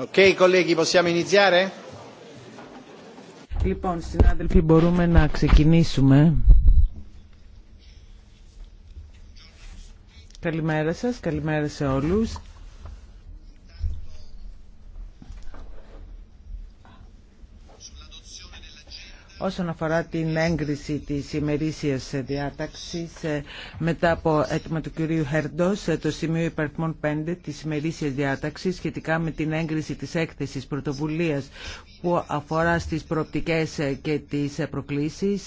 Okay, colleghi, possiamo iniziare? Λοιπόν, συνάδελφοι, μπορούμε να ξεκινήσουμε. Καλημέρα σας, καλημέρα σε όλους. όσον αφορά την έγκριση της ημερήσιας διάταξης ε, μετά από έτοιμα του κυρίου Χερντός ε, το σημείο υπαριθμών 5 της ημερήσιας διάταξης σχετικά με την έγκριση της έκθεσης πρωτοβουλίας που αφορά στις προοπτικές ε, και τις προκλήσεις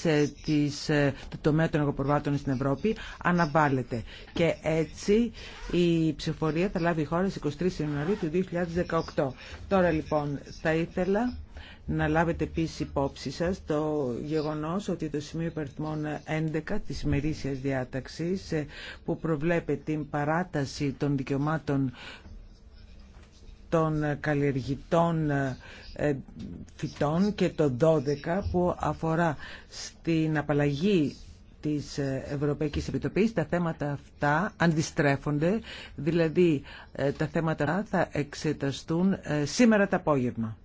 της, του τομέα των εγωπορβάτων στην Ευρώπη αναβάλλεται. Και έτσι η ψηφορία θα λάβει η χώρα στις 23 Ιανουαρίου του 2018. Τώρα λοιπόν θα ήθελα να λάβετε επίση υπόψη σα το γεγονός ότι το σημείο υπαριθμών 11 της μερίσιας διάταξης ε, που προβλέπει την παράταση των δικαιωμάτων των καλλιεργητών ε, ε, φυτών και το 12 που αφορά στην απαλλαγή της Ευρωπαϊκής Επιτροπής τα θέματα αυτά αντιστρέφονται δηλαδή τα θέματα θα εξεταστούν σήμερα το απόγευμα.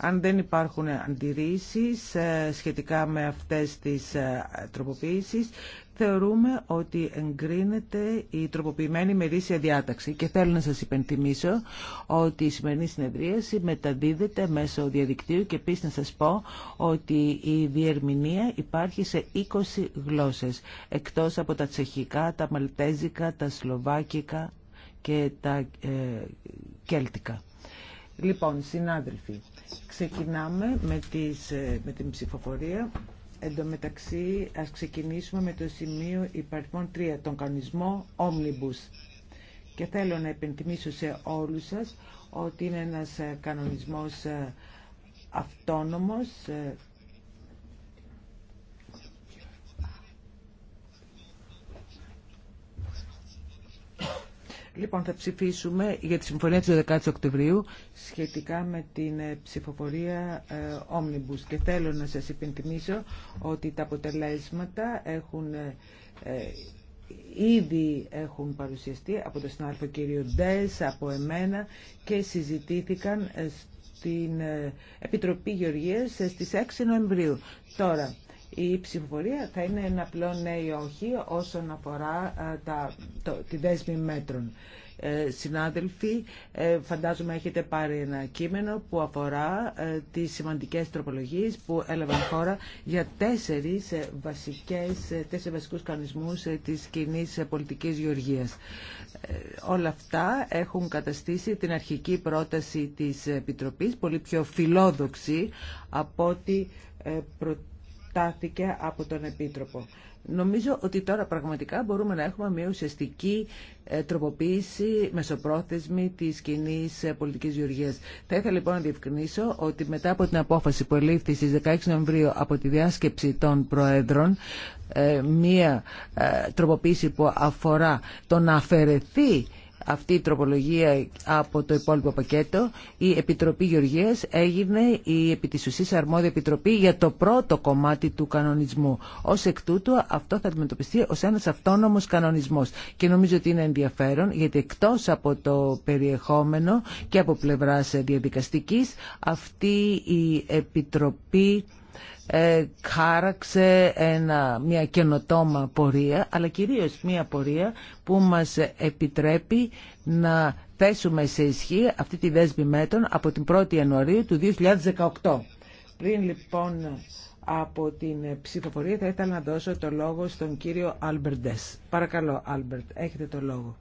Αν δεν υπάρχουν αντιρρήσεις ε, σχετικά με αυτές τις ε, τροποποίησεις, θεωρούμε ότι εγκρίνεται η τροποποιημένη μερίσια διάταξη. Και θέλω να σας υπενθυμίσω ότι η σημερινή συνεδρίαση μεταδίδεται μέσω διαδικτύου και επίσης να σας πω ότι η διερμηνία υπάρχει σε 20 γλώσσες, εκτός από τα τσεχικά, τα μαλτέζικα, τα σλοβάκικα και τα ε, κέλτικα. Λοιπόν, συνάδελφοι, Ξεκινάμε με, τις, ε, με την ψηφοφορία. Εν τω μεταξύ, ας ξεκινήσουμε με το σημείο υπαριθμών 3, τον κανονισμό Omnibus. Και θέλω να επενθυμίσω σε όλους σας ότι είναι ένας ε, κανονισμός ε, αυτόνομος Λοιπόν, θα ψηφίσουμε για τη συμφωνία της 12 Οκτωβρίου σχετικά με την ε, ψηφοφορία ε, Omnibus. Και θέλω να σας υπενθυμίσω ότι τα αποτελέσματα έχουν, ε, ήδη έχουν παρουσιαστεί από τον συνάδελφο κύριο από εμένα και συζητήθηκαν στην Επιτροπή Γεωργίας στις 6 Νοεμβρίου. Τώρα, η ψηφοφορία θα είναι ένα απλό ναι ή όχι όσον αφορά τα, τη δέσμη μέτρων. Ε, συνάδελφοι, ε, φαντάζομαι έχετε πάρει ένα κείμενο που αφορά ε, τις σημαντικές τροπολογίες που έλαβαν χώρα για τέσσερις, ε, βασικές, τέσσερις βασικούς κανονισμούς της κοινή πολιτικής γεωργίας. Όλα αυτά έχουν καταστήσει την αρχική πρόταση της Επιτροπής, πολύ πιο φιλόδοξη από ό,τι στάθηκε από τον Επίτροπο. Νομίζω ότι τώρα πραγματικά μπορούμε να έχουμε μια ουσιαστική ε, τροποποίηση μεσοπρόθεσμη τη κοινή ε, πολιτική γεωργία. Θα ήθελα λοιπόν να διευκρινίσω ότι μετά από την απόφαση που ελήφθη στι 16 Νοεμβρίου από τη διάσκεψη των Προέδρων, ε, μία τροποποίηση που αφορά το να αφαιρεθεί αυτή η τροπολογία από το υπόλοιπο πακέτο, η Επιτροπή Γεωργίας έγινε η επί της αρμόδια επιτροπή για το πρώτο κομμάτι του κανονισμού. Ως εκ τούτου αυτό θα αντιμετωπιστεί ως ένας αυτόνομος κανονισμός. Και νομίζω ότι είναι ενδιαφέρον γιατί εκτός από το περιεχόμενο και από πλευράς διαδικαστικής αυτή η Επιτροπή ε, χάραξε ένα, μια καινοτόμα πορεία, αλλά κυρίως μια πορεία που μας επιτρέπει να θέσουμε σε ισχύ αυτή τη δέσμη μέτρων από την 1η Ιανουαρίου του 2018. Πριν λοιπόν από την ψηφοφορία θα ήθελα να δώσω το λόγο στον κύριο Άλμπερντες. Παρακαλώ Αλμπερντ, έχετε το λόγο.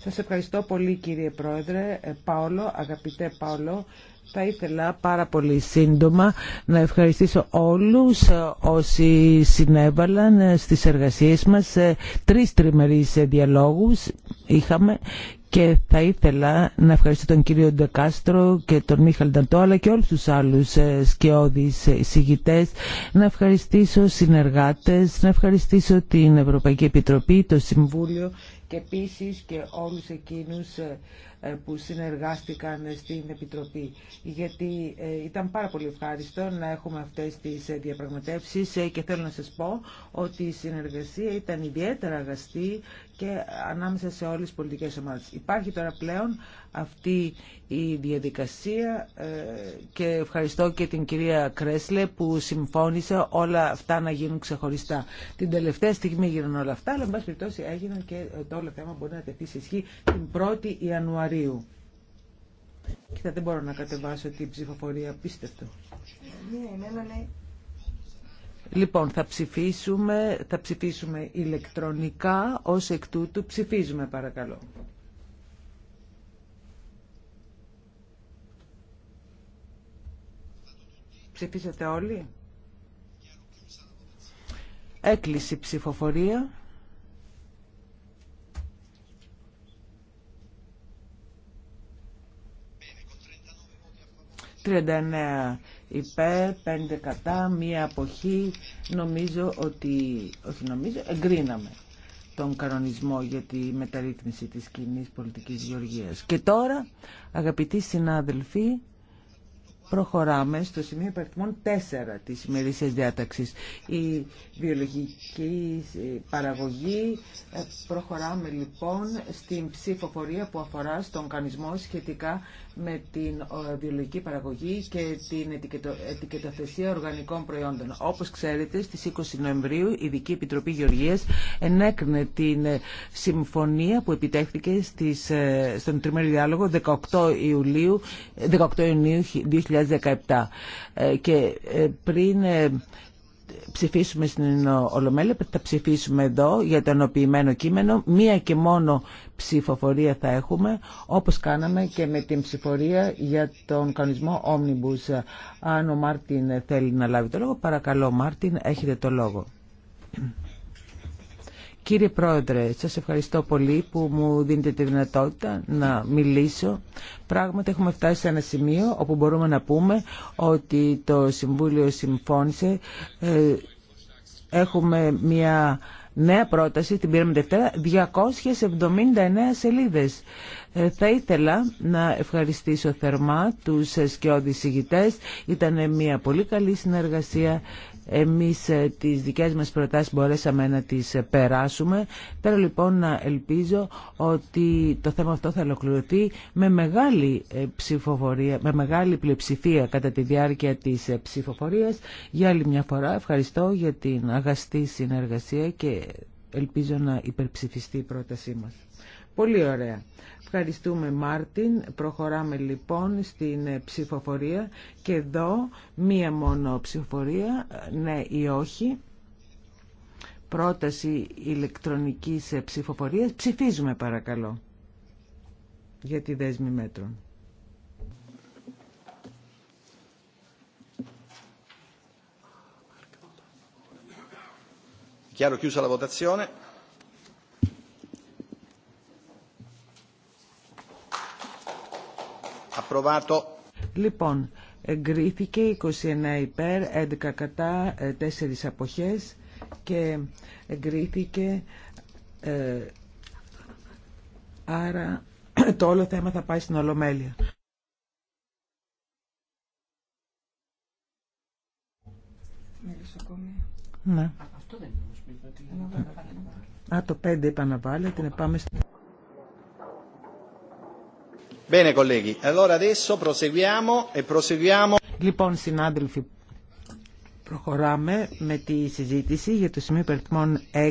Σας ευχαριστώ πολύ κύριε Πρόεδρε. Ε, Πάολο, αγαπητέ Πάολο, θα ήθελα πάρα πολύ σύντομα να ευχαριστήσω όλους ε, όσοι συνέβαλαν ε, στις εργασίες μας. Τρεις τριμερείς διαλόγους είχαμε και θα ήθελα να ευχαριστήσω τον κύριο Ντεκάστρο και τον Μίχαλ Νταντό αλλά και όλους τους άλλους σκιώδεις συγητές, να ευχαριστήσω συνεργάτες να ευχαριστήσω την Ευρωπαϊκή Επιτροπή το Συμβούλιο και επίση και όλους εκείνους ε, ε, που συνεργάστηκαν στην Επιτροπή. Γιατί ε, ήταν πάρα πολύ ευχάριστο να έχουμε αυτές τις διαπραγματεύσεις και θέλω να σας πω ότι η συνεργασία ήταν ιδιαίτερα αγαστή και ανάμεσα σε όλες τις πολιτικές ομάδες. Υπάρχει τώρα πλέον αυτή η διαδικασία ε, και ευχαριστώ και την κυρία Κρέσλε που συμφώνησε όλα αυτά να γίνουν ξεχωριστά. Την τελευταία στιγμή γίναν όλα αυτά, αλλά εν πάση περιπτώσει έγιναν και ε, το όλο θέμα μπορεί να τεθεί σε ισχύ την 1η Ιανουαρίου. Κοίτα, δεν μπορώ να κατεβάσω την ψηφοφορία, πίστευτο. Λοιπόν, θα ψηφίσουμε, θα ψηφίσουμε ηλεκτρονικά, ως εκ τούτου ψηφίζουμε παρακαλώ. Ψηφίσατε όλοι. Έκλεισε ψηφοφορία. «39 υπέρ, 5 κατά, μία αποχή. Νομίζω ότι, όχι νομίζω, εγκρίναμε τον κανονισμό για τη μεταρρύθμιση της κοινή πολιτικής γεωργίας. Και τώρα, αγαπητοί συνάδελφοι, προχωράμε στο σημείο υπαριθμών 4 της ημερήσιας διάταξης. Η βιολογική παραγωγή ε, προχωράμε λοιπόν στην ψηφοφορία που αφορά στον κανισμό σχετικά με την ε, βιολογική παραγωγή και την ετικετοθεσία οργανικών προϊόντων. Όπως ξέρετε, στις 20 Νοεμβρίου η Ειδική Επιτροπή Γεωργίας ενέκρινε την ε, συμφωνία που επιτέχθηκε στις, ε, στον τριμερή διάλογο 18, Ιουλίου, 18 Ιουνίου 2017. Και πριν ψηφίσουμε στην Ολομέλεια, θα ψηφίσουμε εδώ για το ενοποιημένο κείμενο. Μία και μόνο ψηφοφορία θα έχουμε, όπως κάναμε και με την ψηφορία για τον κανονισμό Omnibus. Αν ο Μάρτιν θέλει να λάβει το λόγο, παρακαλώ Μάρτιν, έχετε το λόγο. Κύριε Πρόεδρε, σας ευχαριστώ πολύ που μου δίνετε τη δυνατότητα να μιλήσω. Πράγματι έχουμε φτάσει σε ένα σημείο όπου μπορούμε να πούμε ότι το Συμβούλιο συμφώνησε. Ε, έχουμε μια νέα πρόταση, την πήραμε Δευτέρα, 279 σελίδες. Ε, θα ήθελα να ευχαριστήσω θερμά τους σκιώδης ηγητές. Ήταν μια πολύ καλή συνεργασία εμείς ε, τις δικές μας προτάσεις μπορέσαμε να τις ε, περάσουμε. Θέλω λοιπόν να ελπίζω ότι το θέμα αυτό θα ολοκληρωθεί με μεγάλη ε, ψηφοφορία, με μεγάλη πλειοψηφία κατά τη διάρκεια της ψηφοφορίας. Για άλλη μια φορά ευχαριστώ για την αγαστή συνεργασία και ελπίζω να υπερψηφιστεί η πρότασή μας. Πολύ ωραία. Ευχαριστούμε Μάρτιν. Προχωράμε λοιπόν στην ε, ψηφοφορία και εδώ μία μόνο ψηφοφορία, ναι ή όχι. Πρόταση ηλεκτρονικής ε, ψηφοφορίας. Ψηφίζουμε παρακαλώ για τη δέσμη μέτρων. Chiaro chiusa la Approvato. Λοιπόν, εγκρίθηκε 29 υπέρ, 11 κατά, 4 ε, αποχές και εγκρίθηκε ε, άρα το όλο θέμα θα πάει στην Ολομέλεια. Ναι. Α, το 5 είπα να βάλω, την πάμε E λοιπόν, συνάδελφοι, προχωράμε με τη συζήτηση για το σημείο υπερθμών 6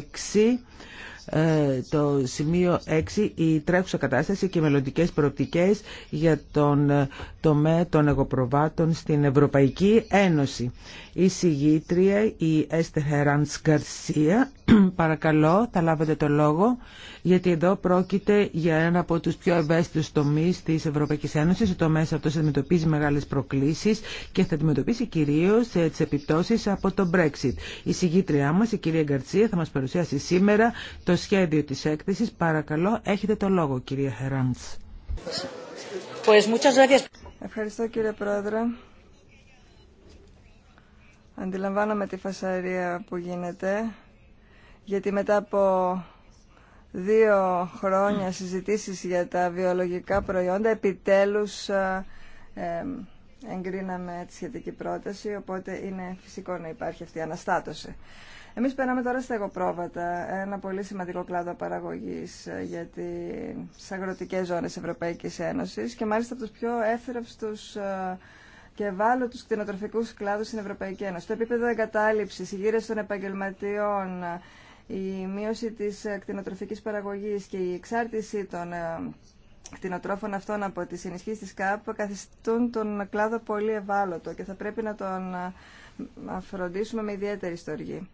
ε, το σημείο 6, η τρέχουσα κατάσταση και οι μελλοντικέ προοπτικές για τον ε, τομέα των εγωπροβάτων στην Ευρωπαϊκή Ένωση. Η συγγήτρια, η Εστεχεράντς Χεράνς Γκαρσία, παρακαλώ, θα λάβετε το λόγο, γιατί εδώ πρόκειται για ένα από τους πιο ευαίσθητους τομείς της Ευρωπαϊκής Ένωσης. Ο τομέας αυτός αντιμετωπίζει μεγάλες προκλήσεις και θα αντιμετωπίσει κυρίως ε, τις επιπτώσεις από το Brexit. Η συγγήτριά μας, η κυρία Γκαρσία, θα μας παρουσιάσει σήμερα το σχέδιο της έκθεσης. Παρακαλώ, έχετε το λόγο, κυρία Χεράντς. Ευχαριστώ, κύριε Πρόεδρε. Αντιλαμβάνομαι τη φασαρία που γίνεται, γιατί μετά από δύο χρόνια συζητήσεις για τα βιολογικά προϊόντα, επιτέλους ε, εγκρίναμε τη σχετική πρόταση, οπότε είναι φυσικό να υπάρχει αυτή η αναστάτωση. Εμείς περνάμε τώρα στα εγωπρόβατα, ένα πολύ σημαντικό κλάδο παραγωγής ε, για τις αγροτικές ζώνες Ευρωπαϊκής Ένωσης και μάλιστα από τους πιο έφθραυστους ε, και ευάλωτους κτηνοτροφικούς κλάδους στην Ευρωπαϊκή Ένωση. Το επίπεδο εγκατάλειψης, η γύρες των επαγγελματιών, η μείωση της ε, κτηνοτροφικής παραγωγής και η εξάρτηση των κτηνοτρόφων αυτών από τις ενισχύσεις της ΚΑΠ καθιστούν τον κλάδο πολύ ευάλωτο και θα πρέπει να τον φροντίσουμε με ιδιαίτερη στοργή.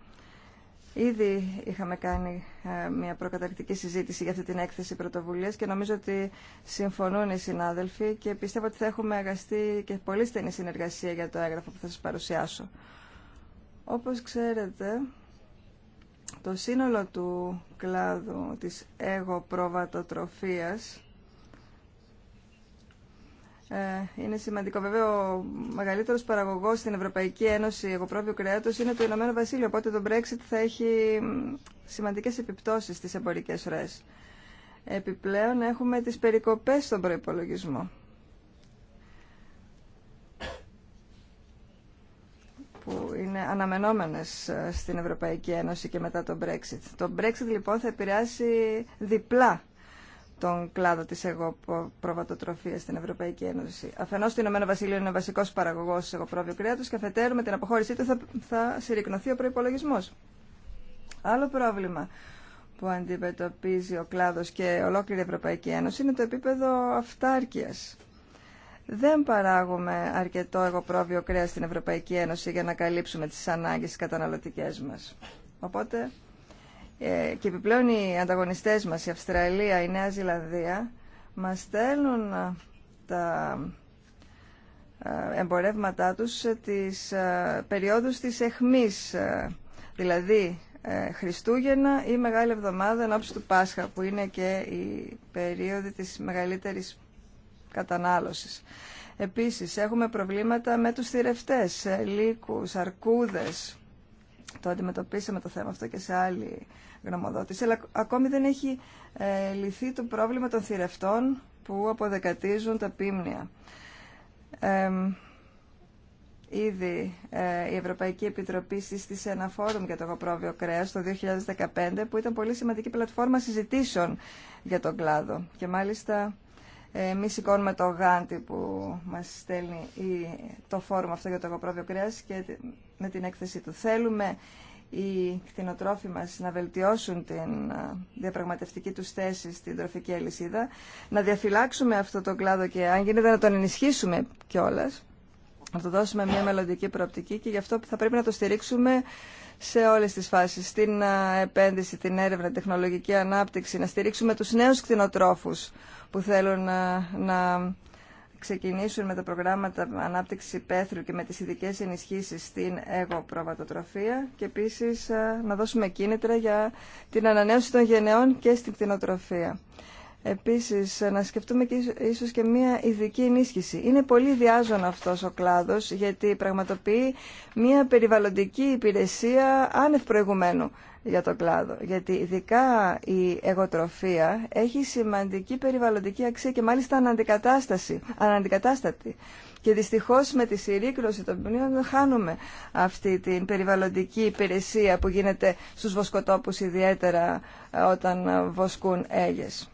Ήδη είχαμε κάνει ε, μια προκαταρκτική συζήτηση για αυτή την έκθεση πρωτοβουλία και νομίζω ότι συμφωνούν οι συνάδελφοι και πιστεύω ότι θα έχουμε αγαστή και πολύ στενή συνεργασία για το έγγραφο που θα σας παρουσιάσω. Όπως ξέρετε, το σύνολο του κλάδου της εγωπροβατοτροφίας ε, είναι σημαντικό. Βέβαια, ο μεγαλύτερο παραγωγό στην Ευρωπαϊκή Ένωση εγωπρόβιου κρέατο είναι το Ηνωμένο Βασίλειο. Οπότε το Brexit θα έχει σημαντικέ επιπτώσει στι εμπορικέ ροέ. Επιπλέον, έχουμε τι περικοπέ στον προπολογισμό. που είναι αναμενόμενες ε, στην Ευρωπαϊκή Ένωση και μετά το Brexit. Το Brexit λοιπόν θα επηρεάσει διπλά τον κλάδο της εγωπροβατοτροφίας στην Ευρωπαϊκή Ένωση. Αφενός το Ηνωμένο Βασίλειο είναι βασικός παραγωγός εγωπρόβιου κρέατος και αφετέρου με την αποχώρησή του θα, θα συρρυκνωθεί ο προϋπολογισμός. Άλλο πρόβλημα που αντιμετωπίζει ο κλάδος και ολόκληρη η Ευρωπαϊκή Ένωση είναι το επίπεδο αυτάρκειας. Δεν παράγουμε αρκετό εγωπρόβιο κρέας στην Ευρωπαϊκή Ένωση για να καλύψουμε τις ανάγκες καταναλωτικές μας. Οπότε ε, και επιπλέον οι ανταγωνιστές μας, η Αυστραλία, η Νέα Ζηλανδία, μας στέλνουν ε, τα ε, εμπορεύματά τους σε τις περιόδους της εχμής, δηλαδή Χριστούγεννα ή Μεγάλη Εβδομάδα ενώπιση του Πάσχα, που είναι και η περίοδη της μεγαλύτερης κατανάλωσης. Επίσης, έχουμε προβλήματα με τους θηρευτές, λύκους, αρκούδες. Το αντιμετωπίσαμε το θέμα αυτό και σε άλλη γνωμοδότηση, αλλά ακόμη δεν έχει ε, λυθεί το πρόβλημα των θηρευτών που αποδεκατίζουν τα πίμνια. ήδη ε, η Ευρωπαϊκή Επιτροπή σύστησε ένα φόρουμ για το γοπρόβιο κρέας το 2015 που ήταν πολύ σημαντική πλατφόρμα συζητήσεων για τον κλάδο. Και μάλιστα εμεί σηκώνουμε το γάντι που μας στέλνει το φόρουμ αυτό για το γοπρόβιο κρέας και με την έκθεση του θέλουμε οι κτηνοτρόφοι μας να βελτιώσουν την ε, διαπραγματευτική τους θέση στην τροφική αλυσίδα, να διαφυλάξουμε αυτό το κλάδο και αν γίνεται να τον ενισχύσουμε κιόλα. να το δώσουμε μια μελλοντική προοπτική και γι' αυτό θα πρέπει να το στηρίξουμε σε όλες τις φάσεις, στην ε, επένδυση, την έρευνα, την τεχνολογική ανάπτυξη, να στηρίξουμε τους νέους κτηνοτρόφους που θέλουν ε, να, να ξεκινήσουν με τα προγράμματα ανάπτυξη πέθρου και με τις ειδικέ ενισχύσεις στην εγωπροβατοτροφία και επίσης να δώσουμε κίνητρα για την ανανέωση των γενεών και στην κτηνοτροφία. Επίσης, να σκεφτούμε και ίσως και μία ειδική ενίσχυση. Είναι πολύ διάζων αυτός ο κλάδος, γιατί πραγματοποιεί μία περιβαλλοντική υπηρεσία άνευ προηγουμένου για τον κλάδο. Γιατί ειδικά η εγωτροφία έχει σημαντική περιβαλλοντική αξία και μάλιστα αναντικατάσταση, αναντικατάστατη. Και δυστυχώς με τη συρρήκνωση των ποινίων χάνουμε αυτή την περιβαλλοντική υπηρεσία που γίνεται στους βοσκοτόπους ιδιαίτερα ε, όταν ε, βοσκούν έγες.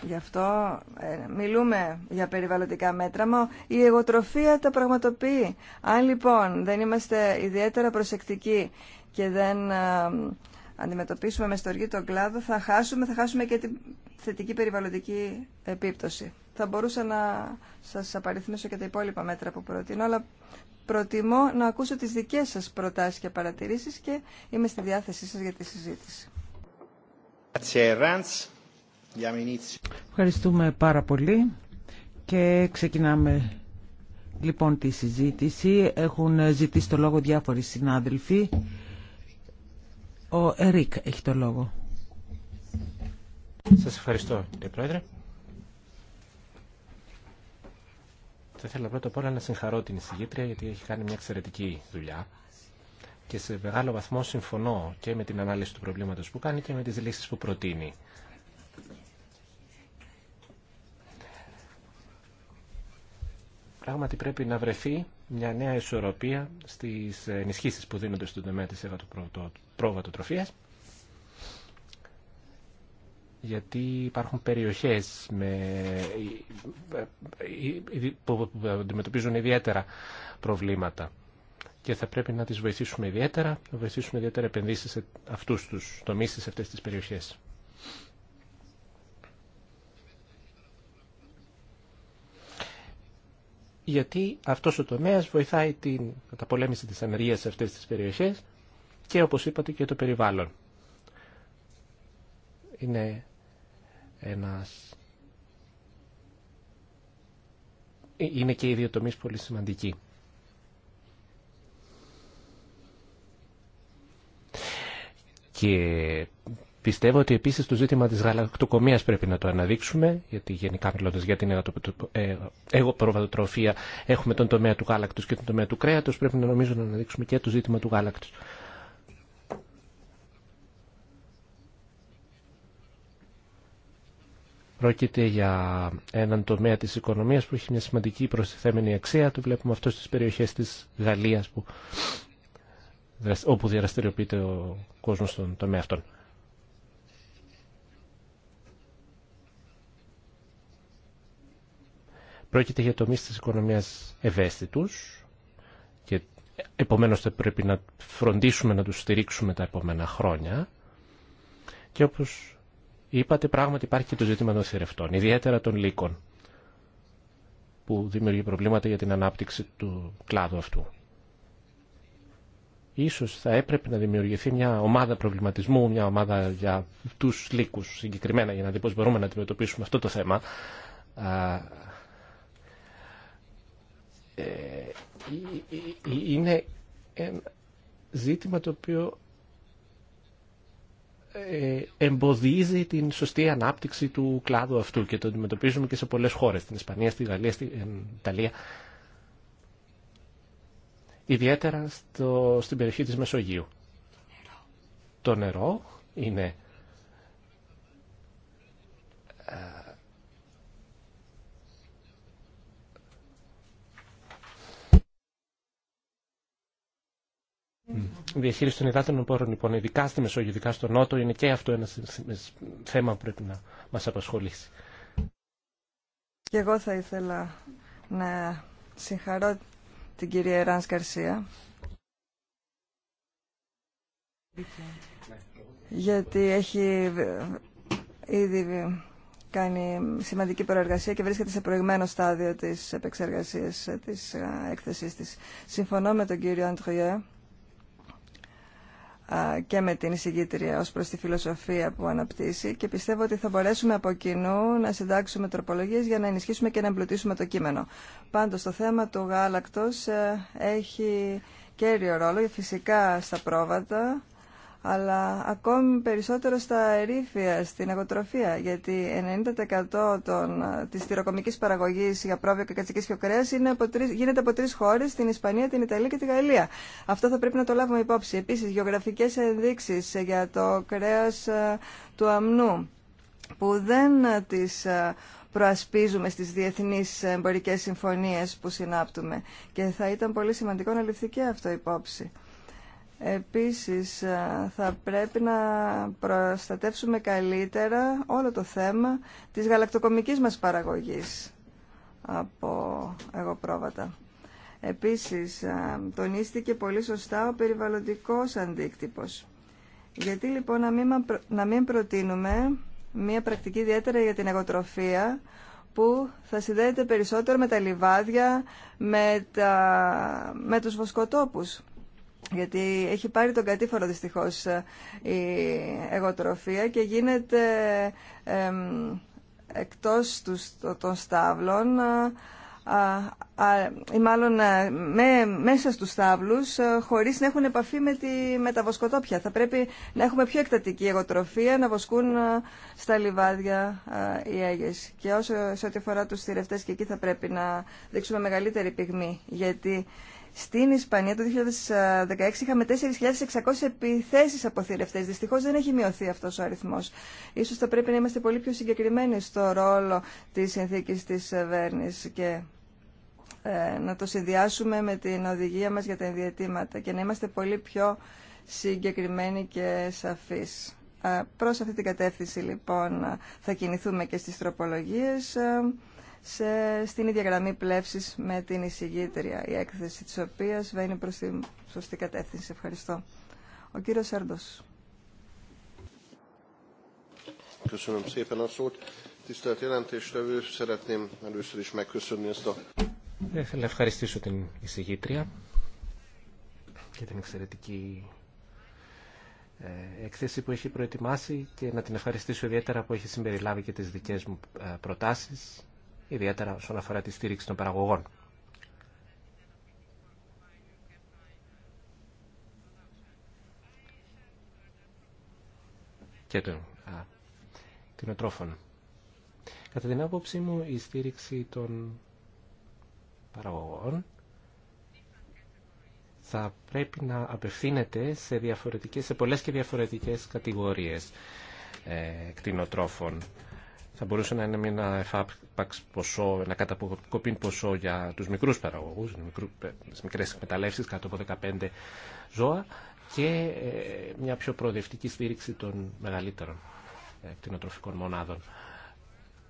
Γι' αυτό ε, μιλούμε για περιβαλλοντικά μέτρα, μα η εγωτροφία τα πραγματοποιεί. Αν λοιπόν δεν είμαστε ιδιαίτερα προσεκτικοί και δεν ε, αντιμετωπίσουμε με στοργή τον κλάδο, θα χάσουμε, θα χάσουμε και την θετική περιβαλλοντική επίπτωση. Θα μπορούσα να σας απαριθμίσω και τα υπόλοιπα μέτρα που προτείνω, αλλά προτιμώ να ακούσω τις δικές σας προτάσεις και παρατηρήσεις και είμαι στη διάθεσή σας για τη συζήτηση. Ευχαριστούμε πάρα πολύ και ξεκινάμε λοιπόν τη συζήτηση. Έχουν ζητήσει το λόγο διάφοροι συνάδελφοι. Ο Ερικ έχει το λόγο. Σας ευχαριστώ κύριε Πρόεδρε. Θα ήθελα πρώτα απ' όλα να συγχαρώ την εισηγήτρια γιατί έχει κάνει μια εξαιρετική δουλειά και σε μεγάλο βαθμό συμφωνώ και με την ανάλυση του προβλήματος που κάνει και με τις λύσεις που προτείνει. Πράγματι πρέπει να βρεθεί μια νέα ισορροπία στις ενισχύσει που δίνονται στον τομέα της πρόβατοτροφίας γιατί υπάρχουν περιοχές με, ε, ε, ε, που αντιμετωπίζουν ιδιαίτερα προβλήματα και θα πρέπει να τις βοηθήσουμε ιδιαίτερα, να βοηθήσουμε ιδιαίτερα επενδύσεις σε αυτούς τους τομείς, σε αυτές τις περιοχές. γιατί αυτός ο τομέας βοηθάει την καταπολέμηση της ανεργίας σε αυτές τις περιοχές και όπως είπατε και το περιβάλλον. Είναι ένας... Είναι και οι δύο τομείς πολύ σημαντικοί. Και Πιστεύω ότι επίση το ζήτημα τη γαλακτοκομία πρέπει να το αναδείξουμε, γιατί γενικά μιλώντα για την εγωπροβατοτροφία ε, έχουμε τον τομέα του γάλακτο και τον τομέα του κρέατο. Πρέπει να νομίζω να αναδείξουμε και το ζήτημα του γάλακτο. Πρόκειται για έναν τομέα της οικονομίας που έχει μια σημαντική προστιθέμενη αξία. Το βλέπουμε αυτό στις περιοχές της Γαλλίας που, όπου διαραστηριοποιείται ο κόσμος στον τομέα αυτόν. Πρόκειται για τομείς της οικονομίας ευαίσθητους και επομένως θα πρέπει να φροντίσουμε να τους στηρίξουμε τα επόμενα χρόνια. Και όπως είπατε πράγματι υπάρχει και το ζήτημα των θηρευτών, ιδιαίτερα των λύκων που δημιουργεί προβλήματα για την ανάπτυξη του κλάδου αυτού. Ίσως θα έπρεπε να δημιουργηθεί μια ομάδα προβληματισμού, μια ομάδα για τους λύκους συγκεκριμένα, για να δει πώς μπορούμε να αντιμετωπίσουμε αυτό το θέμα ε, ε, ε, είναι ένα ζήτημα το οποίο εμποδίζει την σωστή ανάπτυξη του κλάδου αυτού και το αντιμετωπίζουμε και σε πολλές χώρες, στην Ισπανία, στη Γαλλία, στην Ιταλία. Ιδιαίτερα στο, στην περιοχή της Μεσογείου. Το νερό είναι διαχείριση των υδάτινων πόρων, λοιπόν, ειδικά στη Μεσόγειο, ειδικά στο Νότο, είναι και αυτό ένα θέμα που πρέπει να μας απασχολήσει. Και εγώ θα ήθελα να συγχαρώ την κυρία Εράνς Καρσία γιατί έχει ήδη κάνει σημαντική προεργασία και βρίσκεται σε προηγμένο στάδιο της επεξεργασίας της ε, έκθεσής της. Συμφωνώ με τον κύριο Αντριέ και με την εισηγήτρια ως προς τη φιλοσοφία που αναπτύσσει και πιστεύω ότι θα μπορέσουμε από κοινού να συντάξουμε τροπολογίες για να ενισχύσουμε και να εμπλουτίσουμε το κείμενο. Πάντως το θέμα του γάλακτος ε, έχει κέριο ρόλο φυσικά στα πρόβατα αλλά ακόμη περισσότερο στα ερήφια, στην εγωτροφία, γιατί 90% των, ε, της θηροκομικής παραγωγής για πρόβιο και κατσική κρέας είναι από γίνεται από τρεις χώρες, την Ισπανία, την Ιταλία και τη Γαλλία. Αυτό θα πρέπει να το λάβουμε υπόψη. Επίσης, γεωγραφικές ενδείξεις για το κρέας ε, του αμνού, που δεν ε, τις προασπίζουμε στις διεθνείς εμπορικές συμφωνίες που συνάπτουμε. Και θα ήταν πολύ σημαντικό να ληφθεί και αυτό υπόψη. Επίσης, θα πρέπει να προστατεύσουμε καλύτερα όλο το θέμα της γαλακτοκομικής μας παραγωγής από πρόβατα. Επίσης, τονίστηκε πολύ σωστά ο περιβαλλοντικός αντίκτυπος. Γιατί λοιπόν να μην προτείνουμε μία πρακτική ιδιαίτερα για την εγωτροφία που θα συνδέεται περισσότερο με τα λιβάδια, με, τα... με τους βοσκοτόπους γιατί έχει πάρει τον κατήφορο δυστυχώς ε, η εγωτροφία και γίνεται εκτός του, των στάβλων ε, α, ή μάλλον ε, με, μέσα στους στάβλους χωρίς να έχουν επαφή με, τη, με τα βοσκοτόπια. Θα πρέπει να έχουμε πιο εκτατική εγωτροφία, να βοσκούν στα λιβάδια οι έγες. Και όσο σε ό,τι αφορά τους θηρευτές και εκεί θα πρέπει να δείξουμε μεγαλύτερη πυγμή, γιατί στην Ισπανία το 2016 είχαμε 4.600 επιθέσεις από Δυστυχώς δεν έχει μειωθεί αυτός ο αριθμός. Ίσως θα πρέπει να είμαστε πολύ πιο συγκεκριμένοι στο ρόλο της συνθήκης της Βέρνης και ε, να το συνδυάσουμε με την οδηγία μας για τα ενδιατήματα και να είμαστε πολύ πιο συγκεκριμένοι και σαφείς. Προς αυτή την κατεύθυνση λοιπόν θα κινηθούμε και στις τροπολογίες σε, στην ίδια γραμμή πλεύση με την εισηγήτρια, η έκθεση της οποίας βαίνει προ τη σωστή κατεύθυνση. Ευχαριστώ. Ο κύριος Σέρντος. Δεν θέλω να ευχαριστήσω την εισηγήτρια για την εξαιρετική εκθέση που έχει προετοιμάσει και να την ευχαριστήσω ιδιαίτερα που έχει συμπεριλάβει και τις δικές μου προτάσεις ιδιαίτερα όσον αφορά τη στήριξη των παραγωγών. και των κτηνοτρόφων. Κατά την άποψή μου, η στήριξη των παραγωγών θα πρέπει να απευθύνεται σε, διαφορετικές, σε πολλές και διαφορετικές κατηγορίες ε, κτηνοτρόφων θα μπορούσε να είναι ένα εφάπαξ ποσό, ένα καταποκοπήν ποσό για τους μικρούς παραγωγούς, τις μικρές εκμεταλλεύσεις κάτω από 15 ζώα και ε, μια πιο προοδευτική στήριξη των μεγαλύτερων ε, κτηνοτροφικών μονάδων.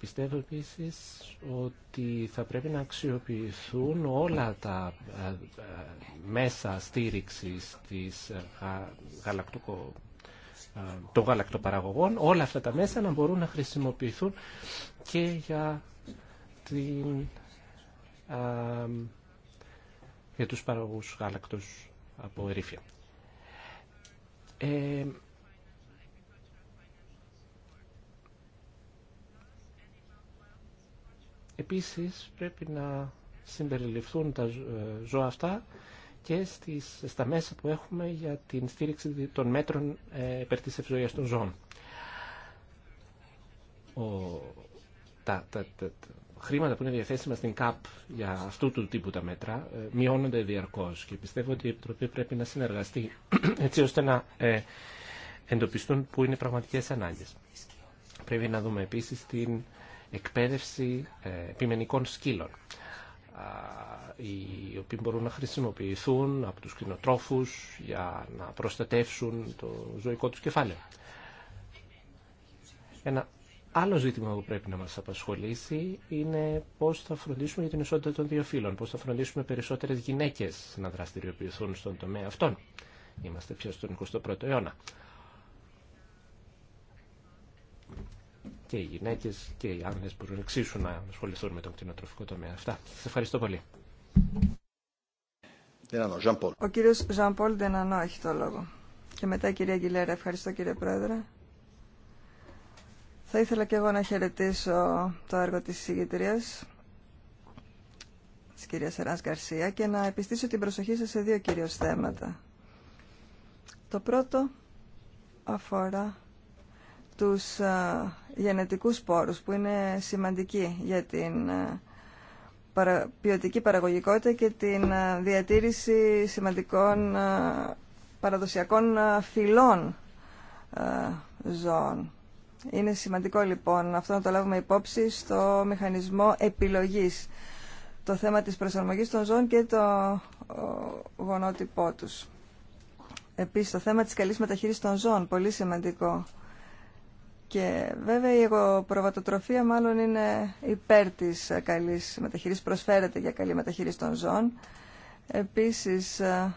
Πιστεύω επίσης ότι θα πρέπει να αξιοποιηθούν όλα τα ε, μέσα στήριξης της γαλακτοκομικής των παραγωγών, όλα αυτά τα μέσα να μπορούν να χρησιμοποιηθούν και για, την, α, για τους παραγωγούς γάλακτος από ερήφια. Ε, επίσης πρέπει να συμπεριληφθούν τα ε, ζώα αυτά και στις, στα μέσα που έχουμε για την στήριξη των μέτρων ε, υπέρ της ευζοίας των ζώων. Ο, τα, τα, τα, χρήματα που είναι διαθέσιμα στην ΚΑΠ για αυτού του τύπου τα μέτρα ε, μειώνονται διαρκώς και πιστεύω ότι η Επιτροπή πρέπει να συνεργαστεί έτσι ώστε να ε, εντοπιστούν που είναι πραγματικές ανάγκες. Πρέπει να δούμε επίσης την εκπαίδευση ε, επιμενικών σκύλων οι οποίοι μπορούν να χρησιμοποιηθούν από τους κοινοτρόφους για να προστατεύσουν το ζωικό τους κεφάλαιο. Ένα άλλο ζήτημα που πρέπει να μας απασχολήσει είναι πώς θα φροντίσουμε για την ισότητα των δύο φύλων, πώς θα φροντίσουμε περισσότερες γυναίκες να δραστηριοποιηθούν στον τομέα αυτόν. Είμαστε πια στον 21ο αιώνα και οι γυναίκε και οι άνδρε μπορούν εξίσου να ασχοληθούν με τον κτηνοτροφικό τομέα. Αυτά. Σα ευχαριστώ πολύ. Ο κύριο Ζαν Πολ Ντενανό έχει το λόγο. Και μετά η κυρία Γκυλέρα. Ευχαριστώ κύριε Πρόεδρε. Θα ήθελα και εγώ να χαιρετήσω το έργο της συγκεκριτήρια τη κυρία Εράς Γκαρσία και να επιστήσω την προσοχή σας σε δύο κυρίως θέματα. Το πρώτο αφορά τους γενετικούς σπόρους που είναι σημαντικοί για την ε, ποιοτική παραγωγικότητα και την ε, διατήρηση σημαντικών ε, παραδοσιακών φυλών ζώων. Είναι σημαντικό λοιπόν αυτό να το λάβουμε υπόψη στο μηχανισμό επιλογής το θέμα της προσαρμογής των ζώων και το γονότυπό τους. Επίσης το θέμα της καλής μεταχείρισης των ζώων, πολύ σημαντικό και βέβαια η εγωπροβατοτροφία μάλλον είναι υπέρ της καλής μεταχείρισης, προσφέρεται για καλή μεταχείριση των ζώων. Επίσης, ε,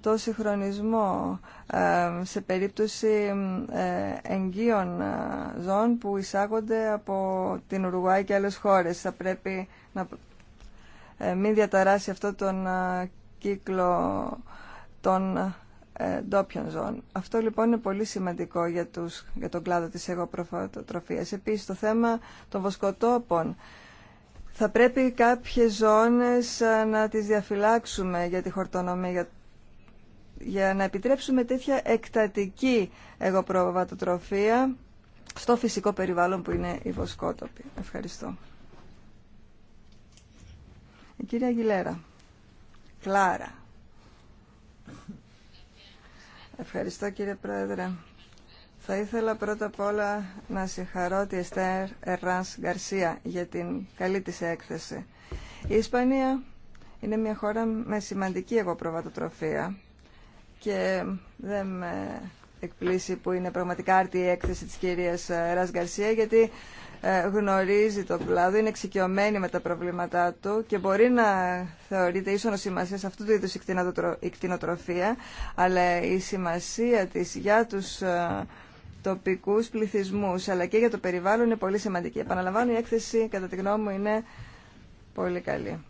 το συγχρονισμό ε, σε περίπτωση ε, εγγύων ζώων που εισάγονται από την Ουρουάη και άλλες χώρες. Θα πρέπει να μην διαταράσει αυτό τον κύκλο των ντόπιων ζών. Αυτό λοιπόν είναι πολύ σημαντικό για, τους, για τον κλάδο της εγωπροφωτοτροφίας. Επίσης το θέμα των βοσκοτόπων. Θα πρέπει κάποιες ζώνες ε, να τις διαφυλάξουμε για τη χορτονομία, για, να επιτρέψουμε τέτοια εκτατική εγωπροβατοτροφία στο φυσικό περιβάλλον που είναι οι βοσκότοποι. Ευχαριστώ. Η κυρία Αγγιλέρα. Κλάρα. Ευχαριστώ κύριε Πρόεδρε. Θα ήθελα πρώτα απ' όλα να συγχαρώ τη Εστέρ Εράνς Γκαρσία για την καλή της έκθεση. Η Ισπανία είναι μια χώρα με σημαντική εγωπροβατοτροφία και δεν με εκπλήσει που είναι πραγματικά άρτη η έκθεση της κυρίας Ερά Γκαρσία γιατί ε, γνωρίζει τον κλάδο, είναι εξοικειωμένη με τα προβλήματά του και μπορεί να θεωρείται ίσως σημασία σε αυτού του είδους η κτηνοτροφία, αλλά η σημασία της για τους ε, τοπικούς πληθυσμούς, αλλά και για το περιβάλλον είναι πολύ σημαντική. Επαναλαμβάνω, η έκθεση, κατά τη γνώμη μου, είναι πολύ καλή.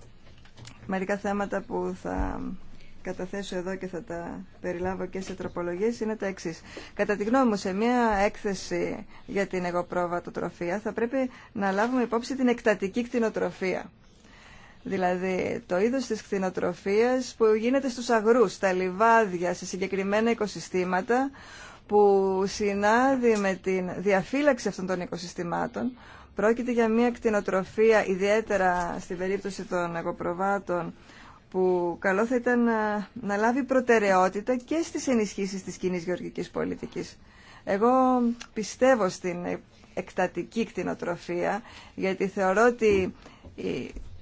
Μερικά θέματα που θα καταθέσω εδώ και θα τα περιλάβω και σε τροπολογίες είναι τα εξή. Κατά τη γνώμη μου, σε μια έκθεση για την εγωπρόβατοτροφία θα πρέπει να λάβουμε υπόψη την εκτατική κτηνοτροφία. Δηλαδή το είδος της κτηνοτροφίας που γίνεται στους αγρούς, στα λιβάδια, σε συγκεκριμένα οικοσυστήματα που συνάδει με την διαφύλαξη αυτών των οικοσυστημάτων. Πρόκειται για μια κτηνοτροφία ιδιαίτερα στην περίπτωση των εγωπροβάτων που καλό θα ήταν να, λάβει προτεραιότητα και στις ενισχύσεις της κοινή γεωργικής πολιτικής. Εγώ πιστεύω στην εκτατική κτηνοτροφία, γιατί θεωρώ ότι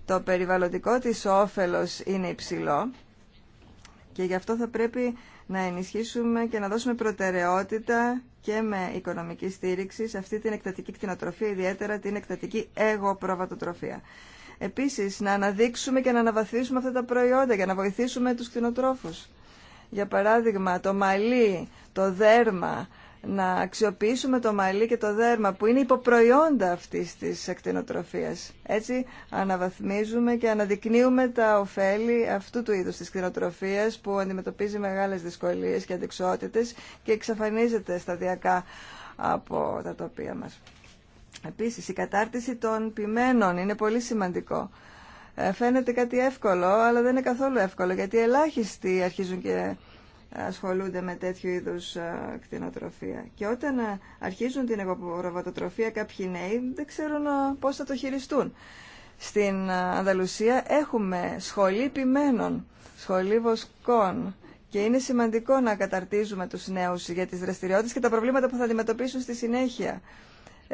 το περιβαλλοντικό της όφελος είναι υψηλό και γι' αυτό θα πρέπει να ενισχύσουμε και να δώσουμε προτεραιότητα και με οικονομική στήριξη σε αυτή την εκτατική κτηνοτροφία, ιδιαίτερα την εκτατική εγωπροβατοτροφία. Επίσης, να αναδείξουμε και να αναβαθίσουμε αυτά τα προϊόντα για να βοηθήσουμε τους κτηνοτρόφους. Για παράδειγμα, το μαλλί, το δέρμα, να αξιοποιήσουμε το μαλλί και το δέρμα που είναι υποπροϊόντα αυτής της κτηνοτροφίας. Έτσι αναβαθμίζουμε και αναδεικνύουμε τα ωφέλη αυτού του είδους της κτηνοτροφίας που αντιμετωπίζει μεγάλες δυσκολίες και αντικσότητες και εξαφανίζεται σταδιακά από τα τοπία μας. Επίσης, η κατάρτιση των ποιμένων είναι πολύ σημαντικό. Ε, φαίνεται κάτι εύκολο, αλλά δεν είναι καθόλου εύκολο, γιατί ελάχιστοι αρχίζουν και ασχολούνται με τέτοιου είδους ε, κτηνοτροφία. Και όταν ε, αρχίζουν την εγωπροβατοτροφία κάποιοι νέοι, δεν ξέρουν πώς θα το χειριστούν. Στην Ανδαλουσία έχουμε σχολή ποιμένων, σχολή βοσκών, και είναι σημαντικό να καταρτίζουμε τους νέους για τις δραστηριότητες και τα προβλήματα που θα αντιμετωπίσουν στη συνέχεια.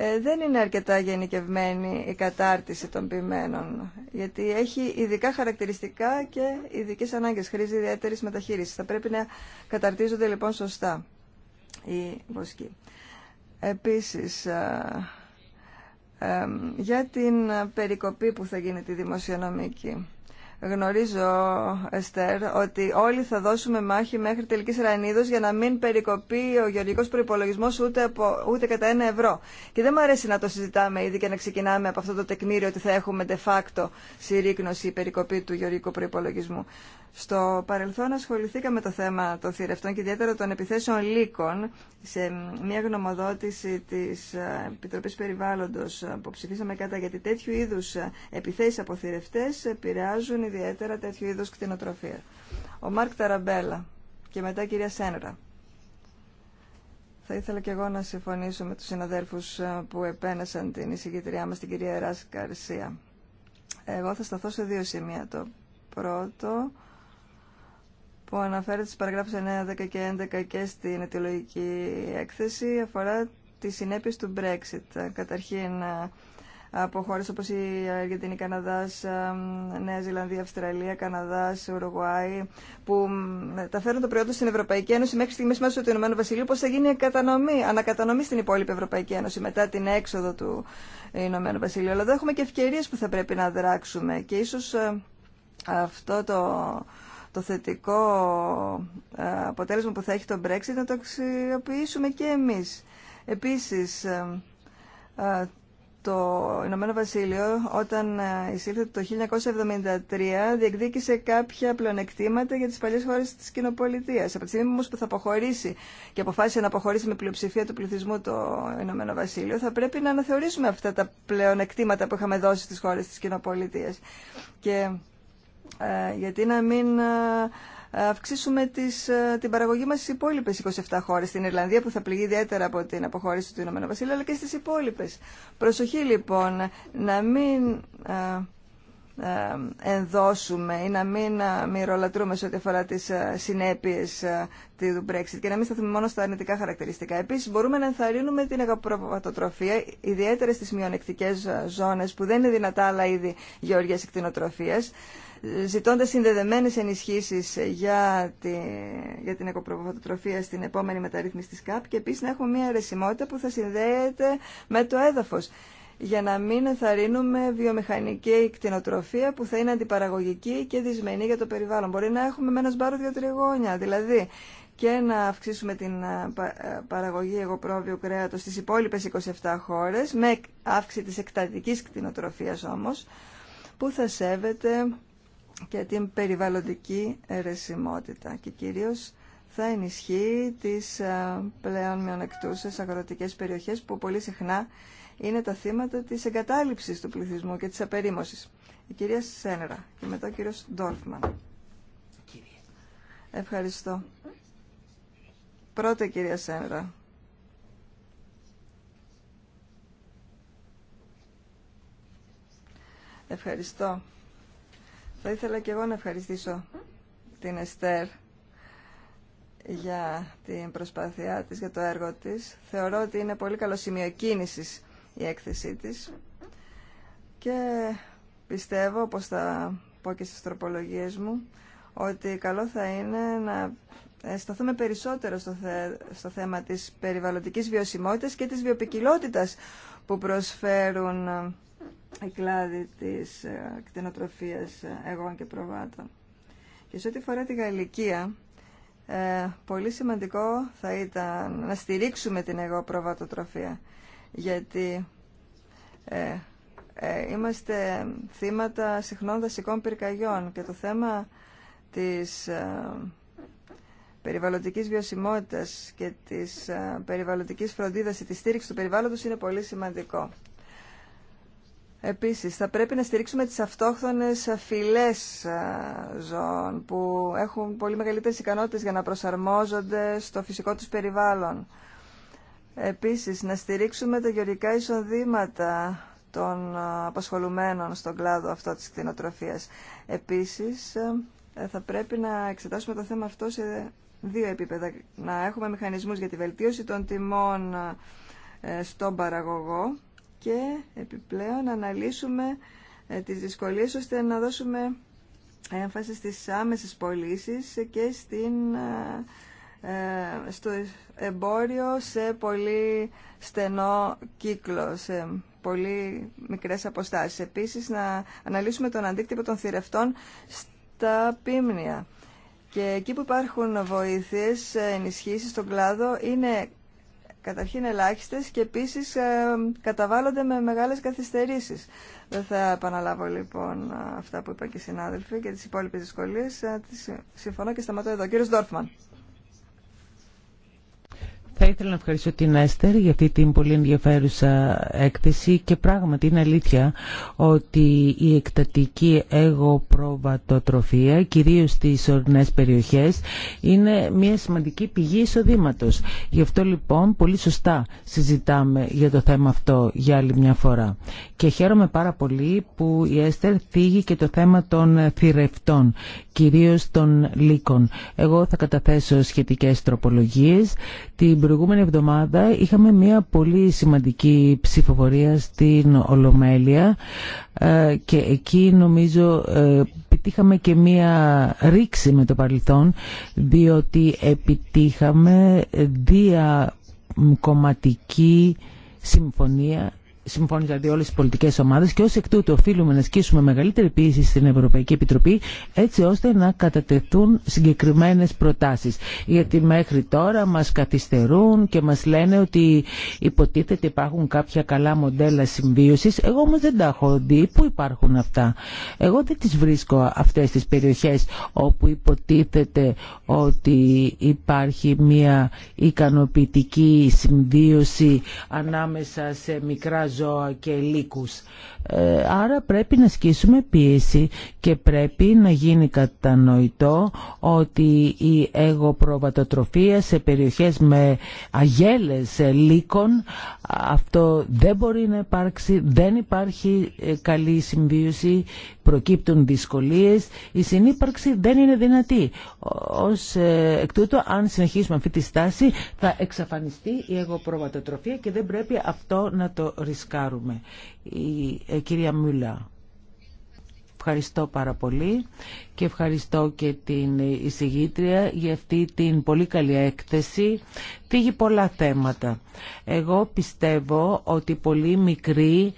Ε, δεν είναι αρκετά γενικευμένη η κατάρτιση των ποιημένων, γιατί έχει ειδικά χαρακτηριστικά και ειδικέ ανάγκε, χρειάζεται ιδιαίτερη μεταχείριση. Θα πρέπει να καταρτίζονται λοιπόν σωστά οι βοσκοί. Επίσης, ε, ε, για την περικοπή που θα γίνει τη δημοσιονομική. Γνωρίζω, Εστέρ, ότι όλοι θα δώσουμε μάχη μέχρι τελική ρανίδο για να μην περικοπεί ο γεωργικό προπολογισμό ούτε, ούτε κατά ένα ευρώ. Και δεν μου αρέσει να το συζητάμε ήδη και να ξεκινάμε από αυτό το τεκμήριο ότι θα έχουμε de facto συρρήκνωση ή περικοπή του γεωργικού προπολογισμού. Στο παρελθόν ασχοληθήκαμε το θέμα των θηρευτών και ιδιαίτερα των επιθέσεων λύκων σε μια γνωμοδότηση της ε, Επιτροπής Περιβάλλοντος ε, που ψηφίσαμε κατά γιατί τέτοιου είδους ε, επιθέσεις από θηρευτές επηρεάζουν ιδιαίτερα τέτοιου είδους κτηνοτροφία. Ο Μάρκ Ταραμπέλα και μετά η κυρία Σένρα. Θα ήθελα και εγώ να συμφωνήσω με τους συναδέλφους που επένασαν την εισηγητριά μας, την κυρία Ράς Καρσία. Εγώ θα σταθώ σε δύο σημεία. Το πρώτο που αναφέρεται στις παραγράφους 9, 10 και 11 και στην αιτιολογική έκθεση αφορά τις συνέπειες του Brexit. Καταρχήν από χώρε όπως η Αργεντινή, Καναδάς, Νέα Ζηλανδία, Αυστραλία, Καναδάς, Ουρουγουάη που τα μεταφέρουν το προϊόν στην Ευρωπαϊκή Ένωση μέχρι στιγμή μέσω του Ηνωμένου Βασιλείου πώς θα γίνει κατανομή, ανακατανομή στην υπόλοιπη Ευρωπαϊκή Ένωση μετά την έξοδο του Ηνωμένου Βασιλείου. Αλλά εδώ έχουμε και ευκαιρίες που θα πρέπει να δράξουμε και ίσως αυτό το το θετικό ε, αποτέλεσμα που θα έχει το Brexit να το αξιοποιήσουμε και εμείς. Επίσης, ε, ε, το Ηνωμένο Βασίλειο όταν εισήλθε το 1973 διεκδίκησε κάποια πλεονεκτήματα για τις παλιές χώρες της κοινοπολιτείας. Από τη στιγμή όμως που θα αποχωρήσει και αποφάσισε να αποχωρήσει με πλειοψηφία του πληθυσμού το Ηνωμένο Βασίλειο θα πρέπει να αναθεωρήσουμε αυτά τα πλεονεκτήματα που είχαμε δώσει στις χώρες της κοινοπολιτείας. Ε, γιατί να μην ε, αυξήσουμε τις, ε, την παραγωγή μας στις υπόλοιπες 27 χώρες, στην Ιρλανδία που θα πληγεί ιδιαίτερα από την αποχώρηση του Ηνωμένου Βασίλειου, αλλά και στις υπόλοιπες. Προσοχή λοιπόν να μην ενδώσουμε ή να μην μυρολατρούμε σε ό,τι αφορά τις συνέπειες του Brexit και να μην σταθούμε μόνο στα αρνητικά χαρακτηριστικά. Επίσης μπορούμε να ενθαρρύνουμε την αγαπροβατοτροφία, ιδιαίτερα στις μειονεκτικές ζώνες που δεν είναι δυνατά άλλα είδη γεωργίας εκτινοτροφίας, Ζητώντα συνδεδεμένε ενισχύσει για, τη, για την εκοπροβοτοτροφία στην επόμενη μεταρρύθμιση τη ΚΑΠ και επίση να έχουμε μια αιρεσιμότητα που θα συνδέεται με το έδαφο. για να μην ενθαρρύνουμε βιομηχανική κτηνοτροφία που θα είναι αντιπαραγωγική και δυσμενή για το περιβάλλον. Μπορεί να έχουμε με ένα σπάρο δύο τριγώνια, δηλαδή και να αυξήσουμε την παραγωγή εγωπρόβιου κρέατος στις υπόλοιπες 27 χώρες, με αύξηση της εκτατικής κτηνοτροφίας όμως, που θα σέβεται και την περιβαλλοντική αιρεσιμότητα και κυρίως θα ενισχύει τις ε, πλέον μειονεκτούσες αγροτικές περιοχές που πολύ συχνά είναι τα θύματα της εγκατάλειψης του πληθυσμού και της απερίμωσης. Η κυρία Σένερα και μετά ο κύριος Ντόρφμαν. Ευχαριστώ. Πρώτα κυρία Σένερα. Ευχαριστώ. Θα ήθελα και εγώ να ευχαριστήσω την Εστέρ για την προσπάθειά της, για το έργο της. Θεωρώ ότι είναι πολύ καλό σημείο η έκθεσή της και πιστεύω, όπως θα πω και στις τροπολογίες μου, ότι καλό θα είναι να σταθούμε περισσότερο στο, στο θέμα της περιβαλλοντικής βιωσιμότητας και της βιοπικιλότητας που προσφέρουν η κλάδη της ε, κτηνοτροφίας ε, εγώ και προβάτων. Και σε ό,τι φορά τη Γαλλικία, ε, πολύ σημαντικό θα ήταν να στηρίξουμε την εγώ προβατοτροφία, γιατί είμαστε θύματα συχνών δασικών πυρκαγιών και το θέμα της περιβαλλοντικής βιωσιμότητας και της περιβαλλοντικής φροντίδας ή της στήριξης του περιβάλλοντος είναι πολύ σημαντικό. Επίσης, θα πρέπει να στηρίξουμε τις αυτόχθονες φυλές ζώων που έχουν πολύ μεγαλύτερες ικανότητες για να προσαρμόζονται στο φυσικό τους περιβάλλον. Επίσης, να στηρίξουμε τα γεωργικά εισοδήματα των απασχολουμένων στον κλάδο αυτό της κτηνοτροφίας. Επίσης, θα πρέπει να εξετάσουμε το θέμα αυτό σε δύο επίπεδα. Να έχουμε μηχανισμούς για τη βελτίωση των τιμών ε, στον παραγωγό και επιπλέον να αναλύσουμε ε, τις δυσκολίες ώστε να δώσουμε έμφαση στις άμεσες πωλήσει και στην, ε, ε, στο εμπόριο σε πολύ στενό κύκλο, σε πολύ μικρές αποστάσεις. Επίσης να αναλύσουμε τον αντίκτυπο των θηρευτών στα πίμνια. Και εκεί που υπάρχουν βοήθειες, ενισχύσεις στον κλάδο είναι καταρχήν ελάχιστες και επίσης ε, καταβάλλονται με μεγάλες καθυστερήσεις. Δεν θα επαναλάβω λοιπόν αυτά που είπα και οι συνάδελφοι και τις υπόλοιπες δυσκολίες. Ε, συμφωνώ και σταματώ εδώ. Κύριος Ντόρφμαν. Θα ήθελα να ευχαριστήσω την Έστερ για αυτή την πολύ ενδιαφέρουσα έκθεση και πράγματι είναι αλήθεια ότι η εκτατική εγωπροβατοτροφία, κυρίως στις ορεινές περιοχές, είναι μια σημαντική πηγή εισοδήματος. Γι' αυτό λοιπόν πολύ σωστά συζητάμε για το θέμα αυτό για άλλη μια φορά. Και χαίρομαι πάρα πολύ που η Έστερ θίγει και το θέμα των θηρευτών, κυρίως των λύκων. Εγώ θα καταθέσω σχετικές τροπολογίες. Την προηγούμενη εβδομάδα είχαμε μια πολύ σημαντική ψηφοφορία στην Ολομέλεια ε, και εκεί νομίζω επιτύχαμε και μια ρήξη με το παρελθόν διότι επιτύχαμε δια κομματική συμφωνία συμφώνησαν δηλαδή όλε τι πολιτικέ ομάδε και ω εκ τούτου οφείλουμε να ασκήσουμε μεγαλύτερη πίεση στην Ευρωπαϊκή Επιτροπή έτσι ώστε να κατατεθούν συγκεκριμένε προτάσει. Γιατί μέχρι τώρα μα καθυστερούν και μα λένε ότι υποτίθεται υπάρχουν κάποια καλά μοντέλα συμβίωση. Εγώ όμω δεν τα έχω δει. Πού υπάρχουν αυτά. Εγώ δεν τι βρίσκω αυτέ τι περιοχέ όπου υποτίθεται ότι υπάρχει μια ικανοποιητική συμβίωση ανάμεσα σε μικρά ζώα και λύκους. Ε, άρα πρέπει να σκίσουμε πίεση και πρέπει να γίνει κατανοητό ότι η εγωπροβατοτροφία σε περιοχές με αγέλες λύκων αυτό δεν μπορεί να υπάρξει, δεν υπάρχει ε, καλή συμβίωση, προκύπτουν δυσκολίες, η συνύπαρξη δεν είναι δυνατή. Ως ε, εκ τούτου, αν συνεχίσουμε αυτή τη στάση, θα εξαφανιστεί η εγωπροβατοτροφία και δεν πρέπει αυτό να το ρισκάρουμε η ε, κυρία Μούλα. Ευχαριστώ πάρα πολύ και ευχαριστώ και την εισηγήτρια για αυτή την πολύ καλή έκθεση. Φύγει πολλά θέματα. Εγώ πιστεύω ότι πολύ μικρή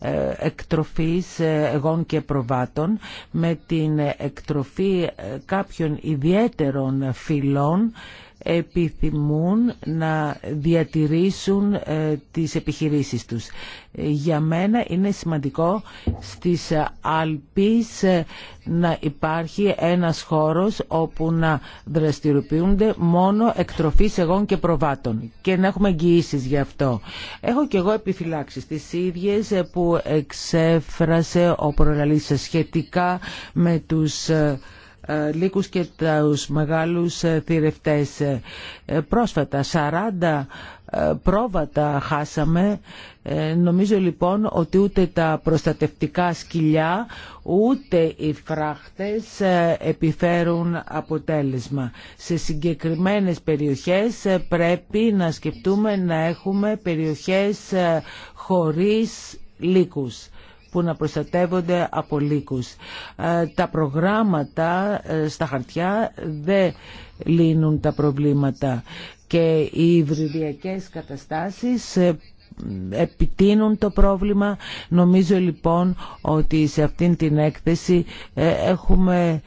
ε, εκτροφής εγών και προβάτων με την εκτροφή ε, κάποιων ιδιαίτερων φυλών επιθυμούν να διατηρήσουν ε, τις επιχειρήσεις τους. Για μένα είναι σημαντικό στις Αλπείς ε, να υπάρχει ένας χώρος όπου να δραστηριοποιούνται μόνο εκτροφής εγών και προβάτων και να έχουμε εγγυήσει γι' αυτό. Έχω και εγώ επιφυλάξεις τις ίδιες ε, που εξέφρασε ο προλαλής σχετικά με τους λύκους και τους μεγάλους ε, θηρευτές. Ε, πρόσφατα 40 ε, πρόβατα χάσαμε. Νομίζω λοιπόν ότι ούτε τα προστατευτικά σκυλιά ούτε οι φράχτες επιφέρουν αποτέλεσμα. Σε συγκεκριμένες περιοχές πρέπει να σκεφτούμε να έχουμε περιοχές χωρίς λύκους που να προστατεύονται από λύκους. Ε, τα προγράμματα ε, στα χαρτιά δεν λύνουν τα προβλήματα και οι υβριδιακές καταστάσεις ε, επιτείνουν το πρόβλημα. Νομίζω λοιπόν ότι σε αυτήν την έκθεση έχουμε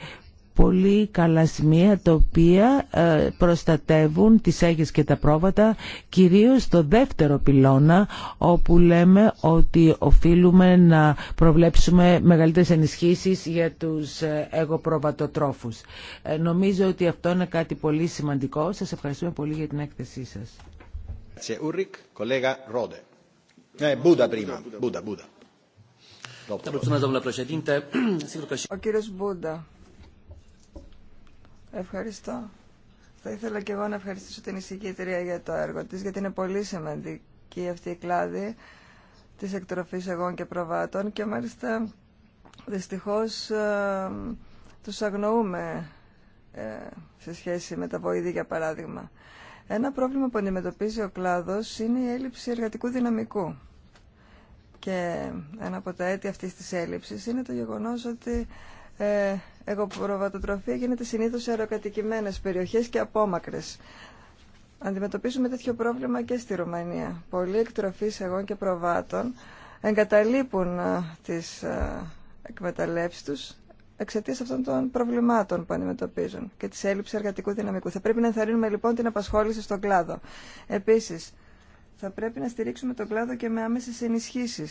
πολύ καλά σημεία τα οποία ε, προστατεύουν τις έγες και τα πρόβατα κυρίως στο δεύτερο πυλώνα όπου λέμε ότι οφείλουμε να προβλέψουμε μεγαλύτερες ενισχύσεις για τους ε, εγωπροβατοτρόφους. Ε, νομίζω ότι αυτό είναι κάτι πολύ σημαντικό. Σας ευχαριστούμε πολύ για την έκθεσή σας. Ο κύριος Μπούντα. Ευχαριστώ. Θα ήθελα και εγώ να ευχαριστήσω την εισηγήτρια για το έργο της, γιατί είναι πολύ σημαντική αυτή η κλάδη της εκτροφής εγών και προβάτων και μάλιστα δυστυχώς ε, τους αγνοούμε ε, σε σχέση με τα βοήδη για παράδειγμα. Ένα πρόβλημα που αντιμετωπίζει ο κλάδος είναι η έλλειψη εργατικού δυναμικού. Και ένα από τα αίτια αυτής της έλλειψης είναι το γεγονός ότι ε, προβατοτροφία γίνεται συνήθως σε αεροκατοικημένες περιοχές και απόμακρες. Αντιμετωπίζουμε τέτοιο πρόβλημα και στη Ρουμανία. Πολλοί εκτροφείς εγών και προβάτων εγκαταλείπουν ε, τις ε, εκμεταλλεύσεις τους εξαιτία αυτών των προβλημάτων που αντιμετωπίζουν και τη έλλειψη εργατικού δυναμικού. Θα πρέπει να ενθαρρύνουμε λοιπόν την απασχόληση στον κλάδο. Επίση, θα πρέπει να στηρίξουμε τον κλάδο και με άμεσε ενισχύσει.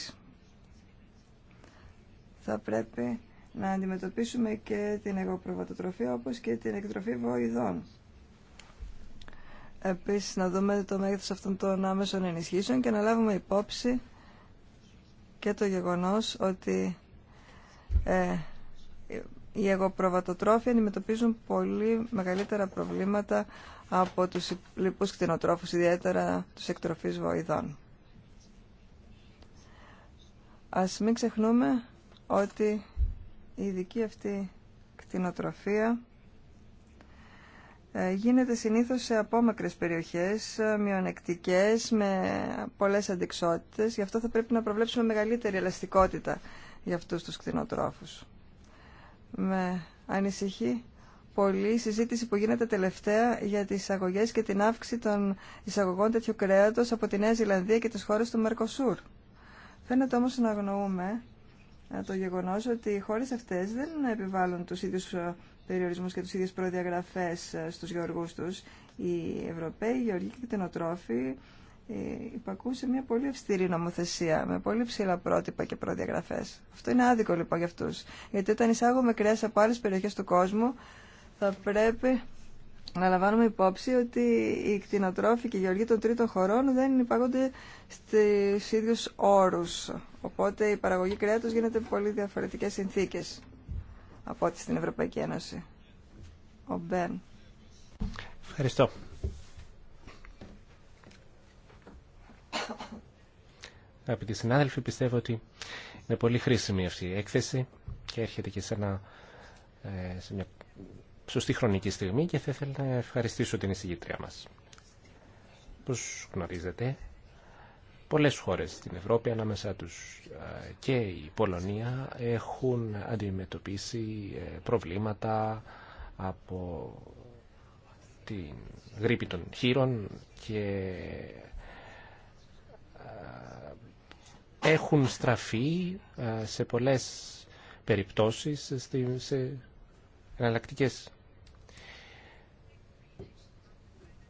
Θα πρέπει να αντιμετωπίσουμε και την εγωπροβατοτροφία όπως και την εκτροφή βοηδών. Επίσης να δούμε το μέγεθος αυτών των άμεσων ενισχύσεων και να λάβουμε υπόψη και το γεγονός ότι ε, οι εγωπροβατοτρόφοι αντιμετωπίζουν πολύ μεγαλύτερα προβλήματα από τους λοιπούς κτηνοτρόφους, ιδιαίτερα τους εκτροφείς βοηδών. Ας μην ξεχνούμε ότι η ειδική αυτή κτηνοτροφία ε, γίνεται συνήθως σε απόμακρες περιοχές, ε, μειονεκτικές, με πολλές αντικσότητες. Γι' αυτό θα πρέπει να προβλέψουμε μεγαλύτερη ελαστικότητα για αυτούς τους κτηνοτρόφους. Με ανησυχεί πολύ η συζήτηση που γίνεται τελευταία για τις εισαγωγές και την αύξηση των εισαγωγών τέτοιου κρέατος από τη Νέα Ζηλανδία και τις χώρες του Μερκοσούρ. Φαίνεται όμως να αγνοούμε ε, το γεγονό ότι οι χώρε αυτέ δεν επιβάλλουν του ίδιου ε, περιορισμού και τι ίδιε προδιαγραφέ ε, στου γεωργού του. Οι Ευρωπαίοι, οι γεωργοί και οι κτηνοτρόφοι υπακούν σε μια πολύ αυστηρή νομοθεσία, με πολύ ψηλά πρότυπα και προδιαγραφέ. Αυτό είναι άδικο λοιπόν για αυτού. Γιατί όταν εισάγουμε κρέα από άλλε περιοχέ του κόσμου, θα πρέπει να λαμβάνουμε υπόψη ότι οι κτηνοτρόφοι και οι γεωργοί των τρίτων χωρών δεν υπάγονται στις ίδιους όρους. Οπότε η παραγωγή κρέατος γίνεται πολύ διαφορετικές συνθήκες από ό,τι στην Ευρωπαϊκή Ένωση. Ο Μπεν. Ευχαριστώ. Αγαπητοί συνάδελφοι, πιστεύω ότι είναι πολύ χρήσιμη αυτή η έκθεση και έρχεται και σε, ένα, ε, σε μια σωστή χρονική στιγμή και θα ήθελα να ευχαριστήσω την εισηγητρία μας. Πώς γνωρίζετε, πολλές χώρες στην Ευρώπη, ανάμεσα τους και η Πολωνία, έχουν αντιμετωπίσει ε, προβλήματα από την γρήπη των χείρων και έχουν στραφεί σε πολλές περιπτώσεις σε εναλλακτικές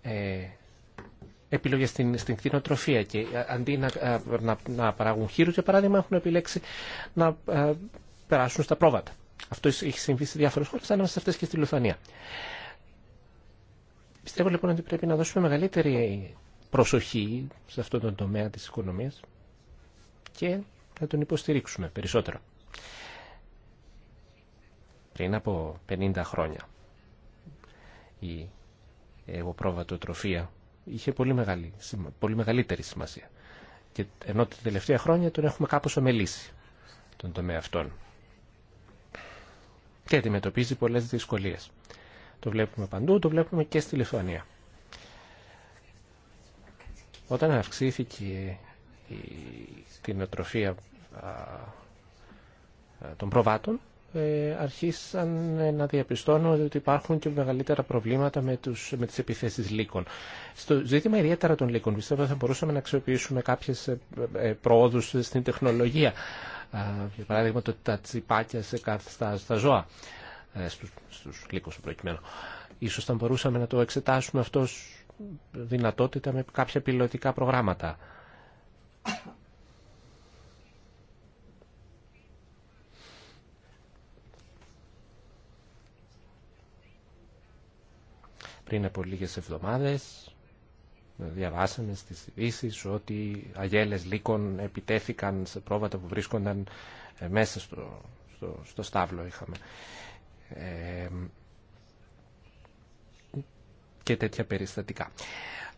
ε, επιλογές στην, στην κτηνοτροφία και αντί να, να, να παράγουν χείρους, για παράδειγμα, έχουν επιλέξει να περάσουν στα πρόβατα. Αυτό έχει συμβεί σε διάφορες χώρες, ανάμεσα σε αυτές και στη Λουθανία. Πιστεύω λοιπόν ότι πρέπει να δώσουμε μεγαλύτερη προσοχή σε αυτόν τον τομέα της οικονομίας και να τον υποστηρίξουμε περισσότερο. Πριν από 50 χρόνια η τροφία είχε πολύ, μεγάλη, πολύ μεγαλύτερη σημασία. Και ενώ τα τελευταία χρόνια τον έχουμε κάπως ομελήσει τον τομέα αυτόν. Και αντιμετωπίζει πολλές δυσκολίες. Το βλέπουμε παντού, το βλέπουμε και στη Λιθουανία. Όταν αυξήθηκε η κτηνοτροφία των προβάτων, ε, αρχίσαν να διαπιστώνουν ότι υπάρχουν και μεγαλύτερα προβλήματα με, τους, με τις επιθέσεις λύκων. Στο ζήτημα ιδιαίτερα των λύκων πιστεύω θα μπορούσαμε να αξιοποιήσουμε κάποιες ε, ε, πρόοδους στην τεχνολογία. Για παράδειγμα το, τα τσιπάκια σε, στα, στα ζώα, στους, στους λύκους προκειμένου. Ίσως θα μπορούσαμε να το εξετάσουμε αυτό δυνατότητα με κάποια πιλωτικά προγράμματα. Πριν από λίγες εβδομάδες διαβάσαμε στις ειδήσει ότι αγέλες λύκων επιτέθηκαν σε πρόβατα που βρίσκονταν ε, μέσα στο, στο, στο στάβλο είχαμε. Ε, και τέτοια περιστατικά.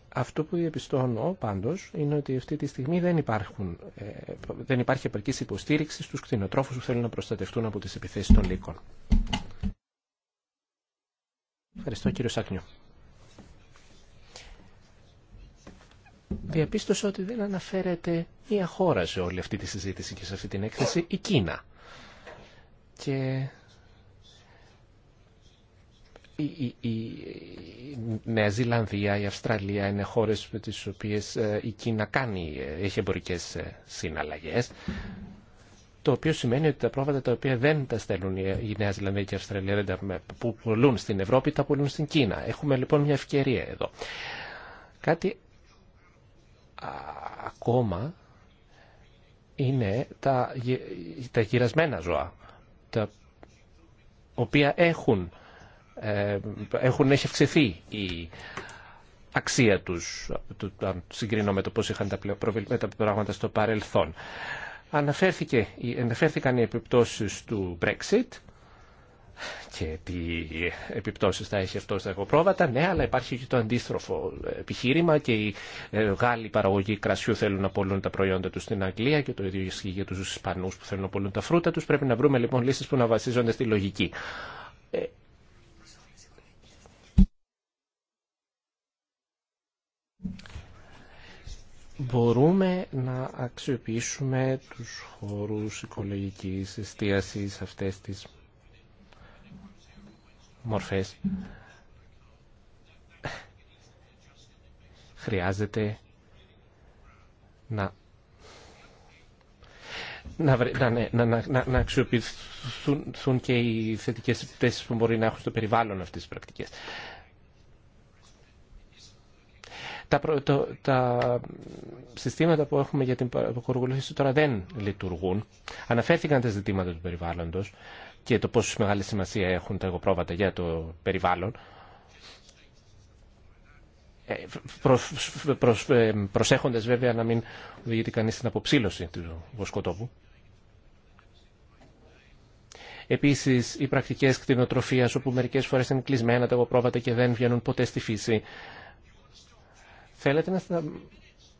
Αυτό που διαπιστώνω πάντως είναι ότι αυτή τη στιγμή δεν, υπάρχουν, ε, δεν υπάρχει επαρκής υποστήριξη στους κτηνοτρόφους που θέλουν να προστατευτούν από τις επιθέσεις των λύκων. Ευχαριστώ κύριο Σάκνιο. Διαπίστωσα ότι δεν αναφέρεται μία χώρα σε όλη αυτή τη συζήτηση και σε αυτή την έκθεση, η Κίνα. Και η, η, η Νέα Ζηλανδία, η Αυστραλία είναι χώρες με τις οποίες ε, η Κίνα κάνει, ε, έχει εμπορικές ε, συναλλαγές το οποίο σημαίνει ότι τα πρόβατα τα οποία δεν τα στέλνουν η Νέα Ζηλανδία και η Αυστραλία που πουλούν στην Ευρώπη τα πουλούν στην Κίνα. Έχουμε λοιπόν μια ευκαιρία εδώ. Κάτι ακόμα είναι τα, τα γυρασμένα ζώα, τα οποία έχουν, ε, έχουν έχει αυξηθεί η αξία τους, αν συγκρίνω με το πώς είχαν τα, με τα πράγματα στο παρελθόν αναφέρθηκε, αναφέρθηκαν οι επιπτώσεις του Brexit και τι επιπτώσεις θα έχει αυτό στα εγωπρόβατα. Ναι, αλλά υπάρχει και το αντίστροφο επιχείρημα και οι ε, Γάλλοι παραγωγοί κρασιού θέλουν να πολλούν τα προϊόντα τους στην Αγγλία και το ίδιο ισχύει για τους Ισπανούς που θέλουν να πολλούν τα φρούτα τους. Πρέπει να βρούμε λοιπόν λύσεις που να βασίζονται στη λογική. Ε, μπορούμε να αξιοποιήσουμε τους χώρους οικολογικής εστίασης αυτές τις μορφές. Χρειάζεται να ναι, να, να, να, να αξιοποιηθούν και οι θετικές επιθέσεις που μπορεί να έχουν στο περιβάλλον αυτές τις πρακτικές. Τα, το, τα συστήματα που έχουμε για την παρακολούθηση τώρα δεν λειτουργούν. Αναφέρθηκαν τα ζητήματα του περιβάλλοντος και το πόσο μεγάλη σημασία έχουν τα εγωπρόβατα για το περιβάλλον. Ε, ε, προσέχοντας βέβαια να μην οδηγείται κανείς στην αποψήλωση του βοσκοτόπου. Επίσης, οι πρακτικές κτηνοτροφίας, όπου μερικές φορές είναι κλεισμένα τα εγωπρόβατα και δεν βγαίνουν ποτέ στη φύση, Θέλετε να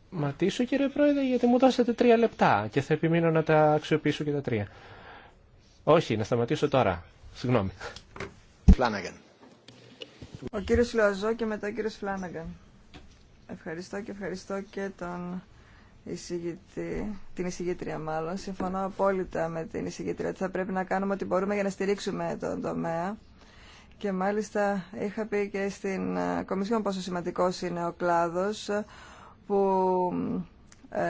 σταματήσω κύριε Πρόεδρε γιατί μου δώσατε τρία λεπτά και θα επιμείνω να τα αξιοποιήσω και τα τρία. Όχι, να σταματήσω τώρα. Συγγνώμη. Ο κύριος Λοαζό και μετά ο κύριος Φλάνναγκαν. Ευχαριστώ και ευχαριστώ και τον εισηγητή, την εισηγήτρια μάλλον. Συμφωνώ απόλυτα με την εισηγήτρια ότι θα πρέπει να κάνουμε ό,τι μπορούμε για να στηρίξουμε τον τομέα και μάλιστα είχα πει και στην ε, Κομισιόν πόσο σημαντικός είναι ο κλάδος ε, που ε,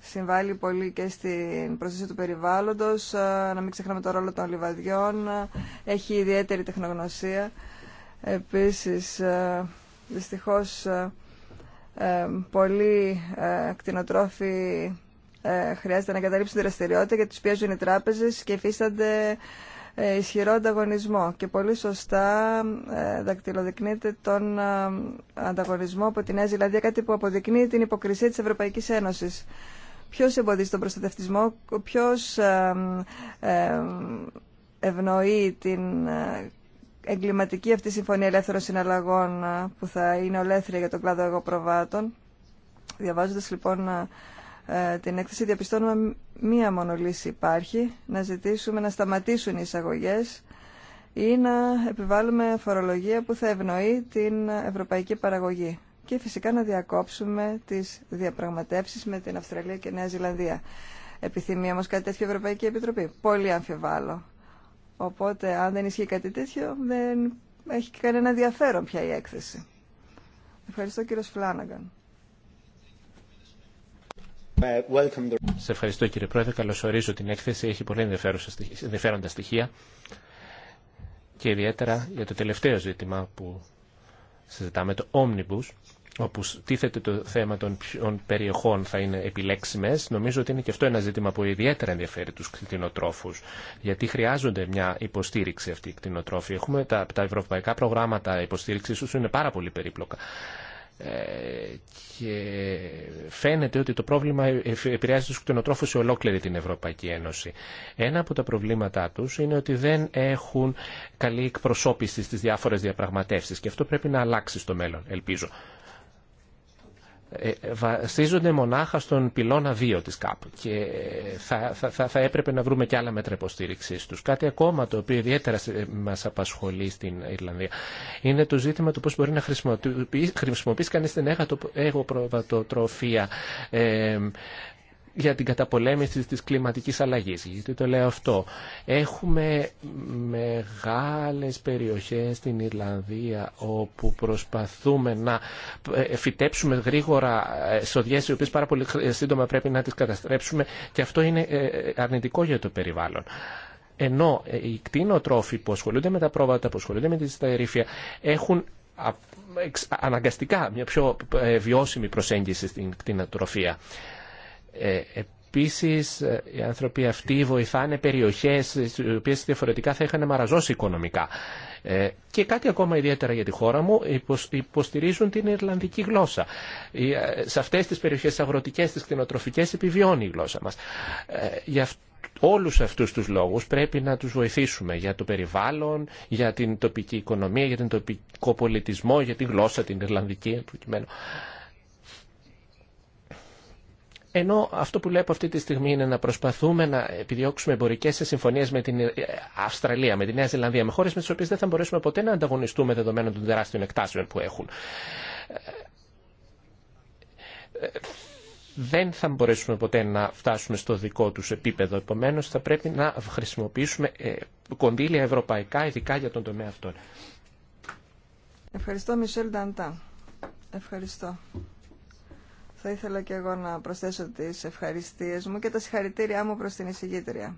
συμβάλλει πολύ και στην προσθέση του περιβάλλοντος, να μην ξεχνάμε το ρόλο των λιβαδιών, έχει ιδιαίτερη τεχνογνωσία. Επίσης, δυστυχώς, πολλοί κτηνοτρόφοι χρειάζεται να καταλήψουν τη δραστηριότητα γιατί τους πιέζουν οι τράπεζες και υφίστανται ε, ισχυρό ανταγωνισμό και πολύ σωστά ε, δακτυλοδεικνύεται τον ε, ανταγωνισμό από την Νέα δηλαδή κάτι που αποδεικνύει την υποκρισία της Ευρωπαϊκής Ένωσης. Ποιος εμποδίζει τον προστατευτισμό, ποιος ευνοεί την εγκληματική αυτή συμφωνία ελεύθερων συναλλαγών που θα είναι ολέθρια για τον κλάδο εγωπροβάτων. Διαβάζοντας λοιπόν ε, την έκθεση διαπιστώνουμε μία μόνο λύση υπάρχει, να ζητήσουμε να σταματήσουν οι εισαγωγές ή να επιβάλλουμε φορολογία που θα ευνοεί την ευρωπαϊκή παραγωγή και φυσικά να διακόψουμε τις διαπραγματεύσεις με την Αυστραλία και Νέα Ζηλανδία. Επιθυμεί όμως κάτι τέτοιο η Ευρωπαϊκή Επιτροπή. Πολύ αμφιβάλλω. Οπότε αν δεν ισχύει κάτι τέτοιο δεν έχει κανένα ενδιαφέρον πια η έκθεση. Ευχαριστώ κύριο Φλάναγκαν. Uh, Σε ευχαριστώ κύριε Πρόεδρε. Καλωσορίζω την έκθεση. Έχει πολύ ενδιαφέροντα στοιχεία και ιδιαίτερα για το τελευταίο ζήτημα που συζητάμε, το Omnibus, όπου τίθεται το θέμα των ποιων περιοχών θα είναι επιλέξιμες, νομίζω ότι είναι και αυτό ένα ζήτημα που ιδιαίτερα ενδιαφέρει τους κτηνοτρόφους, γιατί χρειάζονται μια υποστήριξη αυτή οι κτηνοτρόφοι. Έχουμε τα, τα ευρωπαϊκά προγράμματα υποστήριξης όσο είναι πάρα πολύ περίπλοκα ε, και φαίνεται ότι το πρόβλημα επηρεάζει τους κτηνοτρόφους σε ολόκληρη την Ευρωπαϊκή Ένωση. Ένα από τα προβλήματά τους είναι ότι δεν έχουν καλή εκπροσώπηση στις διάφορες διαπραγματεύσεις και αυτό πρέπει να αλλάξει στο μέλλον, ελπίζω. Ε, βασίζονται μονάχα στον πυλώνα 2 της ΚΑΠ και θα, θα, θα έπρεπε να βρούμε και άλλα μέτρα υποστήριξη τους. Κάτι ακόμα το οποίο ιδιαίτερα μας απασχολεί στην Ιρλανδία είναι το ζήτημα του πώς μπορεί να χρησιμοποιήσει, χρησιμοποιήσει κανείς την έγωπροβατοτροφία ε, για την καταπολέμηση της κλιματικής αλλαγής. Γιατί το λέω αυτό. Έχουμε μεγάλες περιοχές στην Ιρλανδία όπου προσπαθούμε να φυτέψουμε γρήγορα σοδιές οι οποίες πάρα πολύ σύντομα πρέπει να τις καταστρέψουμε και αυτό είναι ε, αρνητικό για το περιβάλλον. Ενώ ε, οι κτηνοτρόφοι που ασχολούνται με τα πρόβατα, που ασχολούνται με τη σταερήφια, έχουν αναγκαστικά μια πιο ε, βιώσιμη προσέγγιση στην κτηνοτροφία. Ε, επίσης, ε, οι άνθρωποι αυτοί βοηθάνε περιοχές στι οποίε διαφορετικά θα είχαν μαραζώσει οικονομικά. Ε, και κάτι ακόμα ιδιαίτερα για τη χώρα μου, υποστηρίζουν την Ιρλανδική γλώσσα. Σε αυτές τις περιοχές τι αγροτικές, τις κτηνοτροφικές, επιβιώνει η γλώσσα μας. Για όλους αυτούς τους λόγους πρέπει να τους βοηθήσουμε για το περιβάλλον, για την τοπική οικονομία, για τον τοπικό πολιτισμό, για τη γλώσσα την Ιρλανδική, ενώ αυτό που βλέπω αυτή τη στιγμή είναι να προσπαθούμε να επιδιώξουμε εμπορικέ συμφωνίε με την ε, Αυστραλία, με τη Νέα Ζηλανδία, με χώρε με τι οποίε δεν θα μπορέσουμε ποτέ να ανταγωνιστούμε δεδομένων των τεράστιων εκτάσεων που έχουν. Ε, δεν θα μπορέσουμε ποτέ να φτάσουμε στο δικό τους επίπεδο. Επομένω, θα πρέπει να χρησιμοποιήσουμε ε, κονδύλια ευρωπαϊκά, ειδικά για τον τομέα αυτόν. Ευχαριστώ, Μισελ Νταντά. Ευχαριστώ. Θα ήθελα και εγώ να προσθέσω τις ευχαριστίες μου και τα συγχαρητήριά μου προς την εισηγήτρια.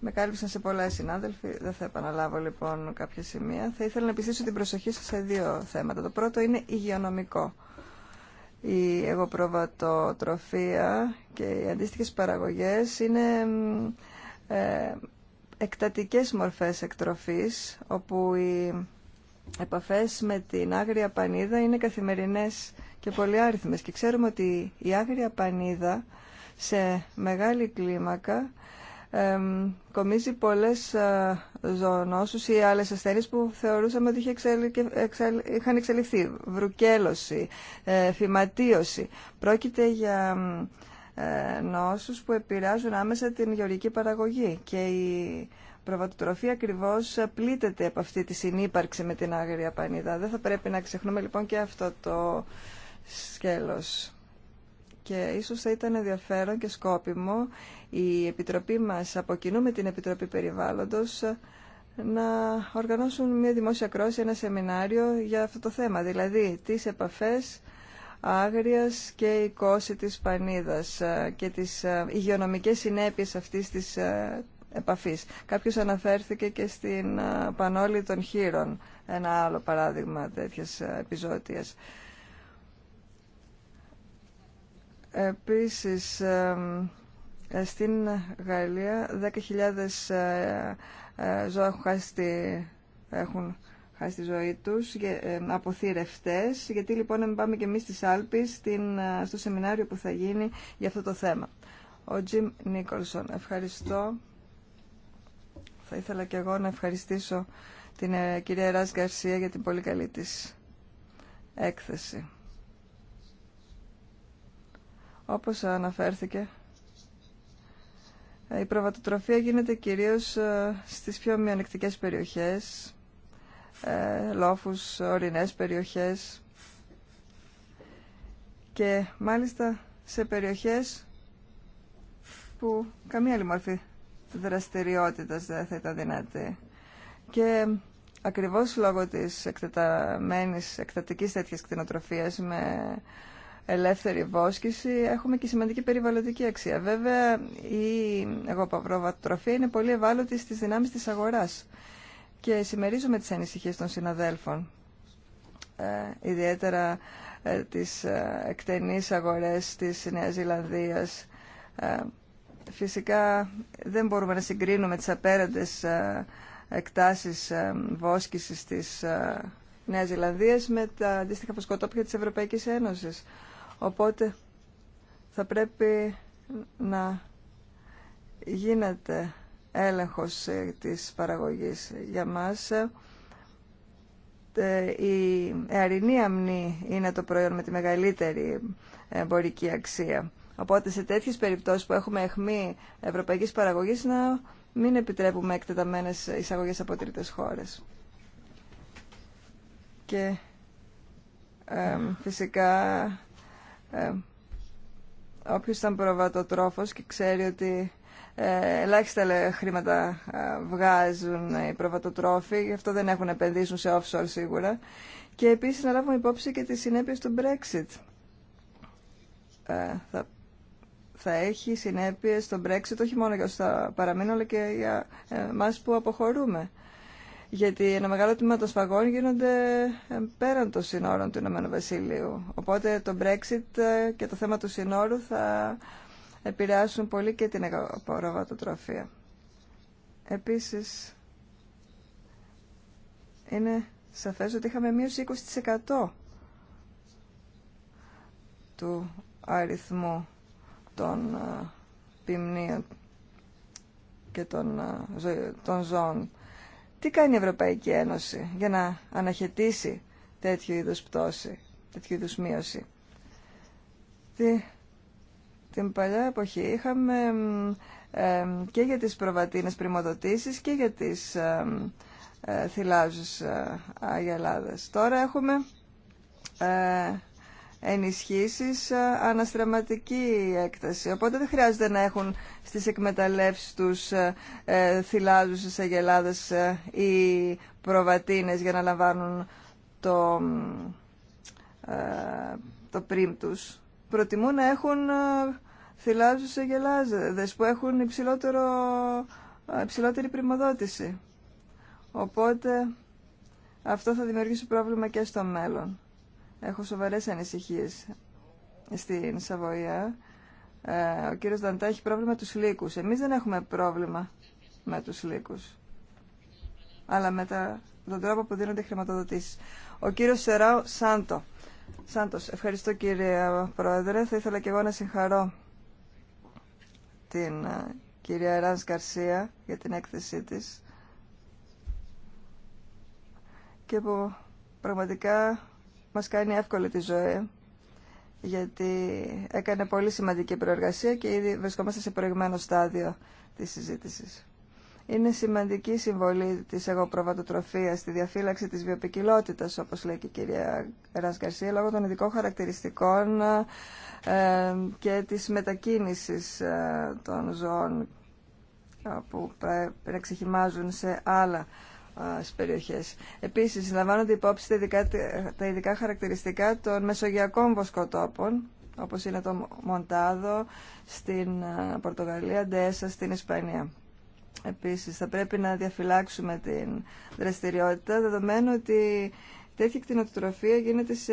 Με κάλυψαν σε πολλά συνάδελφοι, δεν θα επαναλάβω λοιπόν κάποια σημεία. Θα ήθελα να επιστήσω την προσοχή σας σε δύο θέματα. Το πρώτο είναι υγειονομικό. Η εγωπροβατοτροφία και οι αντίστοιχες παραγωγές είναι ε, εκτατικές μορφές εκτροφής, όπου οι επαφές με την άγρια πανίδα είναι καθημερινές και άριθμες. Και ξέρουμε ότι η άγρια πανίδα σε μεγάλη κλίμακα κομίζει πολλές ε, ζωονόσους ή άλλες ασθένειες που θεωρούσαμε ότι είχαν εξελιχθεί. Βρουκέλωση, ε, φυματίωση. Πρόκειται για ε, νόσους που επηρεάζουν άμεσα την γεωργική παραγωγή και η προβατοτροφή ακριβώς πλήττεται από αυτή τη συνύπαρξη με την άγρια πανίδα. Δεν θα πρέπει να ξεχνούμε λοιπόν και αυτό το σκέλος. Και ίσως θα ήταν ενδιαφέρον και σκόπιμο η Επιτροπή μας, από κοινού με την Επιτροπή Περιβάλλοντος, να οργανώσουν μια δημόσια κρόση, ένα σεμινάριο για αυτό το θέμα. Δηλαδή, τις επαφές άγριας και η κόση της πανίδας ε, και τις ε, υγειονομικές συνέπειες αυτής της ε, επαφής. Κάποιος αναφέρθηκε και στην πανόλη των χείρων, ένα άλλο παράδειγμα τέτοιας επιζώτιας. Επίσης, ε, στην Γαλλία 10.000 ε, ε, ζώα έχουν χάσει, τη, έχουν χάσει τη ζωή τους από Γιατί λοιπόν να πάμε και εμείς στις Άλπεις στο σεμινάριο που θα γίνει για αυτό το θέμα. Ο Τζιμ Νίκολσον, ευχαριστώ. Θα ήθελα και εγώ να ευχαριστήσω την κυρία Ράς Γκαρσία για την πολύ καλή της έκθεση. Όπως αναφέρθηκε, ε, η προβατοτροφία γίνεται κυρίως ε, στις πιο μειονεκτικές περιοχές, ε, λόφους, ορεινές περιοχές και μάλιστα σε περιοχές που καμία άλλη μορφή δραστηριότητας δεν θα ήταν δυνατή. Και ακριβώς λόγω της εκτεταμένης, εκτατικής τέτοιας κτηνοτροφίας με ελεύθερη βόσκηση έχουμε και σημαντική περιβαλλοντική αξία. Βέβαια, η εγωπαυροβατροφία είναι πολύ ευάλωτη στις δυνάμεις της αγοράς και συμμερίζουμε τις ανησυχίες των συναδέλφων, ε, ιδιαίτερα ε, τις ε, εκτενείς αγορές της Νέας Ζηλανδίας. Ε, φυσικά δεν μπορούμε να συγκρίνουμε τις απέραντες ε, εκτάσεις βόσκησης της Νέας Ζηλανδίας με τα αντίστοιχα φωσκοτόπια της Ευρωπαϊκής Ένωσης. Οπότε θα πρέπει να γίνεται έλεγχος ε, της παραγωγής για μας. Ε, η αερινή αμνή είναι το προϊόν με τη μεγαλύτερη εμπορική αξία. Οπότε σε τέτοιες περιπτώσεις που έχουμε αιχμή ευρωπαϊκής παραγωγής να μην επιτρέπουμε εκτεταμένες εισαγωγές από τρίτες χώρες. Και φυσικά ε, όποιος ήταν προβατοτρόφος και ξέρει ότι ε, ελάχιστα χρήματα ε, βγάζουν οι προβατοτρόφοι, γι' αυτό δεν έχουν επενδύσουν σε offshore σίγουρα. Και επίσης να λάβουμε υπόψη και τις συνέπειες του Brexit. Ε, θα, έχει συνέπειες στο Brexit όχι μόνο για όσους θα παραμείνουν, αλλά και για εμάς που αποχωρούμε γιατί ένα μεγάλο τμήμα των σφαγών γίνονται ε, πέραν των συνόρων του Ηνωμένου Βασίλειου. Οπότε το Brexit ε, και το θέμα του συνόρου θα επηρεάσουν πολύ και την απορροβατοτροφία. Επίσης, είναι σαφές ότι είχαμε μείωση 20% του αριθμού των ε, ποιμνίων και των, ζώων. Τι κάνει η Ευρωπαϊκή Ένωση για να αναχαιτήσει τέτοιου είδους πτώση, τέτοιου είδους μείωση. Τι, την παλιά εποχή είχαμε και για τις προβατίνες πρημοδοτήσεις και για τις ε, ε Τώρα έχουμε ε, ενισχύσεις ε, αναστραματική έκταση. Οπότε δεν χρειάζεται να έχουν στις εκμεταλλεύσεις τους ε, ε αγελάδε ή προβατίνες για να λαμβάνουν το, ε, το πριμ τους. Προτιμούν να έχουν θυλάζουσες αγελάδε, που έχουν υψηλότερο, υψηλότερη πρημοδότηση. Οπότε αυτό θα δημιουργήσει πρόβλημα και στο μέλλον έχω σοβαρές ανησυχίες στην Σαβοία. Ε, ο κύριος Δαντά έχει πρόβλημα τους λύκους. Εμείς δεν έχουμε πρόβλημα με τους λύκους. Αλλά με τα, τον τρόπο που δίνονται χρηματοδοτήσεις. Ο κύριος Σεράου Σάντο. Σάντος, ευχαριστώ κύριε Πρόεδρε. Θα ήθελα και εγώ να συγχαρώ την ε, κυρία Ράνς Καρσία για την έκθεσή της και που πραγματικά μας κάνει εύκολη τη ζωή γιατί έκανε πολύ σημαντική προεργασία και ήδη βρισκόμαστε σε προηγμένο στάδιο της συζήτησης. Είναι σημαντική συμβολή της εγωπροβατοτροφίας στη διαφύλαξη της βιοπικιλότητας, όπως λέει και η κυρία Ρας Γκαρσία, λόγω των ειδικών χαρακτηριστικών ε, και της μετακίνησης ε, των ζώων ε, που εξεχυμάζουν σε άλλα Περιοχέ. Επίσης, λαμβάνονται υπόψη τα ειδικά, τα ειδικά χαρακτηριστικά των μεσογειακών βοσκοτόπων, όπως είναι το Μοντάδο στην Πορτογαλία, Ντέσσα, στην Ισπανία. Επίσης, θα πρέπει να διαφυλάξουμε την δραστηριότητα, δεδομένου ότι τέτοια κτηνοτροφία γίνεται σε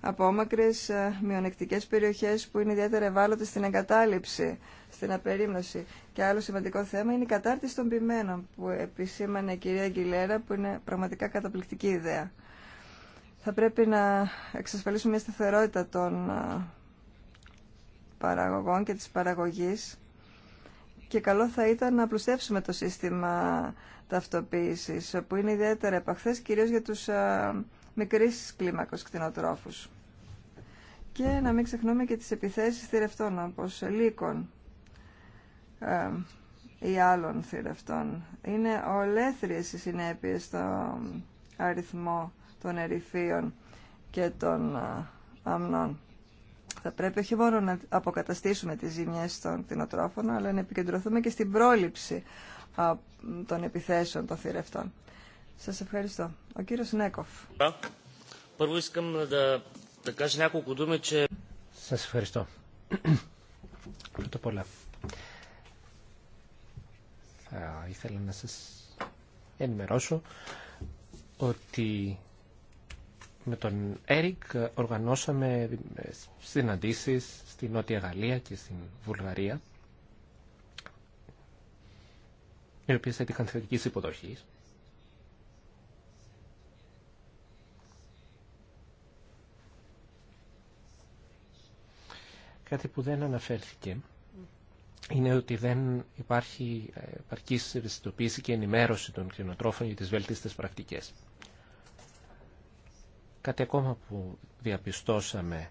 απόμακρες μειονεκτικέ περιοχές που είναι ιδιαίτερα ευάλωτε στην εγκατάλειψη, στην απερίμνωση και άλλο σημαντικό θέμα είναι η κατάρτιση των ποιμένων, που επισήμανε η κυρία Αγγιλέρα που είναι πραγματικά καταπληκτική ιδέα. Θα πρέπει να εξασφαλίσουμε μια σταθερότητα των παραγωγών και της παραγωγής και καλό θα ήταν να απλουστεύσουμε το σύστημα ταυτοποίησης που είναι ιδιαίτερα επαχθές κυρίως για τους μικρής κλίμακος κτηνοτρόφους. Και να μην ξεχνούμε και τις επιθέσεις θηρευτών όπως λύκων ε, ή άλλων θηρευτών. Είναι ολέθριες οι συνέπειες στο ε, αριθμό των ερηφίων και των ε, αμνών. Θα πρέπει όχι μόνο να αποκαταστήσουμε τις ζημιές των κτηνοτρόφων, αλλά να επικεντρωθούμε και στην πρόληψη των επιθέσεων των θηρευτών. Σας ευχαριστώ. Ο κύριος Νέκοφ. Σας ευχαριστώ. Πρώτα απ' όλα, θα ήθελα να σας ενημερώσω ότι με τον Έρικ οργανώσαμε συναντήσεις στη Νότια Γαλλία και στην Βουλγαρία οι οποίες έτυχαν θετικής υποδοχής. Κάτι που δεν αναφέρθηκε είναι ότι δεν υπάρχει ε, επαρκή ευαισθητοποίηση και ενημέρωση των κτηνοτρόφων για τις βέλτιστες πρακτικές. Κάτι ακόμα που διαπιστώσαμε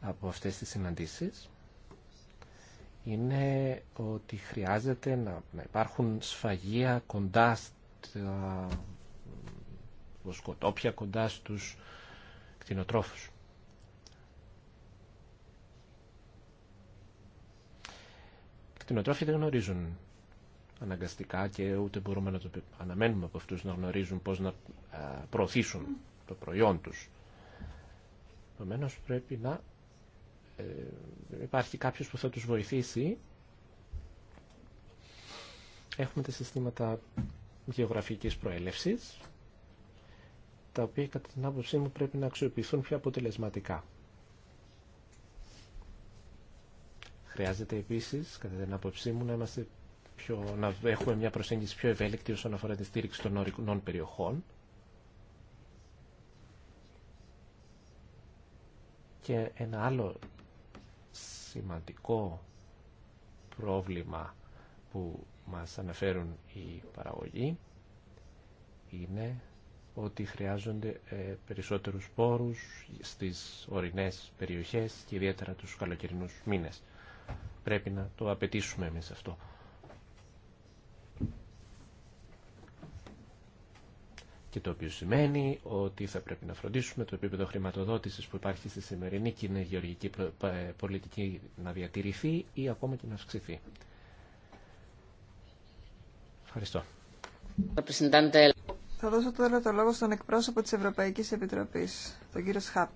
από αυτές τις συναντήσεις είναι ότι χρειάζεται να, υπάρχουν σφαγεία κοντά στα βοσκοτόπια, κοντά στους κτηνοτρόφους. κτηνοτρόφοι δεν γνωρίζουν αναγκαστικά και ούτε μπορούμε να το αναμένουμε από αυτούς να γνωρίζουν πώς να προωθήσουν το προϊόν τους. Επομένω πρέπει να ε, υπάρχει κάποιος που θα τους βοηθήσει. Έχουμε τα συστήματα γεωγραφικής προέλευσης, τα οποία κατά την άποψή μου πρέπει να αξιοποιηθούν πιο αποτελεσματικά. Χρειάζεται επίσης, κατά την άποψή μου, να, είμαστε πιο, να έχουμε μια προσέγγιση πιο ευέλικτη όσον αφορά τη στήριξη των ορεικνών περιοχών και ένα άλλο σημαντικό πρόβλημα που μας αναφέρουν οι παραγωγοί είναι ότι χρειάζονται ε, περισσότερους πόρους στις ορεινές περιοχές και ιδιαίτερα τους καλοκαιρινούς μήνες. Πρέπει να το απαιτήσουμε εμείς αυτό. Και το οποίο σημαίνει ότι θα πρέπει να φροντίσουμε το επίπεδο χρηματοδότησης που υπάρχει στη σημερινή κοινή πολιτική να διατηρηθεί ή ακόμα και να αυξηθεί. Ευχαριστώ. Θα δώσω τώρα το λόγο στον εκπρόσωπο της Ευρωπαϊκής Επιτροπής, τον κύριο Σχάπ.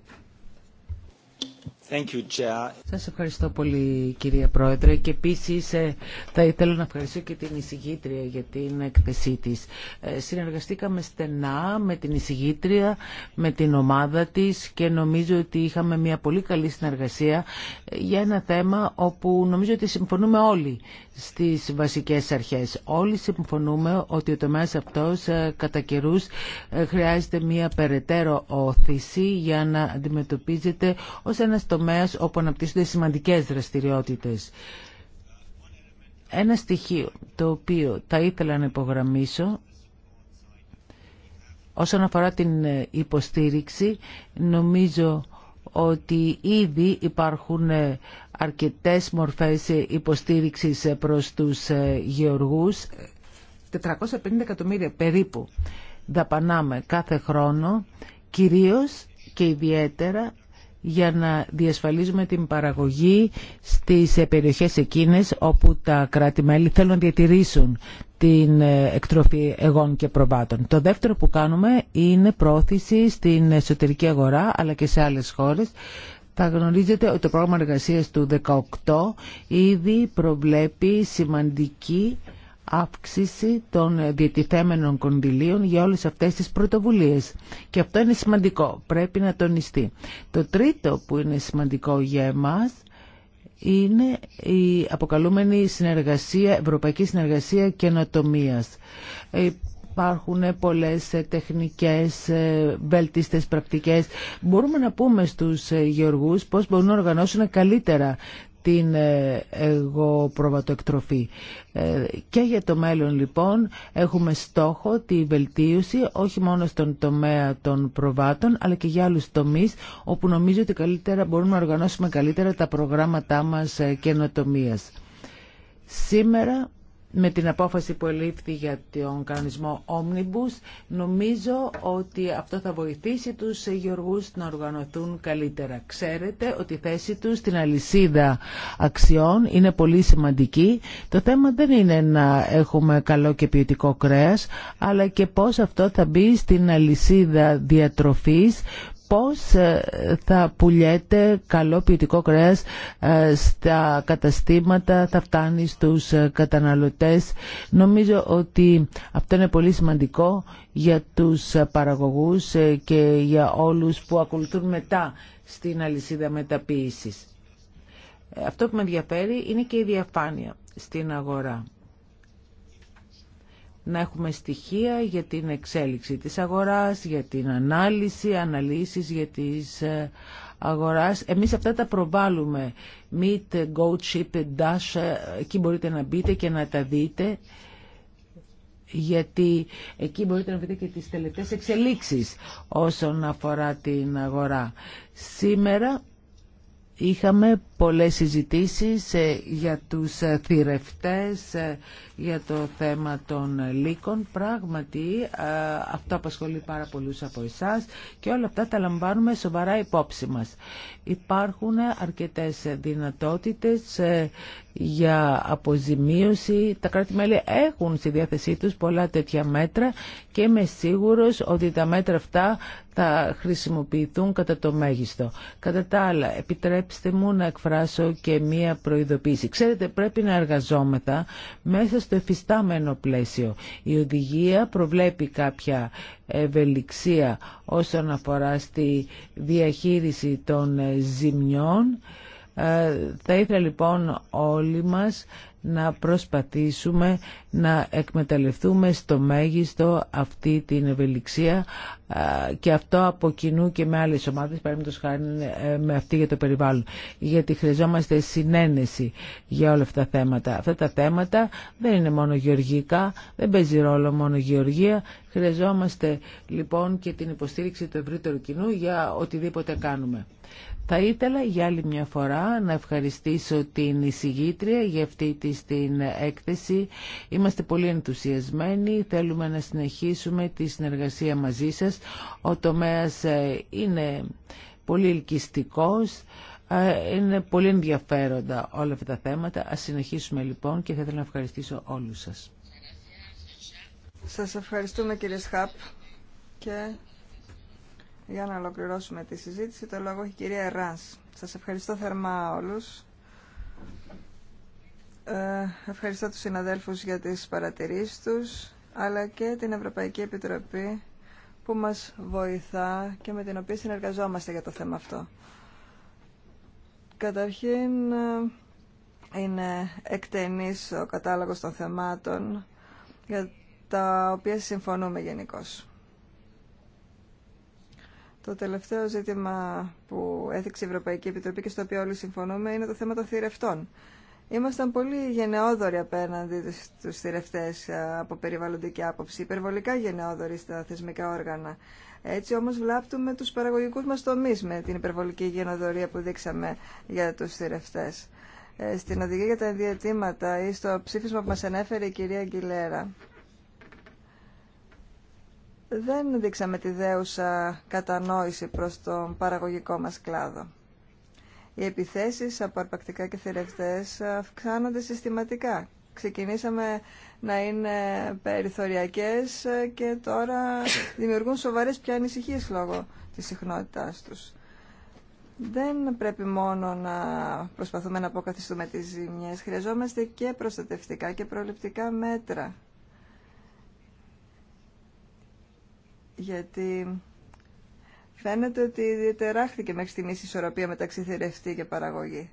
Σας ευχαριστώ πολύ κυρία Πρόεδρε και επίσης ε, θα ήθελα να ευχαριστήσω και την εισηγήτρια για την εκθεσή της. Ε, συνεργαστήκαμε στενά με την εισηγήτρια, με την ομάδα της και νομίζω ότι είχαμε μια πολύ καλή συνεργασία για ένα θέμα όπου νομίζω ότι συμφωνούμε όλοι στις βασικές αρχές. Όλοι συμφωνούμε ότι ο τομέας αυτός ε, κατά καιρού ε, χρειάζεται μία περαιτέρω όθηση για να αντιμετωπίζεται ως ένας τομέας όπου αναπτύσσονται σημαντικές δραστηριότητες. Ένα στοιχείο το οποίο θα ήθελα να υπογραμμίσω όσον αφορά την ε, υποστήριξη νομίζω ότι ήδη υπάρχουν ε, αρκετές μορφές ε, υποστήριξης ε, προς τους γεωργούς. 450 εκατομμύρια περίπου δαπανάμε κάθε χρόνο, κυρίως και ιδιαίτερα για να διασφαλίζουμε την παραγωγή στις περιοχές εκείνες όπου τα κράτη-μέλη θέλουν να διατηρήσουν την ε, εκτροφή εγών και προβάτων. Το δεύτερο που κάνουμε είναι πρόθεση στην εσωτερική αγορά αλλά και σε άλλες χώρες. Θα γνωρίζετε ότι το πρόγραμμα εργασίας του 2018 ήδη προβλέπει σημαντική αύξηση των διατηθέμενων κονδυλίων για όλες αυτές τις πρωτοβουλίες. Και αυτό είναι σημαντικό, πρέπει να τονιστεί. Το τρίτο που είναι σημαντικό για εμάς είναι η αποκαλούμενη συνεργασία, ευρωπαϊκή συνεργασία καινοτομία. Υπάρχουν πολλές τεχνικές, ε, βέλτιστες πρακτικές. Μπορούμε να πούμε στους ε, γεωργούς πώς μπορούν να οργανώσουν καλύτερα την ε, εγώ προβατοεκτροφή. Ε, και για το μέλλον λοιπόν έχουμε στόχο τη βελτίωση όχι μόνο στον τομέα των προβάτων αλλά και για άλλους τομείς όπου νομίζω ότι καλύτερα μπορούμε να οργανώσουμε καλύτερα τα προγράμματά μας ε, καινοτομίας. Σήμερα με την απόφαση που ελήφθη για τον κανονισμό Omnibus, νομίζω ότι αυτό θα βοηθήσει τους γεωργούς να οργανωθούν καλύτερα. Ξέρετε ότι η θέση τους στην αλυσίδα αξιών είναι πολύ σημαντική. Το θέμα δεν είναι να έχουμε καλό και ποιοτικό κρέας, αλλά και πώς αυτό θα μπει στην αλυσίδα διατροφής πώς ε, θα πουλιέται καλό ποιοτικό κρέας ε, στα καταστήματα, θα φτάνει στους ε, καταναλωτές. Νομίζω ότι αυτό είναι πολύ σημαντικό για τους παραγωγούς και για όλους που ακολουθούν μετά στην αλυσίδα μεταποίησης. Αυτό που με ενδιαφέρει είναι και η διαφάνεια στην αγορά να έχουμε στοιχεία για την εξέλιξη της αγοράς, για την ανάλυση, αναλύσεις για τις ε, αγοράς. Εμείς αυτά τα προβάλλουμε. Meet, Go, Chip, Dash, ε, εκεί μπορείτε να μπείτε και να τα δείτε γιατί εκεί μπορείτε να βρείτε και τις τελευταίες εξελίξεις όσον αφορά την αγορά. Σήμερα Είχαμε πολλές συζητήσεις ε, για τους ε, θηρευτές, ε, για το θέμα των λύκων. Πράγματι, αυτό απασχολεί πάρα πολλούς από εσάς και όλα αυτά τα λαμβάνουμε σοβαρά υπόψη μας. Υπάρχουν αρκετές δυνατότητες για αποζημίωση. Τα κράτη-μέλη έχουν στη διάθεσή τους πολλά τέτοια μέτρα και είμαι σίγουρος ότι τα μέτρα αυτά θα χρησιμοποιηθούν κατά το μέγιστο. Κατά τα άλλα, επιτρέψτε μου να εκφράσω και μία προειδοποίηση. Ξέρετε, πρέπει να εργαζόμεθα μέσα στο εφιστάμενο πλαίσιο. Η οδηγία προβλέπει κάποια ευελιξία όσον αφορά στη διαχείριση των ζημιών ε, θα ήθελα λοιπόν όλοι μας να προσπαθήσουμε να εκμεταλλευτούμε στο μέγιστο αυτή την ευελιξία ε, και αυτό από κοινού και με άλλες ομάδες, παραδείγματος χάρη ε, με αυτή για το περιβάλλον. Γιατί χρειαζόμαστε συνένεση για όλα αυτά τα θέματα. Αυτά τα θέματα δεν είναι μόνο γεωργικά, δεν παίζει ρόλο μόνο γεωργία. Χρειαζόμαστε λοιπόν και την υποστήριξη του ευρύτερου κοινού για οτιδήποτε κάνουμε. Θα ήθελα για άλλη μια φορά να ευχαριστήσω την εισηγήτρια για αυτή τη την έκθεση. Είμαστε πολύ ενθουσιασμένοι, θέλουμε να συνεχίσουμε τη συνεργασία μαζί σας. Ο τομέας ε, είναι πολύ ελκυστικός. Ε, είναι πολύ ενδιαφέροντα όλα αυτά τα θέματα. Ας συνεχίσουμε λοιπόν και θα ήθελα να ευχαριστήσω όλους σας. Σας ευχαριστούμε κύριε Σχάπ για να ολοκληρώσουμε τη συζήτηση, το λόγο έχει η κυρία Ράνς. Σας ευχαριστώ θερμά όλους. Ε, ευχαριστώ τους συναδέλφους για τις παρατηρήσεις τους, αλλά και την Ευρωπαϊκή Επιτροπή που μας βοηθά και με την οποία συνεργαζόμαστε για το θέμα αυτό. Καταρχήν, είναι εκτενής ο κατάλογος των θεμάτων για τα οποία συμφωνούμε γενικώς. Το τελευταίο ζήτημα που έθιξε η Ευρωπαϊκή Επιτροπή και στο οποίο όλοι συμφωνούμε είναι το θέμα των θηρευτών. Ήμασταν πολύ γενναιόδοροι απέναντι στου θηρευτέ ε, από περιβαλλοντική άποψη, υπερβολικά γενναιόδοροι στα θεσμικά όργανα. Έτσι όμω βλάπτουμε του παραγωγικού μα τομεί με την υπερβολική γενναιοδορία που δείξαμε για του θηρευτέ. Ε, στην οδηγία για τα ενδιατήματα ή στο ψήφισμα που μα ανέφερε η κυρία Αγγιλέρα, δεν δείξαμε τη δέουσα κατανόηση προς τον παραγωγικό μας κλάδο. Οι επιθέσεις από αρπακτικά και θηρευτές αυξάνονται συστηματικά. Ξεκινήσαμε να είναι περιθωριακές και τώρα δημιουργούν σοβαρές πια ανησυχίες λόγω της συχνότητάς τους. Δεν πρέπει μόνο να προσπαθούμε να αποκαθιστούμε τις ζημιές. Χρειαζόμαστε και προστατευτικά και προληπτικά μέτρα γιατί φαίνεται ότι ιδιαιτεράχθηκε μέχρι στιγμή η ισορροπία μεταξύ θηρευτή και παραγωγή.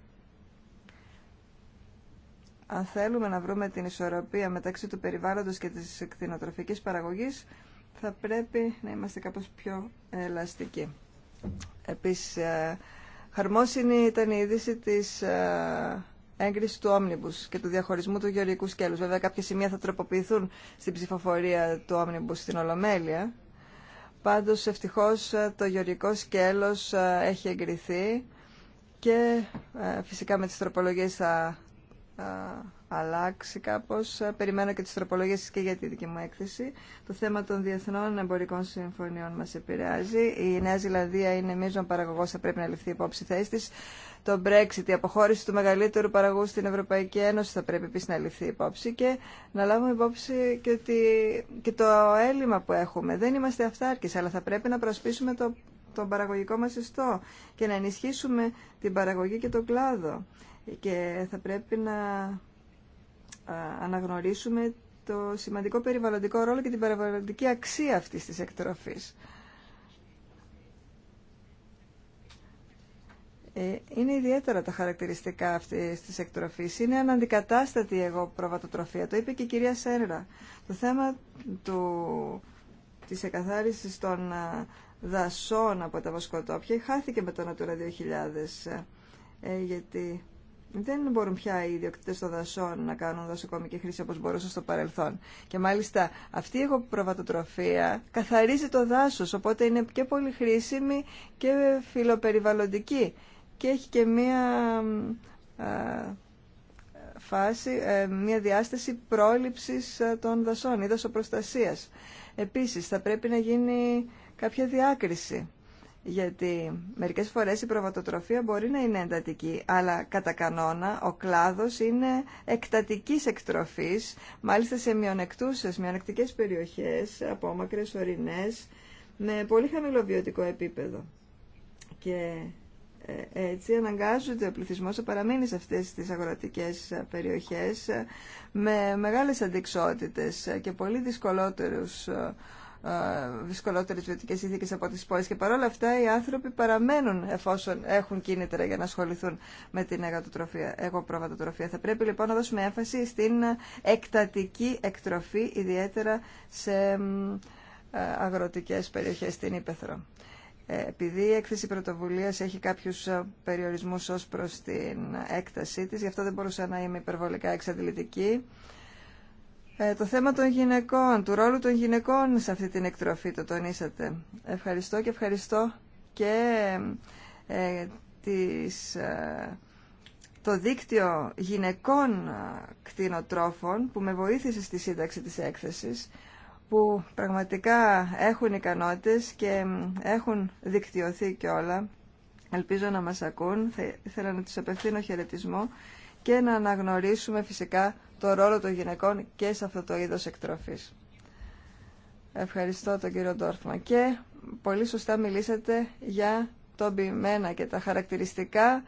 Αν θέλουμε να βρούμε την ισορροπία μεταξύ του περιβάλλοντος και της εκτινοτροφικής παραγωγής, θα πρέπει να είμαστε κάπως πιο ελαστικοί. Επίσης, ε, χαρμόσυνη ήταν η είδηση της ε, έγκριση του όμνιμπους και του διαχωρισμού του γεωργικού σκέλους. Βέβαια, κάποια σημεία θα τροποποιηθούν στην ψηφοφορία του όμνιμπους στην Ολομέλεια, Πάντως ευτυχώς ε, το γεωργικό σκέλος ε, έχει εγκριθεί και ε, φυσικά με τις τροπολογίες θα αλλάξει κάπως. Περιμένω και τις τροπολογίες και για τη δική μου έκθεση. Το θέμα των διεθνών εμπορικών συμφωνιών μας επηρεάζει. Η Νέα Ζηλανδία είναι μείζων παραγωγός, θα πρέπει να ληφθεί υπόψη θέση της το Brexit, η αποχώρηση του μεγαλύτερου παραγωγού στην Ευρωπαϊκή Ένωση θα πρέπει επίση να ληφθεί υπόψη και να λάβουμε υπόψη και, ότι, το έλλειμμα που έχουμε. Δεν είμαστε αυτάρκεις, αλλά θα πρέπει να προσπίσουμε το, τον παραγωγικό μας ιστό και να ενισχύσουμε την παραγωγή και τον κλάδο. Και θα πρέπει να αναγνωρίσουμε το σημαντικό περιβαλλοντικό ρόλο και την περιβαλλοντική αξία αυτής της εκτροφής. Ε, είναι ιδιαίτερα τα χαρακτηριστικά αυτή τη εκτροφή. Είναι αναντικατάστατη εγώ προβατοτροφία. Το είπε και η κυρία Σέρρα. Το θέμα του, της εκαθάρισης των δασών από τα βοσκοτόπια χάθηκε με το Natura 2000 ε, γιατί δεν μπορούν πια οι ιδιοκτήτες των δασών να κάνουν δασοκομική χρήση όπως μπορούσαν στο παρελθόν. Και μάλιστα αυτή η προβατοτροφία καθαρίζει το δάσος, οπότε είναι και πολύ χρήσιμη και φιλοπεριβαλλοντική και έχει και μία ε, φάση, ε, μία διάσταση πρόληψης ε, των δασών ή δασοπροστασίας. Επίσης, θα πρέπει να γίνει κάποια διάκριση, γιατί μερικές φορές η προβατοτροφία μπορεί να είναι εντατική, αλλά κατά κανόνα ο κλάδος είναι εκτατικής εκτροφής, μάλιστα σε μειονεκτούσες, μειονεκτικές περιοχές, απόμακρες, ορεινές, με πολύ χαμηλό επίπεδο. Και έτσι αναγκάζονται ο πληθυσμό να παραμείνει σε αυτές τις αγροτικές περιοχές με μεγάλες αντικσότητες και πολύ δυσκολότερους ε, δυσκολότερες βιωτικές συνθήκε από τις πόλεις και παρόλα αυτά οι άνθρωποι παραμένουν εφόσον έχουν κίνητρα για να ασχοληθούν με την εγωπροβατοτροφία. Θα πρέπει λοιπόν να δώσουμε έμφαση στην εκτατική εκτροφή ιδιαίτερα σε ε, αγροτικές περιοχές στην Ήπεθρο. Ε, επειδή η έκθεση πρωτοβουλία έχει κάποιους ε, περιορισμούς ως προς την έκτασή της, γι' αυτό δεν μπορούσα να είμαι υπερβολικά εξαντλητική. Ε, το θέμα των γυναικών, του ρόλου των γυναικών σε αυτή την εκτροφή, το τονίσατε. Ευχαριστώ και ευχαριστώ και το δίκτυο γυναικών κτηνοτρόφων που με βοήθησε στη σύνταξη της έκθεσης που πραγματικά έχουν ικανότητες και έχουν δικτυωθεί και όλα. Ελπίζω να μας ακούν, θα ήθελα να τους απευθύνω χαιρετισμό και να αναγνωρίσουμε φυσικά το ρόλο των γυναικών και σε αυτό το είδος εκτροφής. Ευχαριστώ τον κύριο Ντόρφμα και πολύ σωστά μιλήσατε για το μπημένα και τα χαρακτηριστικά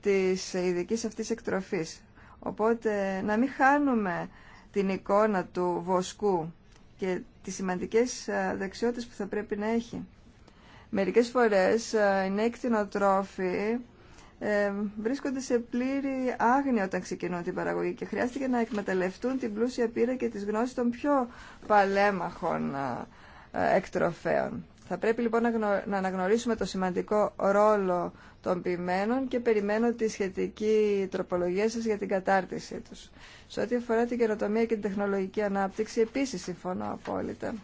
της ειδικής αυτής εκτροφής. Οπότε να μην χάνουμε την εικόνα του βοσκού και τις σημαντικές ε, δεξιότητες που θα πρέπει να έχει. Μερικές φορές ε, οι νέοι κτηνοτρόφοι ε, βρίσκονται σε πλήρη άγνοια όταν ξεκινούν την παραγωγή και χρειάστηκε να εκμεταλλευτούν την πλούσια πείρα και τις γνώσεις των πιο παλέμαχων εκτροφέων. Θα πρέπει λοιπόν να αναγνωρίσουμε το σημαντικό ρόλο των ποιημένων και περιμένω τη σχετική τροπολογία σας για την κατάρτισή τους. Σε ό,τι αφορά την καινοτομία και την τεχνολογική ανάπτυξη, επίσης συμφωνώ απόλυτα.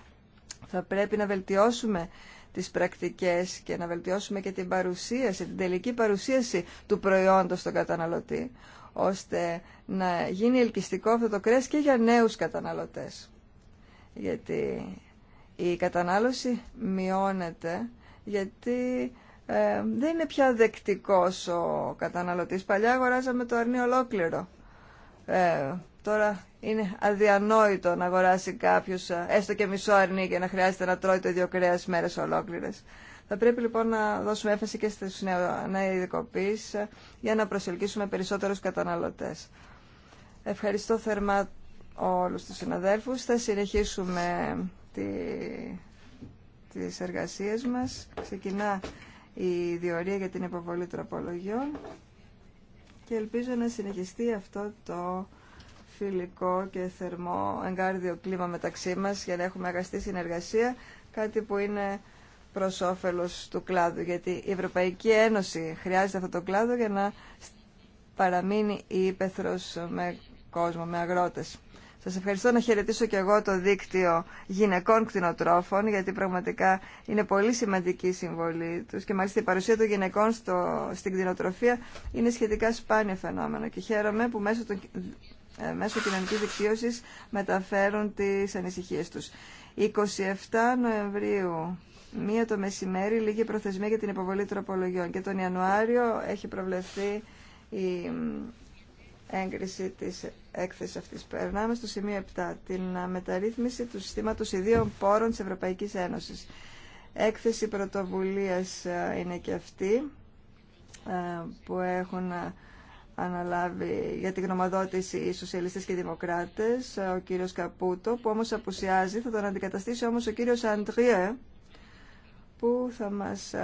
Θα πρέπει να βελτιώσουμε τις πρακτικές και να βελτιώσουμε και την παρουσίαση, την τελική παρουσίαση του προϊόντος στον καταναλωτή, ώστε να γίνει ελκυστικό αυτό το κρέας και για νέους καταναλωτές η κατανάλωση μειώνεται γιατί ε, δεν είναι πια δεκτικός ο καταναλωτής. Παλιά αγοράζαμε το αρνί ολόκληρο. Ε, τώρα είναι αδιανόητο να αγοράσει κάποιος ε, έστω και μισό αρνί και να χρειάζεται να τρώει το ίδιο κρέας μέρες ολόκληρες. Θα πρέπει λοιπόν να δώσουμε έφαση και στις νεοειδικοποίησεις για να προσελκύσουμε περισσότερους καταναλωτές. Ευχαριστώ θερμά όλους τους συναδέλφους. Θα συνεχίσουμε τη, τις εργασίες μας. Ξεκινά η διορία για την υποβολή τροπολογιών και ελπίζω να συνεχιστεί αυτό το φιλικό και θερμό εγκάρδιο κλίμα μεταξύ μας για να έχουμε αγαστή συνεργασία, κάτι που είναι προς όφελος του κλάδου, γιατί η Ευρωπαϊκή Ένωση χρειάζεται αυτό το κλάδο για να παραμείνει η ύπεθρος με κόσμο, με αγρότες. Σα ευχαριστώ να χαιρετήσω και εγώ το δίκτυο γυναικών κτηνοτρόφων, γιατί πραγματικά είναι πολύ σημαντική η συμβολή του και μάλιστα η παρουσία των γυναικών στο, στην κτηνοτροφία είναι σχετικά σπάνιο φαινόμενο και χαίρομαι που μέσω, των, ε, μέσω κοινωνικής δικτύωσης μεταφέρουν τι ανησυχίε τους. 27 Νοεμβρίου Μία το μεσημέρι λίγη προθεσμία για την υποβολή τροπολογιών και τον Ιανουάριο έχει προβλεφθεί η έγκριση της έκθεσης αυτής. Περνάμε στο σημείο 7, την μεταρρύθμιση του συστήματος ιδίων πόρων της Ευρωπαϊκής Ένωσης. Έκθεση πρωτοβουλίας ε, είναι και αυτή ε, που έχουν ε, αναλάβει για την γνωμοδότηση οι σοσιαλιστές και οι δημοκράτες, ο κύριος Καπούτο, που όμως απουσιάζει, θα τον αντικαταστήσει όμως ο κύριος Αντριέ, που θα μας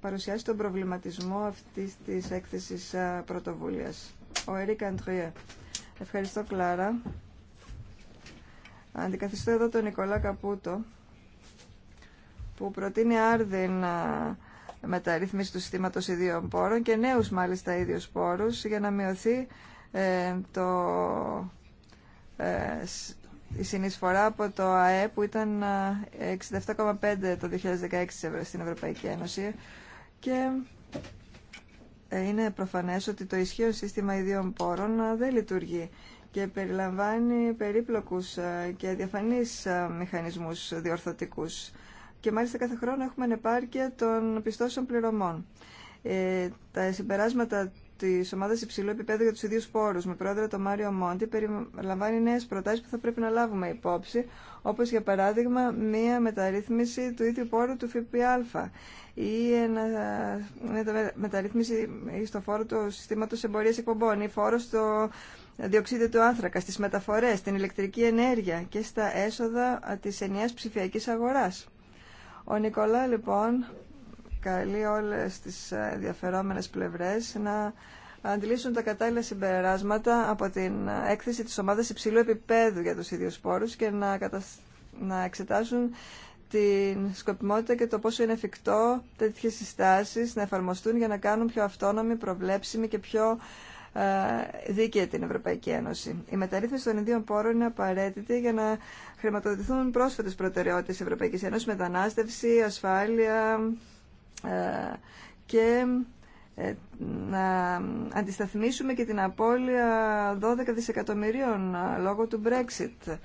παρουσιάσει τον προβληματισμό αυτής της έκθεσης πρωτοβουλίας ο Ερίκ Αντριέ. Ευχαριστώ Κλάρα. Αντικαθιστώ εδώ τον Νικολά Καπούτο που προτείνει άρδιν μεταρρύθμιση του συστήματος ιδίων πόρων και νέους μάλιστα ίδιους πόρους για να μειωθεί ε, το, ε, η συνεισφορά από το ΑΕ που ήταν 67,5 το 2016 στην Ευρωπαϊκή Ένωση και ε, είναι προφανές ότι το ισχύον σύστημα ιδίων πόρων ε, δεν λειτουργεί και περιλαμβάνει περίπλοκους ε, και διαφανείς μηχανισμούς διορθωτικούς. Και μάλιστα κάθε χρόνο έχουμε ανεπάρκεια των πιστώσεων πληρωμών. Τα συμπεράσματα τη ομάδα υψηλού επίπεδου για του ίδιου πόρου με πρόεδρο τον Μάριο Μόντι περιλαμβάνει νέε προτάσει που θα πρέπει να λάβουμε υπόψη, όπω για παράδειγμα μία μεταρρύθμιση του ίδιου πόρου του ΦΠΑ ή ένα, μεταρρύθμιση στο φόρο του συστήματο εμπορία εκπομπών ή φόρο στο διοξίδιο του άνθρακα, στι μεταφορέ, στην ηλεκτρική ενέργεια και στα έσοδα τη ενιαία ψηφιακή αγορά. Ο Νικολά λοιπόν καλεί όλες τις ενδιαφερόμενες πλευρές να αντιλήσουν τα κατάλληλα συμπεράσματα από την έκθεση της ομάδας υψηλού επίπεδου για τους ίδιους πόρους και να, να εξετάσουν την σκοπιμότητα και το πόσο είναι εφικτό τέτοιες συστάσεις να εφαρμοστούν για να κάνουν πιο αυτόνομη, προβλέψιμη και πιο ε, δίκαιη την Ευρωπαϊκή Ένωση. Η μεταρρύθμιση των ιδίων πόρων είναι απαραίτητη για να χρηματοδοτηθούν πρόσφατε προτεραιότητε τη Ευρωπαϊκή Ένωση, μετανάστευση, ασφάλεια, ε, και ε, να αντισταθμίσουμε και την απώλεια 12 δισεκατομμυρίων ε, λόγω του Brexit.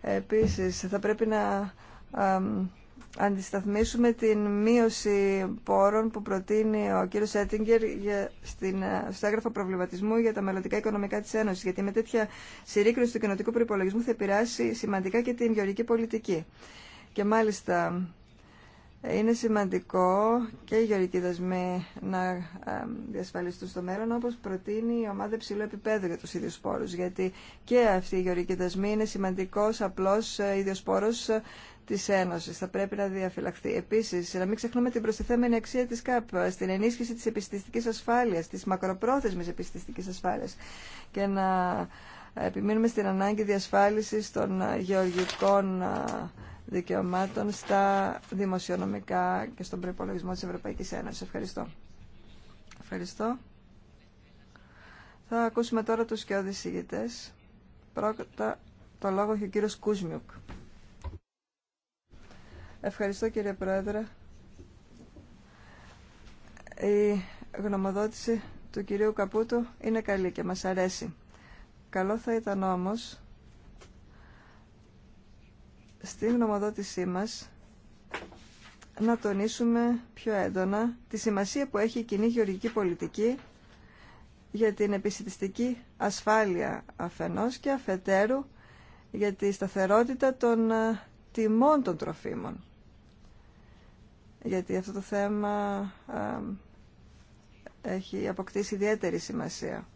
Επίσης, θα πρέπει να αντισταθμίσουμε την μείωση πόρων που προτείνει ο κύριος Έτιγκερ για, στο έγγραφο προβληματισμού για τα μελλοντικά οικονομικά της Ένωσης, γιατί με τέτοια συρρήκνωση του κοινωτικού προπολογισμού θα επηρεάσει σημαντικά και την γεωργική πολιτική. Και μάλιστα είναι σημαντικό και οι γεωρικοί δασμοί να διασφαλιστούν στο μέλλον, όπως προτείνει η ομάδα υψηλού επίπεδου για τους ίδιους σπόρους, γιατί και αυτοί οι γεωρικοί δεσμοί είναι σημαντικός απλός ε, ίδιος Τη ε, της Ένωσης. Θα πρέπει να διαφυλαχθεί. Επίση, να μην ξεχνούμε την προστιθέμενη αξία τη ΚΑΠ ε, στην ενίσχυση τη επιστηστικής ασφάλεια, τη μακροπρόθεσμη επιστηστικής ασφάλεια. και να επιμείνουμε στην ανάγκη διασφάλιση των γεωργικών δικαιωμάτων στα δημοσιονομικά και στον προπολογισμό της Ευρωπαϊκής Ένωσης. Ευχαριστώ. Ευχαριστώ. Θα ακούσουμε τώρα τους και ηγητές. Πρώτα το λόγο έχει ο κύριος Κούσμιουκ. Ευχαριστώ κύριε Πρόεδρε. Η γνωμοδότηση του κυρίου Καπούτου είναι καλή και μας αρέσει. Καλό θα ήταν όμως στην γνωμοδότησή μας να τονίσουμε πιο έντονα τη σημασία που έχει η κοινή γεωργική πολιτική για την επιστημιστική ασφάλεια αφενός και αφετέρου για τη σταθερότητα των ε, τιμών των τροφίμων. Γιατί αυτό το θέμα ε, έχει αποκτήσει ιδιαίτερη σημασία.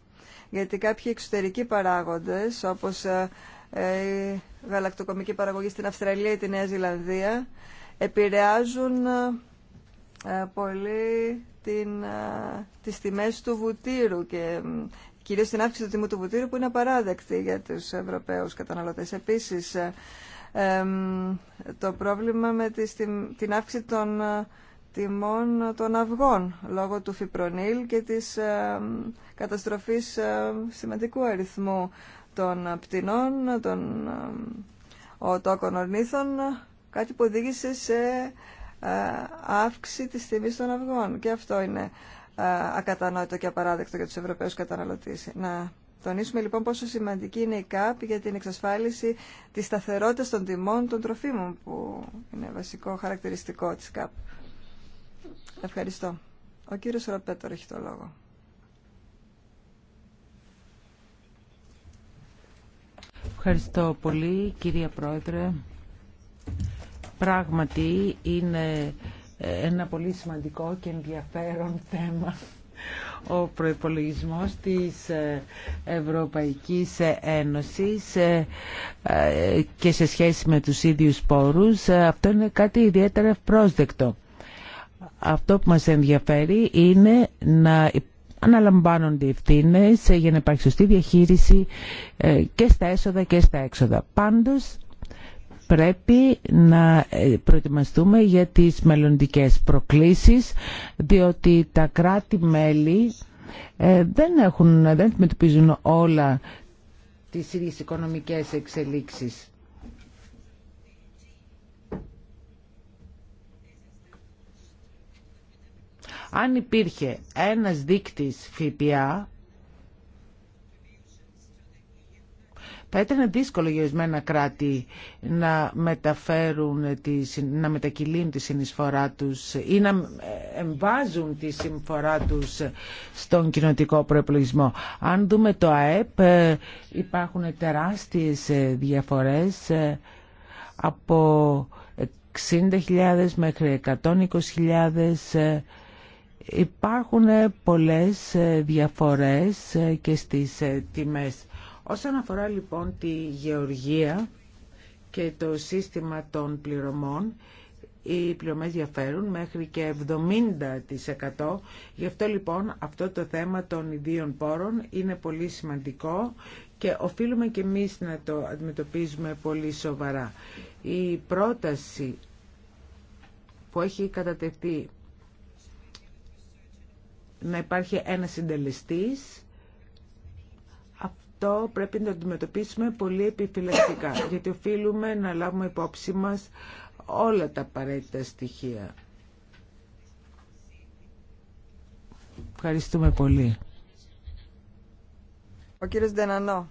Γιατί κάποιοι εξωτερικοί παράγοντες, όπως ε, ε, η γαλακτοκομική παραγωγή στην Αυστραλία ή τη Νέα Ζηλανδία επηρεάζουν ε, πολύ την, ε, τις τιμές του βουτύρου και κυρίως την αύξηση του τιμού του βουτύρου που είναι απαράδεκτη για τους Ευρωπαίους καταναλωτές. Επίσης, το πρόβλημα με την αύξηση των τιμών των αυγών λόγω του φιπρονίλ και της καταστροφής σημαντικού αριθμού των πτηνών, των ε, οτόκων ορνήθων, κάτι που οδήγησε σε ε, αύξηση της τιμής των αυγών. Και αυτό είναι ε, ακατανόητο και απαράδεκτο για τους Ευρωπαίους καταναλωτές. Να τονίσουμε λοιπόν πόσο σημαντική είναι η ΚΑΠ για την εξασφάλιση της σταθερότητας των τιμών των τροφίμων, που είναι βασικό χαρακτηριστικό της ΚΑΠ. Ευχαριστώ. Ο κύριος Ροπέτορ έχει το λόγο. Ευχαριστώ πολύ κυρία Πρόεδρε. Πράγματι είναι ε, ένα πολύ σημαντικό και ενδιαφέρον θέμα ο προϋπολογισμός της ε, Ευρωπαϊκής Ένωσης ε, και σε σχέση με τους ίδιους πόρους. Αυτό είναι κάτι ιδιαίτερα πρόσδεκτο. Αυτό που μας ενδιαφέρει είναι να αναλαμβάνονται οι ευθύνε για να υπάρχει σωστή διαχείριση ε, και στα έσοδα και στα έξοδα. Πάντως πρέπει να ε, προετοιμαστούμε για τις μελλοντικές προκλήσεις διότι τα κράτη-μέλη ε, δεν, έχουν, δεν αντιμετωπίζουν όλα τις ίδιες οικονομικές εξελίξεις. Αν υπήρχε ένας δείκτης ΦΠΑ, θα ήταν δύσκολο για ορισμένα κράτη να μεταφέρουν, τις, να μετακυλούν τη συνεισφορά τους ή να εμβάζουν τη συμφορά τους στον κοινωτικό προεπλογισμό. Αν δούμε το ΑΕΠ ε, υπάρχουν τεράστιες ε, διαφορές ε, από 60.000 μέχρι 120.000 Υπάρχουν ε, πολλές ε, διαφορές ε, και στις τιμές. Όσον αφορά λοιπόν τη γεωργία και το σύστημα των πληρωμών, οι πληρωμές διαφέρουν μέχρι και 70%. Γι' αυτό λοιπόν αυτό το θέμα των ιδίων πόρων είναι πολύ σημαντικό και οφείλουμε και εμείς να το αντιμετωπίζουμε πολύ σοβαρά. Η πρόταση που έχει κατατεθεί να υπάρχει ένα συντελεστής. Αυτό πρέπει να το αντιμετωπίσουμε πολύ επιφυλακτικά, γιατί οφείλουμε να λάβουμε υπόψη μας όλα τα απαραίτητα στοιχεία. Ευχαριστούμε πολύ. Ο κύριος Ντενανό.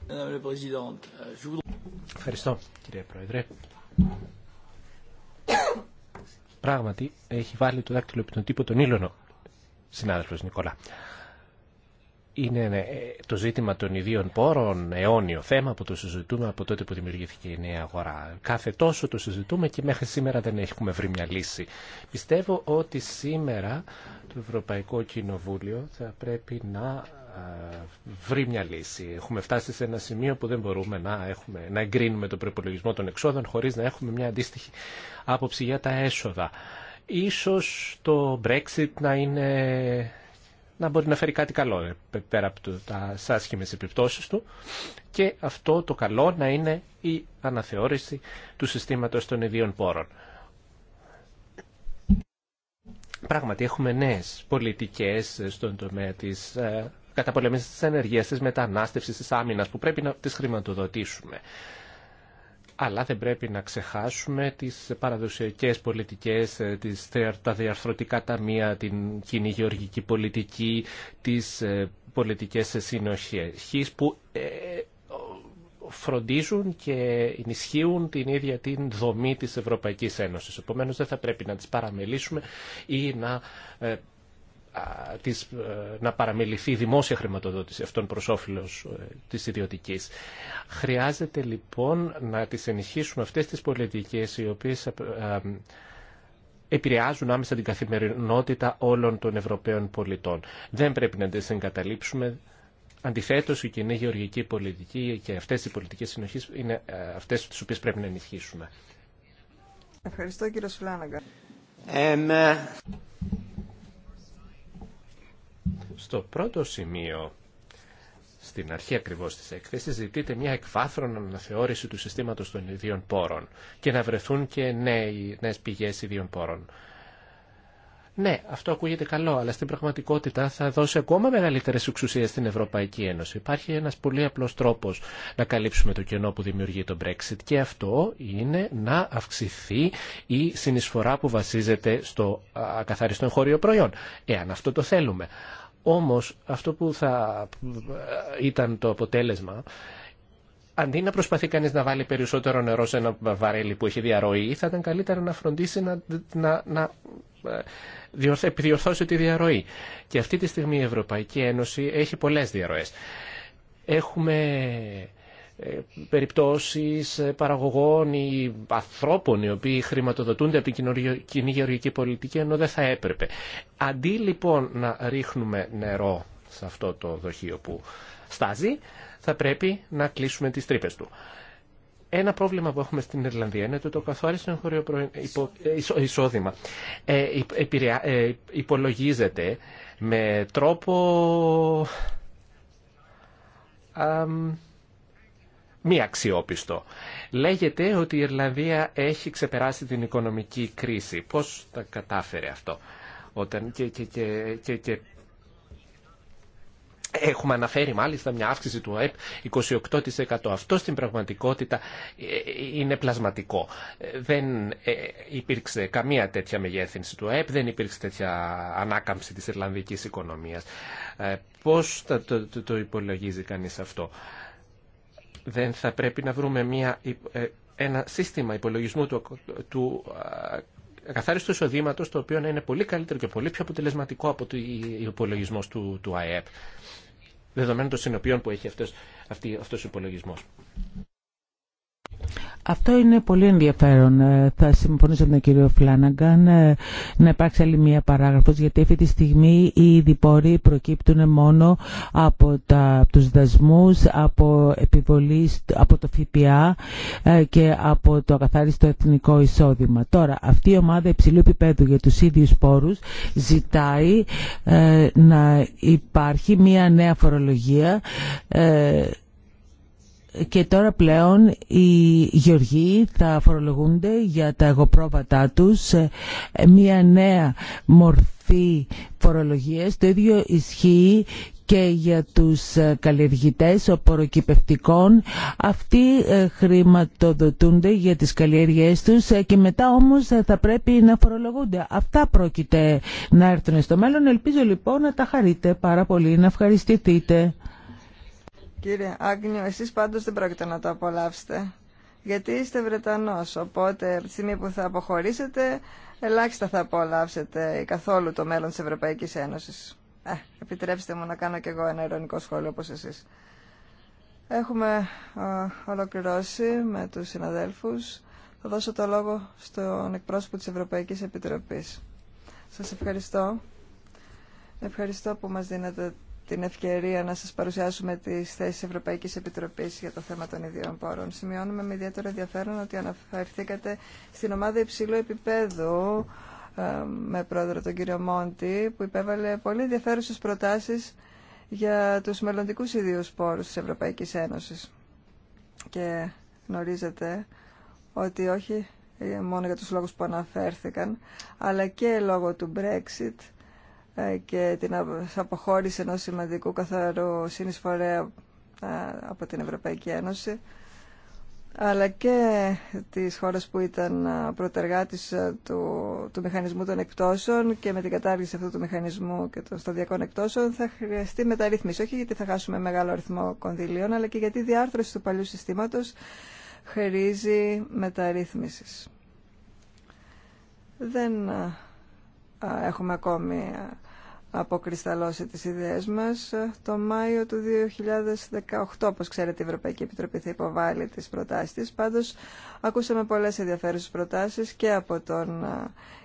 Ευχαριστώ κύριε Πρόεδρε. Πράγματι έχει βάλει το δάκτυλο επί τύπο τον ήλωνο συνάδελφος Νικολά. Είναι ναι, ε, το ζήτημα των ιδίων πόρων αιώνιο θέμα που το συζητούμε από τότε που δημιουργήθηκε η νέα αγορά. Κάθε τόσο το συζητούμε και μέχρι σήμερα δεν έχουμε βρει μια λύση. Πιστεύω ότι σήμερα το Ευρωπαϊκό Κοινοβούλιο θα πρέπει να βρει μια λύση. Έχουμε φτάσει σε ένα σημείο που δεν μπορούμε να, έχουμε, να εγκρίνουμε τον προπολογισμό των εξόδων χωρίς να έχουμε μια αντίστοιχη άποψη για τα έσοδα. Ίσως το Brexit να είναι να μπορεί να φέρει κάτι καλό ε, πέρα από το, τα άσχημες επιπτώσεις του και αυτό το καλό να είναι η αναθεώρηση του συστήματος των ιδίων πόρων. Πράγματι έχουμε νέες πολιτικές ε, στον τομέα της ε, καταπολέμησης της ενεργείας, της μετανάστευσης, της άμυνας που πρέπει να τις χρηματοδοτήσουμε αλλά δεν πρέπει να ξεχάσουμε τις παραδοσιακές πολιτικές, ε, τις, τα διαρθρωτικά ταμεία, την κοινή γεωργική πολιτική, τις ε, πολιτικές συνοχής που ε, φροντίζουν και ενισχύουν την ίδια την δομή της Ευρωπαϊκής Ένωσης. Επομένως δεν θα πρέπει να τις παραμελήσουμε ή να της, ε, να παραμεληθεί η δημόσια χρηματοδότηση αυτών προς όφελος ε, της ιδιωτικής. Χρειάζεται λοιπόν να τις ενισχύσουμε αυτές τις πολιτικές οι οποίες ε, επηρεάζουν άμεσα την καθημερινότητα όλων των Ευρωπαίων πολιτών. Δεν πρέπει να τις εγκαταλείψουμε. Αντιθέτως, η κοινή γεωργική πολιτική και αυτές οι πολιτικές συνοχή είναι αυτές τις οποίες πρέπει να ενισχύσουμε. Ευχαριστώ κύριο Σουλάναγκα. Στο πρώτο σημείο, στην αρχή ακριβώς της έκθεσης, ζητείται μια εκφάθρον αναθεώρηση του συστήματος των ιδίων πόρων και να βρεθούν και νέε νέες πηγές ιδίων πόρων. Ναι, αυτό ακούγεται καλό, αλλά στην πραγματικότητα θα δώσει ακόμα μεγαλύτερε εξουσίε στην Ευρωπαϊκή Ένωση. Υπάρχει ένα πολύ απλό τρόπο να καλύψουμε το κενό που δημιουργεί το Brexit και αυτό είναι να αυξηθεί η συνεισφορά που βασίζεται στο ακαθαριστό εγχώριο προϊόν, εάν αυτό το θέλουμε. Όμω αυτό που θα ε, ήταν το αποτέλεσμα αντί να προσπαθεί κανείς να βάλει περισσότερο νερό σε ένα βαρέλι που έχει διαρροή, θα ήταν καλύτερα να φροντίσει να, να ε, επιδιορθώσει τη διαρροή. Και αυτή τη στιγμή η Ευρωπαϊκή Ένωση έχει πολλές διαρροές. Έχουμε ε, περιπτώσεις ε, παραγωγών ή ανθρώπων οι οποίοι χρηματοδοτούνται από την κοινή γεωργική πολιτική ενώ δεν θα έπρεπε. Αντί λοιπόν να ρίχνουμε νερό σε αυτό το δοχείο που στάζει, θα πρέπει να κλείσουμε τις τρύπες του ένα πρόβλημα που έχουμε στην Ιρλανδία είναι ότι το καθόριστο ε, εισόδημα ε, ε, υπολογίζεται με τρόπο μη αξιόπιστο. Λέγεται ότι η Ιρλανδία έχει ξεπεράσει την οικονομική κρίση. Πώς τα κατάφερε αυτό. Όταν και, και, και, και, Έχουμε αναφέρει μάλιστα μια αύξηση του ΑΕΠ 28%. Αυτό στην πραγματικότητα ε, ε, είναι πλασματικό. Ε, δεν υπήρξε καμία τέτοια μεγέθυνση του ΑΕΠ, δεν υπήρξε τέτοια ανάκαμψη της Ιρλανδικής οικονομίας. Πώς θα το, υπολογίζει κανείς αυτό. Δεν θα πρέπει να βρούμε μια, ένα σύστημα υπολογισμού του, του εισοδήματο, το οποίο να είναι πολύ καλύτερο και πολύ πιο αποτελεσματικό από το υπολογισμό του ΑΕΠ δεδομένων των συνοπιών που έχει αυτός, αυτή, αυτός ο υπολογισμός. Αυτό είναι πολύ ενδιαφέρον. Ε, θα συμφωνήσω με τον κύριο Φλάναγκαν ε, να υπάρξει άλλη μία παράγραφος γιατί αυτή τη στιγμή οι διπόροι προκύπτουν μόνο από, τους δασμούς, από επιβολή, από το ΦΠΑ ε, και από το ακαθάριστο εθνικό εισόδημα. Τώρα, αυτή η ομάδα υψηλού επίπεδου για τους ίδιους πόρους ζητάει να υπάρχει μία νέα φορολογία και τώρα πλέον οι γεωργοί θα φορολογούνται για τα εγωπρόβατά τους μια νέα μορφή φορολογίας. Το ίδιο ισχύει και για τους ε, καλλιεργητές οποροκυπευτικών. Αυτοί ε, χρηματοδοτούνται για τις καλλιέργειές τους ε, και μετά όμως θα πρέπει να φορολογούνται. Αυτά πρόκειται να έρθουν στο μέλλον. Ελπίζω λοιπόν να τα χαρείτε πάρα πολύ, να ευχαριστηθείτε. Κύριε Άγνιο, εσείς πάντως δεν πρόκειται να το απολαύσετε, γιατί είστε Βρετανός, οπότε από τη στιγμή που θα αποχωρήσετε, ελάχιστα θα απολαύσετε καθόλου το μέλλον της Ευρωπαϊκής Ένωσης. Ε, επιτρέψτε μου να κάνω κι εγώ ένα ειρωνικό σχόλιο όπως εσείς. Έχουμε ολοκληρώσει με τους συναδέλφους. Θα δώσω το λόγο στον εκπρόσωπο της Ευρωπαϊκής Επιτροπής. Σας ευχαριστώ. Ευχαριστώ που μας δίνετε την ευκαιρία να σας παρουσιάσουμε τις θέσεις Ευρωπαϊκής Επιτροπής για το θέμα των ιδιών πόρων. Σημειώνουμε με ιδιαίτερο ενδιαφέρον ότι αναφερθήκατε στην ομάδα υψηλού επίπεδου ε, με πρόεδρο τον κύριο Μόντι που υπέβαλε πολύ ενδιαφέρουσε προτάσεις για τους μελλοντικούς ιδίου πόρους της Ευρωπαϊκής Ένωσης. Και γνωρίζετε ότι όχι μόνο για τους λόγους που αναφέρθηκαν, αλλά και λόγω του Brexit ε, και την αποχώρηση ενός σημαντικού καθαρού συνεισφορέα ε, από την Ευρωπαϊκή Ένωση αλλά και τις χώρες που ήταν ε, προτεργάτης του, του μηχανισμού των εκτόσεων και με την κατάργηση αυτού του μηχανισμού και των σταδιακών εκτόσεων θα χρειαστεί μεταρρύθμιση. Όχι γιατί θα χάσουμε μεγάλο αριθμό κονδυλίων, αλλά και γιατί η διάρθρωση του παλιού συστήματος χρήζει μεταρρύθμισης. Δεν έχουμε ακόμη αποκρισταλώσει τις ιδέες μας. Το Μάιο του 2018, όπως ξέρετε, η Ευρωπαϊκή Επιτροπή θα υποβάλει τις προτάσεις της. Πάντως, ακούσαμε πολλές ενδιαφέρουσες προτάσεις και από τον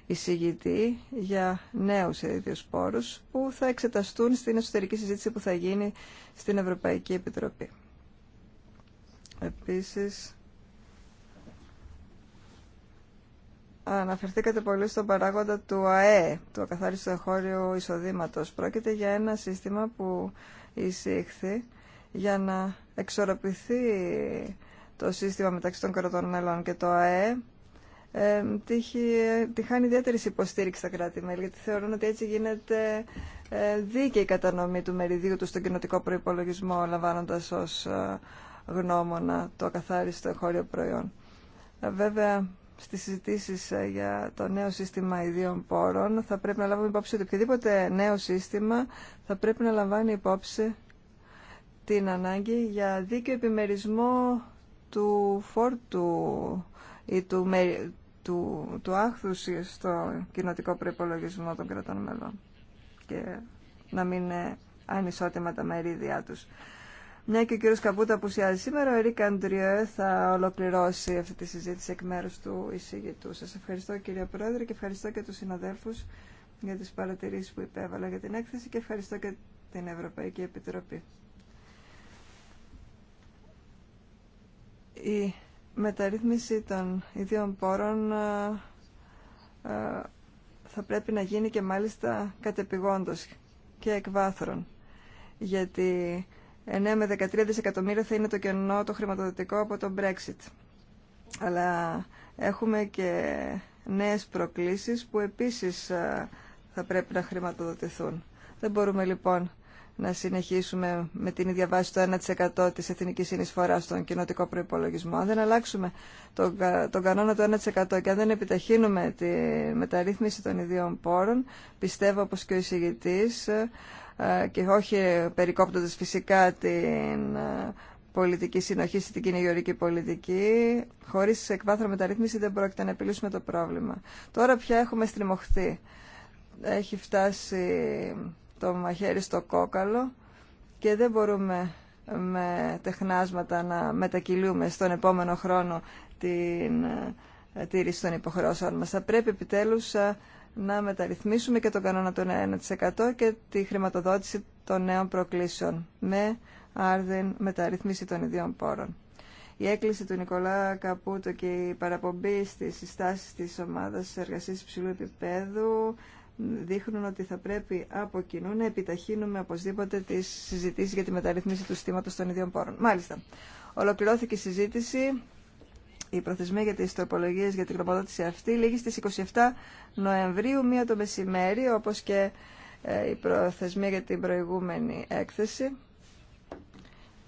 εισηγητή για νέους ίδιους πόρους που θα εξεταστούν στην εσωτερική συζήτηση που θα γίνει στην Ευρωπαϊκή Επιτροπή. Επίσης, Αναφερθήκατε πολύ στον παράγοντα του ΑΕ, του ακαθάριστου εγχώριου εισοδήματος. Πρόκειται για ένα σύστημα που εισήχθη για να εξορροπηθεί το σύστημα μεταξύ των κρατών μελών και το ΑΕ ε, τη χάνει ιδιαίτερη υποστήριξη στα κράτη-μέλη, γιατί θεωρούν ότι έτσι γίνεται ε, δίκαιη κατανομή του μεριδίου του στον κοινοτικό προπολογισμό, λαμβάνοντα ω ε, γνώμονα το ακαθάριστο εγχώριο προϊόν. Ε, βέβαια, στις συζητήσεις ε, για το νέο σύστημα ιδίων πόρων θα πρέπει να λάβουμε υπόψη ότι οποιοδήποτε νέο σύστημα θα πρέπει να λαμβάνει υπόψη την ανάγκη για δίκαιο επιμερισμό του φόρτου ή του, του, του άχθους στο κοινοτικό προϋπολογισμό των κρατών μελών και να μην είναι ανισότιμα τα μερίδια τους. Μια και ο κύριος Καπούτα απουσιάζει σήμερα, ο Ερίκ Αντριέ θα ολοκληρώσει αυτή τη συζήτηση εκ μέρους του εισηγητού. Σας ευχαριστώ κύριε Πρόεδρε και ευχαριστώ και τους συναδέλφους για τις παρατηρήσεις που υπέβαλα για την έκθεση και ευχαριστώ και την Ευρωπαϊκή Επιτροπή. Η μεταρρύθμιση των ίδιων πόρων ε, ε, θα πρέπει να γίνει και μάλιστα κατεπηγόντως και εκβάθρων, γιατί 9 με 13 δισεκατομμύρια θα είναι το κενό το χρηματοδοτικό από το Brexit. Αλλά έχουμε και νέες προκλήσεις που επίσης ε, θα πρέπει να χρηματοδοτηθούν. Δεν μπορούμε λοιπόν να συνεχίσουμε με την ίδια βάση το 1% της εθνικής συνεισφοράς στον κοινοτικό προϋπολογισμό. Αν δεν αλλάξουμε τον, κανόνα το 1% και αν δεν επιταχύνουμε τη μεταρρύθμιση των ιδίων πόρων, πιστεύω όπως και ο εισηγητής ε, και όχι περικόπτοντας φυσικά την ε, πολιτική συνοχή στην κυνηγιορική πολιτική. Χωρίς εκβάθρο μεταρρύθμιση δεν πρόκειται να επιλύσουμε το πρόβλημα. Τώρα πια έχουμε στριμωχθεί. Έχει φτάσει το μαχαίρι στο κόκαλο και δεν μπορούμε με τεχνάσματα να μετακυλούμε στον επόμενο χρόνο την ε, τήρηση των υποχρεώσεων μας. Θα πρέπει επιτέλους να μεταρρυθμίσουμε και τον κανόνα των 1% και τη χρηματοδότηση των νέων προκλήσεων με άρδεν μεταρρυθμίση των ιδιών πόρων. Η έκκληση του Νικολά Καπούτο και η παραπομπή στι συστάσει τη ομάδα εργασία υψηλού επίπεδου δείχνουν ότι θα πρέπει από κοινού να επιταχύνουμε οπωσδήποτε τι συζητήσει για τη μεταρρύθμιση του στήματο των ιδιών πόρων. Μάλιστα, ολοκληρώθηκε η συζήτηση η προθεσμία για τι τροπολογίε για την γνωμοδότηση αυτή λήγει στι 27 Νοεμβρίου, μία το μεσημέρι, όπως και ε, η προθεσμία για την προηγούμενη έκθεση.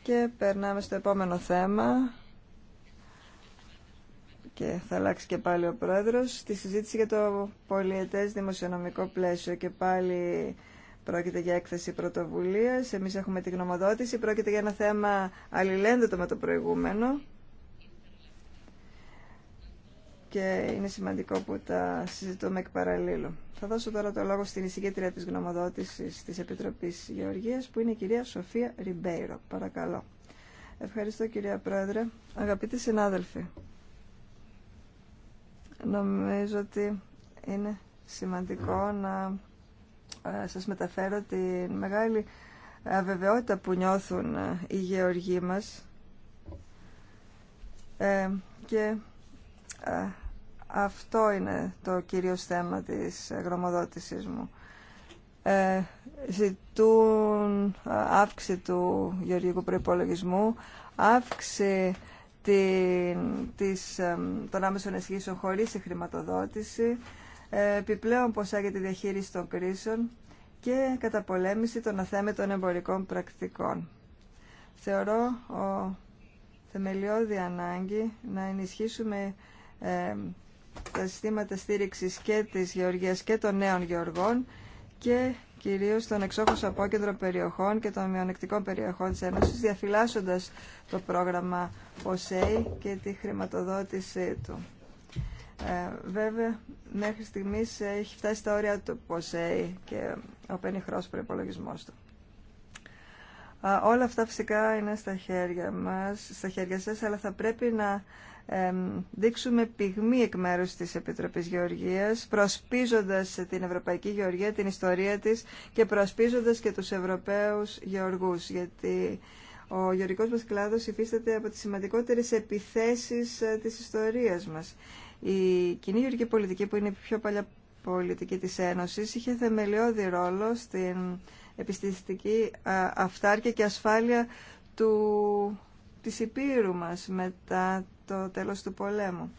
Και περνάμε στο επόμενο θέμα και θα αλλάξει και πάλι ο Πρόεδρος στη συζήτηση για το πολιετές δημοσιονομικό πλαίσιο και πάλι πρόκειται για έκθεση πρωτοβουλίας, εμείς έχουμε τη γνωμοδότηση, πρόκειται για ένα θέμα αλληλένδετο με το προηγούμενο και είναι σημαντικό που τα συζητούμε εκ παραλλήλου. Θα δώσω τώρα το λόγο στην εισηγήτρια της γνωμοδότησης της Επιτροπής Γεωργίας που είναι η κυρία Σοφία Ριμπέιρο. Παρακαλώ. Ευχαριστώ κυρία Πρόεδρε. Αγαπητοί συνάδελφοι, νομίζω ότι είναι σημαντικό να ε, σας μεταφέρω τη μεγάλη αβεβαιότητα που νιώθουν ε, οι γεωργοί μας ε, και αυτό είναι το κύριο θέμα της γρομοδότησης μου. Ε, ζητούν ε, αύξηση του γεωργικού προϋπολογισμού, αύξηση την, της, ε, των άμεσων ενισχύσεων χωρίς χρηματοδότηση, ε, επιπλέον ποσά για τη διαχείριση των κρίσεων και καταπολέμηση των αθέμετων εμπορικών πρακτικών. Θεωρώ ο, θεμελιώδη ανάγκη να ενισχύσουμε τα συστήματα στήριξης και της γεωργίας και των νέων γεωργών και κυρίως των εξόχως απόκεντρων περιοχών και των μειονεκτικών περιοχών της Ένωσης, διαφυλάσσοντας το πρόγραμμα ΟΣΕΙ και τη χρηματοδότησή του. Ε, βέβαια, μέχρι στιγμής έχει φτάσει στα όρια του ΟΣΕΙ και ο πενιχρός προπολογισμό του. όλα αυτά φυσικά είναι στα χέρια μας, στα χέρια σας, αλλά θα πρέπει να δείξουμε πυγμή εκ μέρους της Επιτροπής Γεωργίας, προσπίζοντας την Ευρωπαϊκή Γεωργία, την ιστορία της και προσπίζοντας και τους Ευρωπαίους Γεωργούς, γιατί ο γεωργικός μας κλάδος υφίσταται από τις σημαντικότερες επιθέσεις ε, της ιστορίας μας. Η κοινή γεωργική πολιτική, που είναι η πιο παλιά πολιτική της Ένωσης, είχε θεμελιώδη ρόλο στην επιστημιστική ε, αυτάρκεια και ασφάλεια του της Υπήρου μας μετά το τέλος του πολέμου.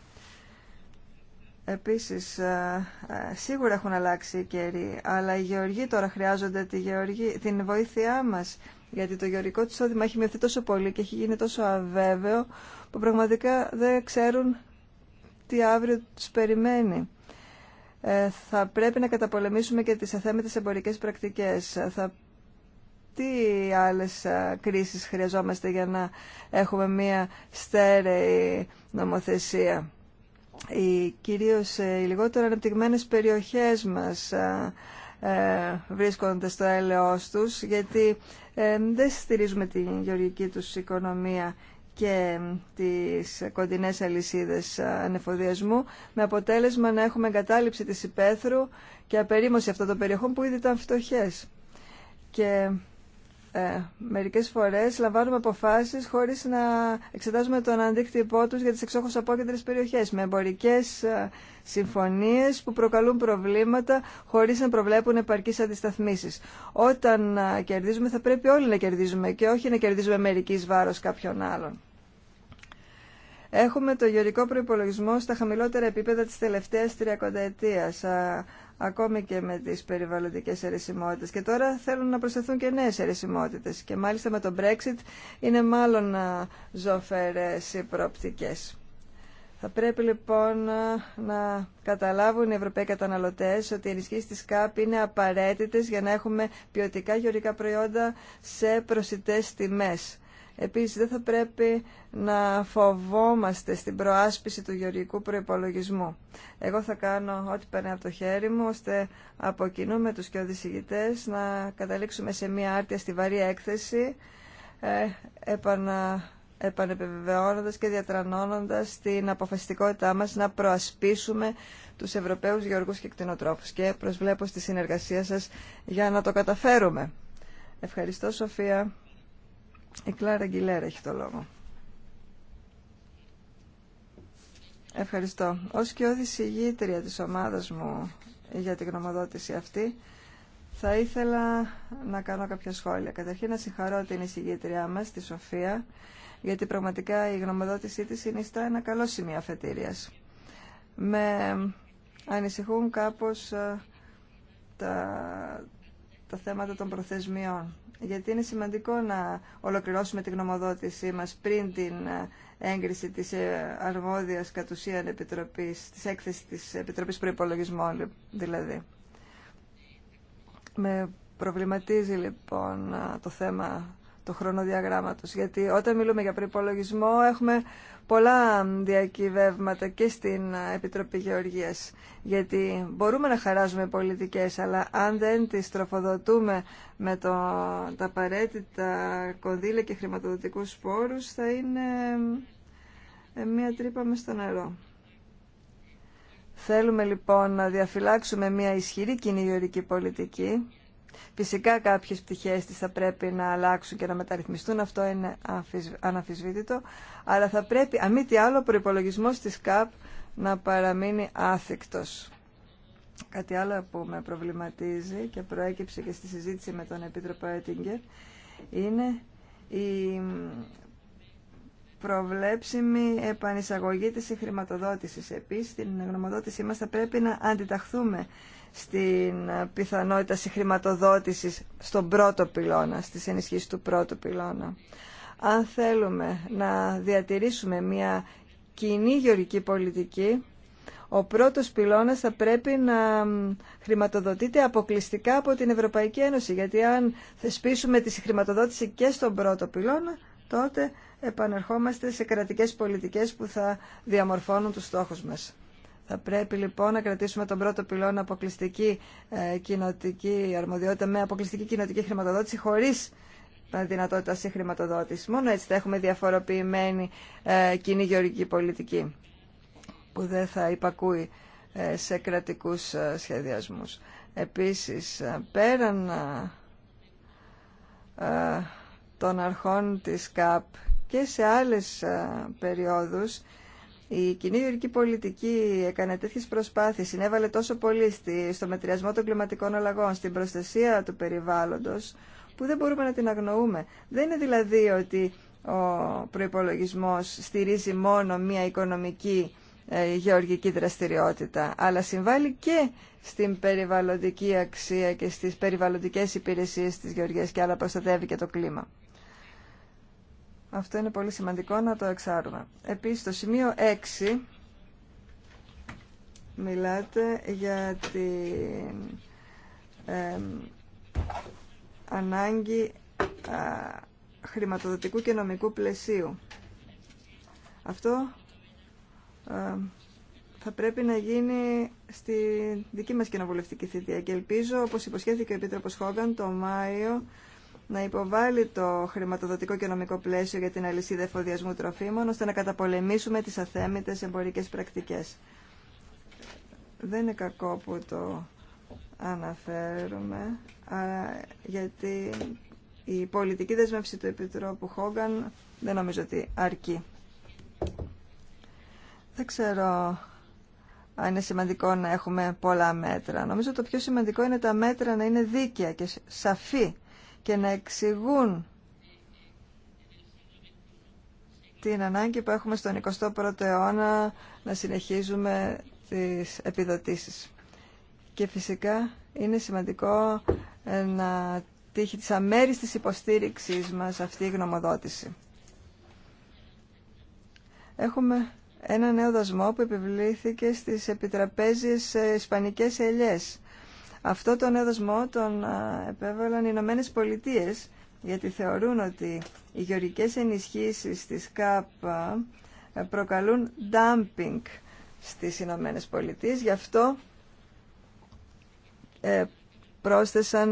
Επίσης, ε, ε, σίγουρα έχουν αλλάξει οι καιροί, αλλά οι γεωργοί τώρα χρειάζονται τη γεωργή, την βοήθειά μας, γιατί το γεωργικό του εισόδημα έχει μειωθεί τόσο πολύ και έχει γίνει τόσο αβέβαιο, που πραγματικά δεν ξέρουν τι αύριο τους περιμένει. Ε, θα πρέπει να καταπολεμήσουμε και τις αθέμετες εμπορικές πρακτικές. Θα τι άλλες κρίσεις χρειαζόμαστε για να έχουμε μια στέρεη νομοθεσία. Οι, κυρίως ε, οι λιγότερο αναπτυγμένες περιοχές μας ε, βρίσκονται στο έλεος τους γιατί ε, δεν στηρίζουμε την γεωργική τους οικονομία και τις κοντινές αλυσίδες ανεφοδιασμού με αποτέλεσμα να έχουμε εγκατάλειψη της υπαίθρου και απερίμωση αυτών των περιοχών που ήδη ήταν φτωχές. Και ε, μερικές φορές λαμβάνουμε αποφάσεις χωρίς να εξετάζουμε τον αντίκτυπό τους για τις εξόχως απόκεντρες περιοχές με εμπορικές ε, συμφωνίες που προκαλούν προβλήματα χωρίς να προβλέπουν επαρκείς αντισταθμίσεις. Όταν ε, κερδίζουμε θα πρέπει όλοι να κερδίζουμε και όχι να κερδίζουμε μερικής βάρος κάποιων άλλων. Έχουμε το γεωρικό προϋπολογισμό στα χαμηλότερα επίπεδα της τελευταίας τριακονταετίας ε, ακόμη και με τις περιβαλλοντικές αιρεσιμότητες. Και τώρα θέλουν να προσθεθούν και νέες αιρεσιμότητες. Και μάλιστα με το Brexit είναι μάλλον ζωφερές οι προοπτικές. Θα πρέπει λοιπόν να καταλάβουν οι Ευρωπαίοι καταναλωτέ ότι οι ενισχύσει τη ΚΑΠ είναι απαραίτητε για να έχουμε ποιοτικά γεωργικά προϊόντα σε προσιτέ τιμέ. Επίσης δεν θα πρέπει να φοβόμαστε στην προάσπιση του γεωργικού προϋπολογισμού. Εγώ θα κάνω ό,τι περνάει από το χέρι μου, ώστε από κοινού με τους και να καταλήξουμε σε μια άρτια στη βαρύ έκθεση, ε, επανεπιβεβαιώνοντας και διατρανώνοντας την αποφασιστικότητά μας να προασπίσουμε τους Ευρωπαίους γεωργούς και κτηνοτρόφους και προσβλέπω στη συνεργασία σας για να το καταφέρουμε. Ευχαριστώ Σοφία. Η Κλάρα Αγγιλέρα έχει το λόγο. Ευχαριστώ. Ως και ηγήτρια της ομάδας μου για την γνωμοδότηση αυτή, θα ήθελα να κάνω κάποια σχόλια. Καταρχήν να συγχαρώ την εισηγήτριά μας, τη Σοφία, γιατί πραγματικά η γνωμοδότησή της στα ένα καλό σημείο αφετήριας. Με ανησυχούν κάπως ε, τα, τα θέματα των προθεσμιών γιατί είναι σημαντικό να ολοκληρώσουμε τη γνωμοδότησή μας πριν την ε, έγκριση της ε, αρμόδιας κατουσίαν επιτροπής, της έκθεσης της Επιτροπής Προϋπολογισμών δηλαδή. Με προβληματίζει λοιπόν ε, το θέμα του χρονοδιαγράμματος. Γιατί όταν μιλούμε για προπολογισμό έχουμε πολλά διακυβεύματα και στην Επιτροπή Γεωργίας. Γιατί μπορούμε να χαράζουμε πολιτικές, αλλά αν δεν τις τροφοδοτούμε με το, τα απαραίτητα κονδύλια και χρηματοδοτικούς πόρους, θα είναι ε, μία τρύπα με στο νερό. Θέλουμε λοιπόν να διαφυλάξουμε μία ισχυρή κοινή πολιτική, Φυσικά κάποιες πτυχές της θα πρέπει να αλλάξουν και να μεταρρυθμιστούν, αυτό είναι αναφυσβήτητο, αλλά θα πρέπει, αμή τι άλλο, ο προϋπολογισμός της ΚΑΠ να παραμείνει άθικτος. Κάτι άλλο που με προβληματίζει και προέκυψε και στη συζήτηση με τον Επίτροπο Έτιγκερ είναι η προβλέψιμη επανεισαγωγή της χρηματοδότησης. Επίσης, στην γνωμοδότησή μας θα πρέπει να αντιταχθούμε στην πιθανότητα συγχρηματοδότησης στον πρώτο πυλώνα, στις ενισχύσεις του πρώτου πυλώνα. Αν θέλουμε να διατηρήσουμε μια κοινή γεωργική πολιτική, ο πρώτος πυλώνας θα πρέπει να χρηματοδοτείται αποκλειστικά από την Ευρωπαϊκή Ένωση, γιατί αν θεσπίσουμε τη συγχρηματοδότηση και στον πρώτο πυλώνα, τότε επανερχόμαστε σε κρατικές πολιτικές που θα διαμορφώνουν τους στόχους μας. Θα πρέπει λοιπόν να κρατήσουμε τον πρώτο πυλώνα αποκλειστική ε, κοινοτική αρμοδιότητα με αποκλειστική κοινοτική χρηματοδότηση χωρίς ε, δυνατότητα συγχρηματοδότηση. Μόνο έτσι θα έχουμε διαφοροποιημένη ε, κοινή γεωργική πολιτική που δεν θα υπακούει σε κρατικούς σχεδιασμούς. Επίσης, πέραν των αρχών της ΚΑΠ και σε άλλες περιόδους, η κοινή γεωργική πολιτική έκανε τέτοιε προσπάθειε, συνέβαλε τόσο πολύ στο μετριασμό των κλιματικών αλλαγών, στην προστασία του περιβάλλοντο, που δεν μπορούμε να την αγνοούμε. Δεν είναι δηλαδή ότι ο προπολογισμό στηρίζει μόνο μία οικονομική ε, γεωργική δραστηριότητα, αλλά συμβάλλει και στην περιβαλλοντική αξία και στις περιβαλλοντικές υπηρεσίες της γεωργίας και άλλα προστατεύει και το κλίμα. Αυτό είναι πολύ σημαντικό να το εξάρουμε. Επίσης, το σημείο 6 μιλάτε για την ανάγκη χρηματοδοτικού και νομικού πλαισίου. Αυτό ε, θα πρέπει να γίνει στη δική μας κοινοβουλευτική θητεία και ελπίζω, όπως υποσχέθηκε ο Επίτροπος Χόγκαν, το Μάιο να υποβάλει το χρηματοδοτικό και νομικό πλαίσιο για την αλυσίδα εφοδιασμού τροφίμων, ώστε να καταπολεμήσουμε τις αθέμητες εμπορικές πρακτικές. Δεν είναι κακό που το αναφέρουμε, γιατί η πολιτική δεσμεύση του Επιτρόπου Χόγκαν δεν νομίζω ότι αρκεί. Δεν ξέρω αν είναι σημαντικό να έχουμε πολλά μέτρα. Νομίζω το πιο σημαντικό είναι τα μέτρα να είναι δίκαια και σαφή και να εξηγούν την ανάγκη που έχουμε στον 21ο αιώνα να συνεχίζουμε τις επιδοτήσεις. Και φυσικά είναι σημαντικό ε, να τύχει της υποστήριξης μας αυτή η γνωμοδότηση. Έχουμε ένα νέο δασμό που επιβλήθηκε στις επιτραπέζιες ε, ισπανικές ελιές αυτό τον έδωσμο τον επέβαλαν οι Ηνωμένε Πολιτείε, γιατί θεωρούν ότι οι γεωργικές ενισχύσεις της ΚΑΠ προκαλούν dumping στις Ηνωμένε Πολιτείε. Γι' αυτό ε, πρόσθεσαν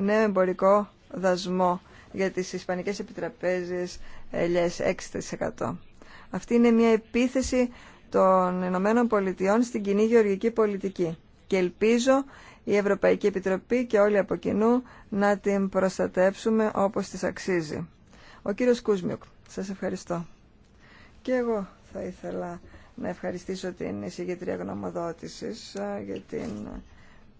νέο εμπορικό δασμό για τις ισπανικές επιτραπέζιες ελιές 6%. Αυτή είναι μια επίθεση των Ηνωμένων Πολιτειών στην κοινή γεωργική πολιτική και ελπίζω η Ευρωπαϊκή Επιτροπή και όλοι από κοινού να την προστατεύσουμε όπως της αξίζει. Ο κύριος Κούσμιουκ, σας ευχαριστώ. Και εγώ θα ήθελα να ευχαριστήσω την εισηγήτρια γνωμοδότησης για την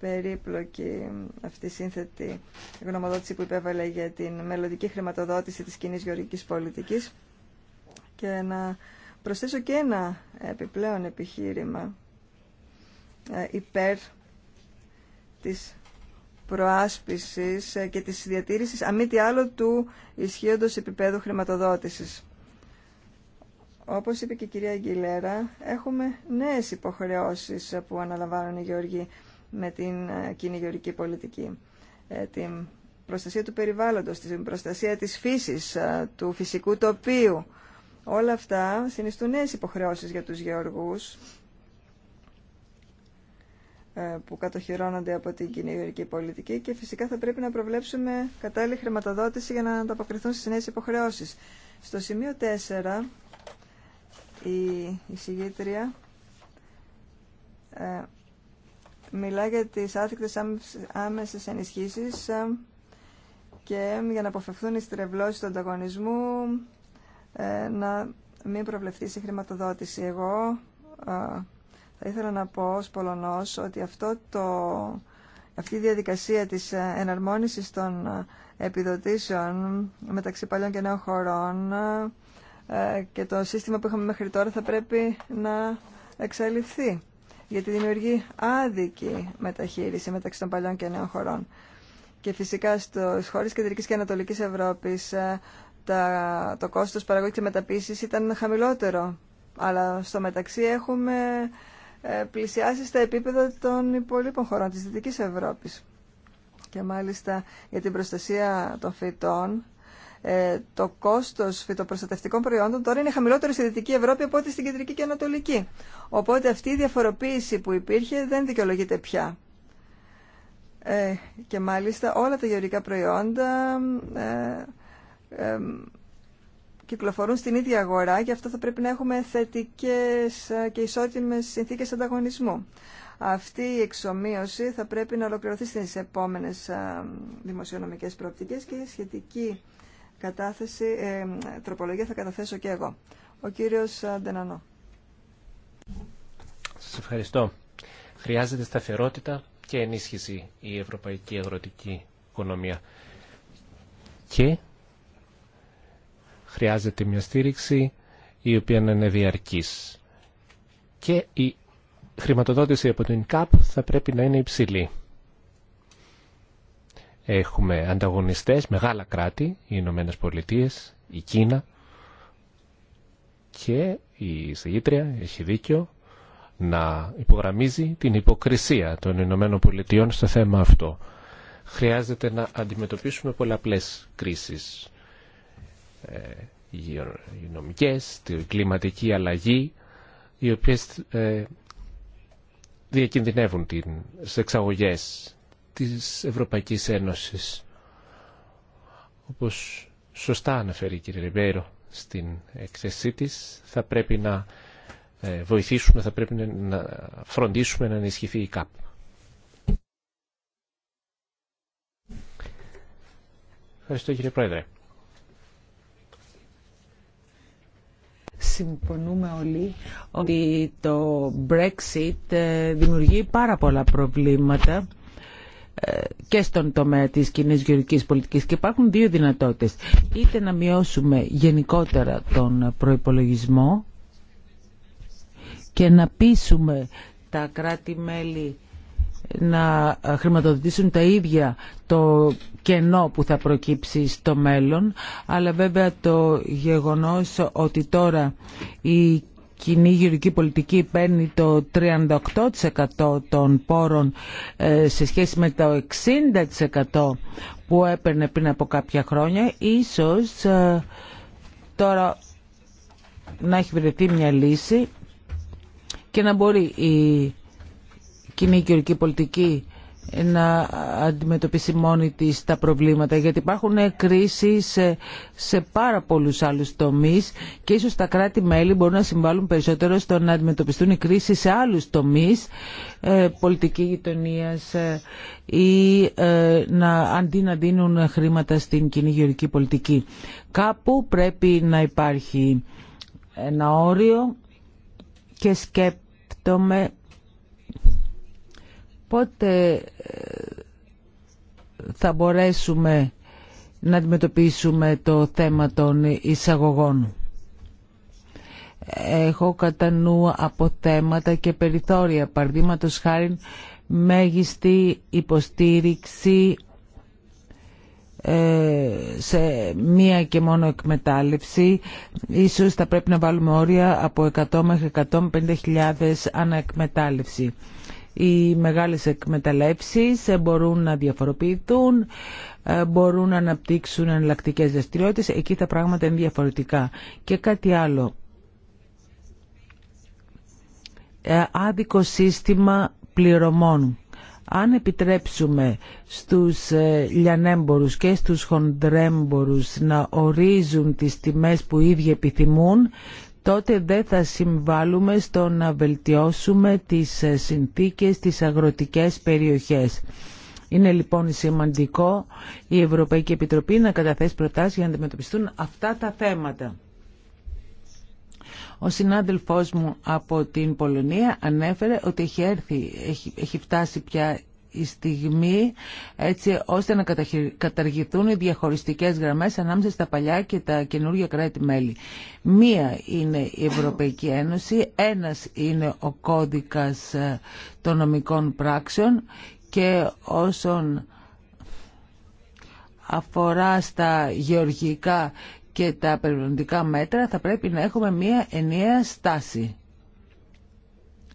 περίπλοκη αυτή σύνθετη γνωμοδότηση που υπέβαλε για την μελλοντική χρηματοδότηση της κοινή γεωργικής πολιτικής και να προσθέσω και ένα επιπλέον επιχείρημα ε, υπέρ της προάσπισης ε, και της διατήρησης αμή άλλο του ισχύοντος επίπεδου χρηματοδότησης. Όπως είπε και η κυρία Αγγιλέρα, έχουμε νέες υποχρεώσεις ε, που αναλαμβάνουν οι Γεωργοί με την κοινή γεωργική πολιτική. Την προστασία του περιβάλλοντος, την προστασία της φύσης, του φυσικού τοπίου. Όλα αυτά συνιστούν νέες υποχρεώσεις για τους γεωργούς ε, που κατοχυρώνονται από την κοινή πολιτική και φυσικά θα πρέπει να προβλέψουμε κατάλληλη χρηματοδότηση για να ανταποκριθούν στις νέες υποχρεώσεις. Στο σημείο 4 η εισηγήτρια ε, μιλά για τις άθικτες άμεσες ενισχύσεις ε, και για να αποφευθούν οι στρεβλώσεις του ανταγωνισμού ε, να μην προβλεφθεί η χρηματοδότηση. Εγώ θα ήθελα να πω ως Πολωνός ότι αυτό το, αυτή η διαδικασία της εναρμόνισης των επιδοτήσεων μεταξύ παλιών και νέων χωρών ε, και το σύστημα που είχαμε μέχρι τώρα θα πρέπει να εξαλειφθεί γιατί δημιουργεί άδικη μεταχείριση μεταξύ των παλιών και νέων χωρών. Και φυσικά στις χώρες Κεντρικής και Ανατολικής Ευρώπης ε, το κόστος παραγωγής και μεταποίησης ήταν χαμηλότερο. Αλλά στο μεταξύ έχουμε ε, πλησιάσει στα επίπεδα των υπολείπων χωρών της Δυτικής Ευρώπης. Και μάλιστα για την προστασία των φυτών, ε, το κόστος φυτοπροστατευτικών προϊόντων τώρα είναι χαμηλότερο στη Δυτική Ευρώπη από ό,τι στην Κεντρική και Ανατολική. Οπότε αυτή η διαφοροποίηση που υπήρχε δεν δικαιολογείται πια. Ε, και μάλιστα όλα τα γεωργικά προϊόντα κυκλοφορούν στην ίδια αγορά γι' αυτό θα πρέπει να έχουμε θετικές ε, και ισότιμες συνθήκες ανταγωνισμού. Αυτή η εξομοίωση θα πρέπει να ολοκληρωθεί στις επόμενες ε, δημοσιονομικές προοπτικές και σχετική κατάθεση, ε, τροπολογία θα καταθέσω και εγώ. Ο κύριος Ντενανό. Σας ευχαριστώ. Χρειάζεται σταθερότητα και ενίσχυση η ευρωπαϊκή αγροτική οικονομία. Και χρειάζεται μια στήριξη η οποία να είναι διαρκής. Και η χρηματοδότηση από την ΚΑΠ θα πρέπει να είναι υψηλή. Έχουμε ανταγωνιστές, μεγάλα κράτη, οι Ηνωμένε Πολιτείε, η Κίνα και η Συγήτρια έχει δίκιο να υπογραμμίζει την υποκρισία των Ηνωμένων Πολιτειών στο θέμα αυτό. Χρειάζεται να αντιμετωπίσουμε πολλαπλές κρίσεις ε, υγειονομικές, την κλιματική αλλαγή, οι οποίες ε, διακινδυνεύουν τις εξαγωγές της Ευρωπαϊκής Ένωσης. Όπως σωστά αναφέρει η κυρία Ριμπέρο στην εκθεσή της, θα πρέπει να ε, βοηθήσουμε, θα πρέπει να φροντίσουμε να ενισχυθεί η ΚΑΠ. Ευχαριστώ κύριε Πρόεδρε. συμφωνούμε όλοι ότι το Brexit ε, δημιουργεί πάρα πολλά προβλήματα ε, και στον τομέα της κοινή γεωργικής πολιτικής και υπάρχουν δύο δυνατότητες είτε να μειώσουμε γενικότερα τον προϋπολογισμό και να πείσουμε τα κράτη-μέλη να χρηματοδοτήσουν τα ίδια το κενό που θα προκύψει στο μέλλον, αλλά βέβαια το γεγονός ότι τώρα η κοινή γεωργική πολιτική παίρνει το 38% των πόρων ε, σε σχέση με το 60% που έπαιρνε πριν από κάποια χρόνια, ίσως ε, τώρα να έχει βρεθεί μια λύση και να μπορεί η κοινή γεωργική πολιτική να αντιμετωπίσει μόνη της τα προβλήματα γιατί υπάρχουν κρίσεις σε, σε πάρα πολλούς άλλους τομείς και ίσως τα κράτη-μέλη μπορούν να συμβάλλουν περισσότερο στο να αντιμετωπιστούν οι κρίσεις σε άλλους τομείς ε, πολιτική γειτονία ε, ή ε, να, αντί να δίνουν χρήματα στην κοινή γεωργική πολιτική. Κάπου πρέπει να υπάρχει ένα όριο και σκέπτομαι Πότε ε, θα μπορέσουμε να αντιμετωπίσουμε το θέμα των εισαγωγών. Έχω κατά νου θέματα και περιθώρια, παραδείγματο χάρη μέγιστη υποστήριξη ε, σε μία και μόνο εκμετάλλευση ίσως θα πρέπει να βάλουμε όρια από 100 μέχρι 150 χιλιάδες αναεκμετάλλευση οι μεγάλες εκμεταλλεύσεις ε, μπορούν να διαφοροποιηθούν, ε, μπορούν να αναπτύξουν εναλλακτικέ δραστηριότητε. Εκεί τα πράγματα είναι διαφορετικά. Και κάτι άλλο. Ε, άδικο σύστημα πληρωμών. Αν επιτρέψουμε στους λιανέμπορους και στους χοντρέμπορους να ορίζουν τις τιμές που οι ίδιοι επιθυμούν, τότε δεν θα συμβάλλουμε στο να βελτιώσουμε τις ε, συνθήκες στις αγροτικές περιοχές. Είναι λοιπόν σημαντικό η Ευρωπαϊκή Επιτροπή να καταθέσει προτάσεις για να αντιμετωπιστούν αυτά τα θέματα. Ο συνάδελφός μου από την Πολωνία ανέφερε ότι έχει έρθει, έχει, έχει φτάσει πια η στιγμή έτσι ώστε να καταργηθούν οι διαχωριστικές γραμμές ανάμεσα στα παλιά και τα καινούργια κράτη-μέλη. Μία είναι η Ευρωπαϊκή Ένωση, ένας είναι ο κώδικας ε, των νομικών πράξεων και όσον αφορά στα γεωργικά και τα περιβαλλοντικά μέτρα θα πρέπει να έχουμε μία ενιαία στάση.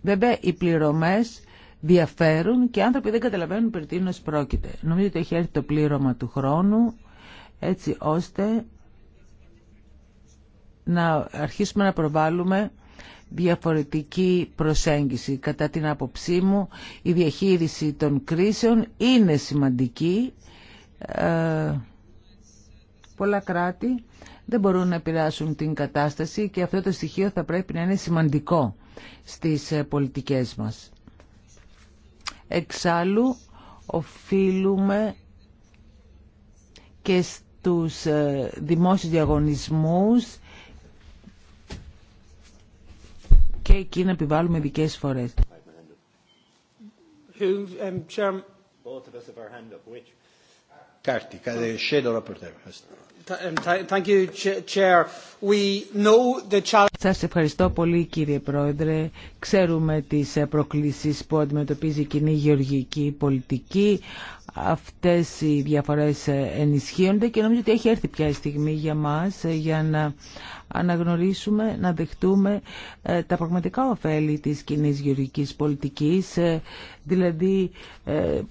Βέβαια οι πληρωμές διαφέρουν και οι άνθρωποι δεν καταλαβαίνουν περί τίνος πρόκειται. Νομίζω ότι έχει έρθει το πλήρωμα του χρόνου έτσι ώστε να αρχίσουμε να προβάλλουμε διαφορετική προσέγγιση. Κατά την άποψή μου η διαχείριση των κρίσεων είναι σημαντική. Ε, πολλά κράτη δεν μπορούν να επηρεάσουν την κατάσταση και αυτό το στοιχείο θα πρέπει να είναι σημαντικό στις ε, πολιτικές μας. Εξάλλου, οφείλουμε και στους ε, δημόσιους διαγωνισμούς και εκεί να επιβάλλουμε ειδικές φορές. Κάρτη, Σα um, Σας ευχαριστώ πολύ κύριε Πρόεδρε. Ξέρουμε τις ε, προκλήσεις που αντιμετωπίζει η κοινή γεωργική πολιτική αυτές οι διαφορές ενισχύονται και νομίζω ότι έχει έρθει πια η στιγμή για μας ε, για να αναγνωρίσουμε, να δεχτούμε ε, τα πραγματικά ωφέλη της κοινή γεωργικής πολιτικής ε, δηλαδή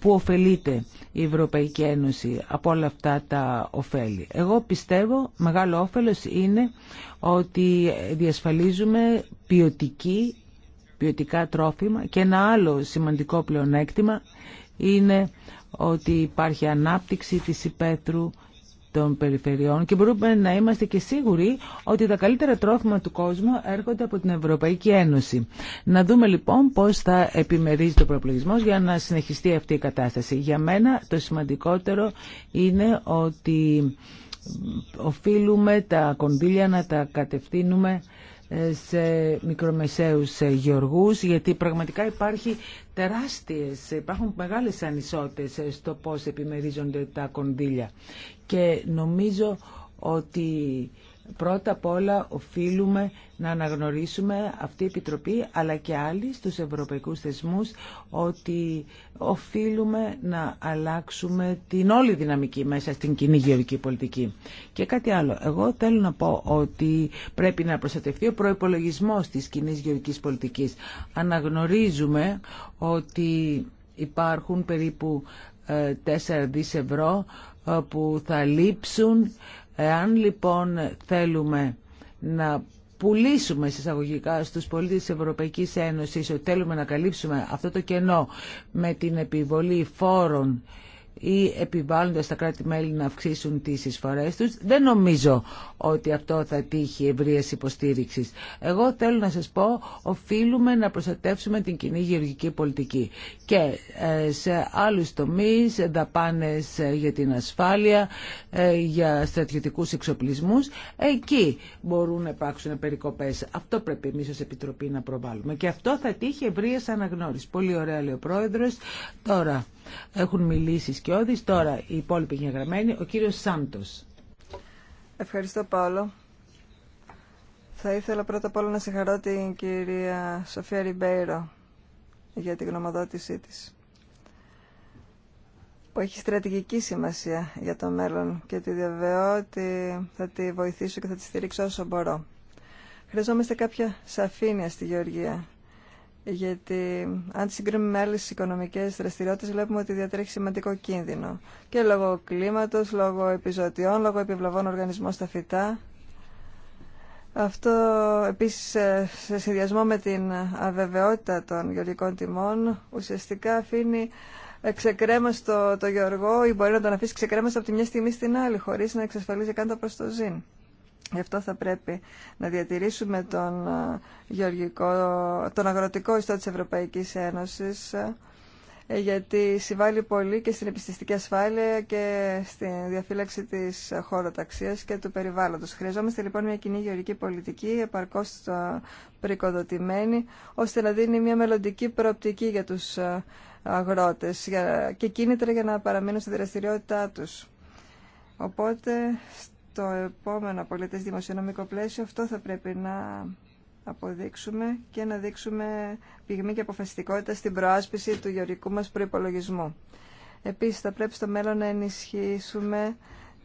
που ωφελείται η Ευρωπαϊκή Ένωση από όλα αυτά τα ωφέλη. Εγώ πιστεύω μεγάλο όφελος είναι ότι διασφαλίζουμε ποιοτική, ποιοτικά τρόφιμα και ένα άλλο σημαντικό πλεονέκτημα είναι ότι υπάρχει ανάπτυξη της υπέτρου των περιφερειών και μπορούμε να είμαστε και σίγουροι ότι τα καλύτερα τρόφιμα του κόσμου έρχονται από την Ευρωπαϊκή Ένωση. Να δούμε λοιπόν πώς θα επιμερίζει το προπλογισμό για να συνεχιστεί αυτή η κατάσταση. Για μένα το σημαντικότερο είναι ότι οφείλουμε τα κονδύλια να τα κατευθύνουμε ε, σε μικρομεσαίους ε, γεωργούς γιατί πραγματικά υπάρχει τεράστιες, υπάρχουν μεγάλες ανισότητες στο πώς επιμερίζονται τα κονδύλια. Και νομίζω ότι Πρώτα απ' όλα οφείλουμε να αναγνωρίσουμε αυτή η Επιτροπή αλλά και άλλοι στους ευρωπαϊκούς θεσμούς ότι οφείλουμε να αλλάξουμε την όλη δυναμική μέσα στην κοινή γεωρική πολιτική. Και κάτι άλλο. Εγώ θέλω να πω ότι πρέπει να προστατευτεί ο προϋπολογισμός της κοινή γεωρική πολιτικής. Αναγνωρίζουμε ότι υπάρχουν περίπου 4 ε, δις ευρώ ε, που θα λείψουν Εάν λοιπόν θέλουμε να πουλήσουμε συσταγωγικά στους πολίτες της Ευρωπαϊκής Ένωσης ότι θέλουμε να καλύψουμε αυτό το κενό με την επιβολή φόρων ή επιβάλλοντα τα κράτη-μέλη να αυξήσουν τι εισφορέ του. Δεν νομίζω ότι αυτό θα τύχει ευρεία υποστήριξη. Εγώ θέλω να σα πω, οφείλουμε να προστατεύσουμε την κοινή γεωργική πολιτική και ε, σε άλλου τομείς, δαπάνες ε, για την ασφάλεια, ε, για στρατιωτικού εξοπλισμού, εκεί μπορούν να υπάρξουν περικοπέ. Αυτό πρέπει εμεί ω Επιτροπή να προβάλλουμε και αυτό θα τύχει ευρεία αναγνώριση. Πολύ ωραία λέει ο πρόεδρο, Τώρα έχουν μιλήσει σκιώδης. Τώρα η υπόλοιπη είναι Ο κύριος Σάντος. Ευχαριστώ Παόλο. Θα ήθελα πρώτα απ' όλα να συγχαρώ την κυρία Σοφία Ριμπέιρο για την γνωμοδότησή της που έχει στρατηγική σημασία για το μέλλον και τη διαβεβαιώ ότι θα τη βοηθήσω και θα τη στηρίξω όσο μπορώ. Χρειαζόμαστε κάποια σαφήνεια στη Γεωργία γιατί αν συγκρίνουμε με άλλες οικονομικές δραστηριότητες βλέπουμε ότι διατρέχει σημαντικό κίνδυνο και λόγω κλίματος, λόγω επιζωτιών, λόγω επιβλαβών οργανισμών στα φυτά. Αυτό επίσης ε, σε συνδυασμό με την αβεβαιότητα των γεωργικών τιμών ουσιαστικά αφήνει ε, ξεκρέμαστο το γεωργό ή μπορεί να τον αφήσει ξεκρέμαστο από τη μια στιγμή στην άλλη χωρίς να εξασφαλίζει καν το προστοζήν. Γι' αυτό θα πρέπει να διατηρήσουμε τον, ε, γεωργικό, τον αγροτικό ιστό της Ευρωπαϊκής Ένωσης ε, γιατί συμβάλλει πολύ και στην επιστηστική ασφάλεια και στη διαφύλαξη της χωροταξίας και του περιβάλλοντος. Χρειαζόμαστε λοιπόν μια κοινή γεωργική πολιτική επαρκώς ε, πρικοδοτημένη ώστε να δίνει μια μελλοντική προοπτική για τους αγρότες και κίνητρα για να παραμείνουν στη δραστηριότητά τους. Οπότε το επόμενο πολιτές δημοσιονομικό πλαίσιο αυτό θα πρέπει να αποδείξουμε και να δείξουμε πυγμή και αποφασιστικότητα στην προάσπιση του γεωρικού μας προϋπολογισμού. Επίσης θα πρέπει στο μέλλον να ενισχύσουμε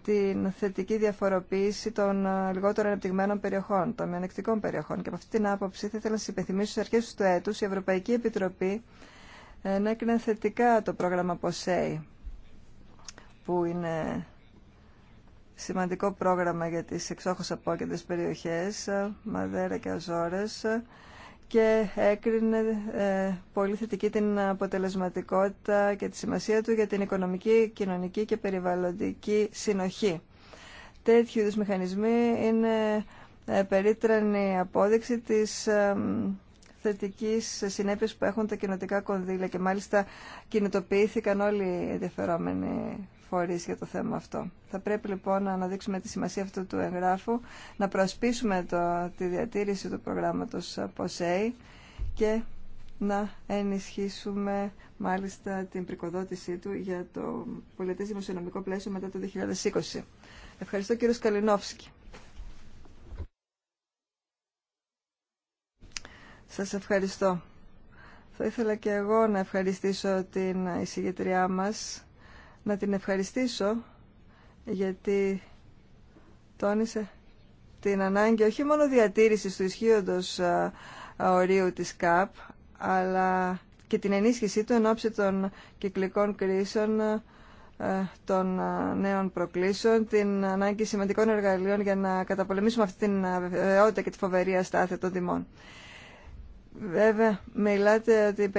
την θετική διαφοροποίηση των λιγότερο αναπτυγμένων περιοχών, των μειονεκτικών περιοχών. Και από αυτή την άποψη θα ήθελα να σα υπενθυμίσω στι αρχέ του έτου η Ευρωπαϊκή Επιτροπή να έκρινε θετικά το πρόγραμμα ΠΟΣΕΙ, που είναι σημαντικό πρόγραμμα για τις εξόχως απόκεντες περιοχές, Μαδέρα και Αζόρες, και έκρινε ε, πολύ θετική την αποτελεσματικότητα και τη σημασία του για την οικονομική, κοινωνική και περιβαλλοντική συνοχή. Τέτοιου είδους μηχανισμοί είναι ε, περίτρανη απόδειξη της ε, θετικής συνέπειας που έχουν τα κοινοτικά κονδύλια και μάλιστα κινητοποιήθηκαν όλοι οι ενδιαφερόμενοι φορείς για το θέμα αυτό. Θα πρέπει λοιπόν να αναδείξουμε τη σημασία αυτού του εγγράφου, να προσπίσουμε το, τη διατήρηση του προγράμματος ΠΟΣΕΙ και να ενισχύσουμε μάλιστα την πρικοδότησή του για το πολιτές δημοσιονομικό πλαίσιο μετά το 2020. Ευχαριστώ κύριο Σκαλινόφσκι. Σας ευχαριστώ. Θα ήθελα και εγώ να ευχαριστήσω την εισηγητριά μας να την ευχαριστήσω γιατί τόνισε την ανάγκη όχι μόνο διατήρησης του ισχύοντος ορίου της ΚΑΠ αλλά και την ενίσχυσή του εν ώψη των κυκλικών κρίσεων των νέων προκλήσεων, την ανάγκη σημαντικών εργαλείων για να καταπολεμήσουμε αυτή την αβεβαιότητα και τη φοβερή αστάθεια των τιμών. Βέβαια, μιλάτε ότι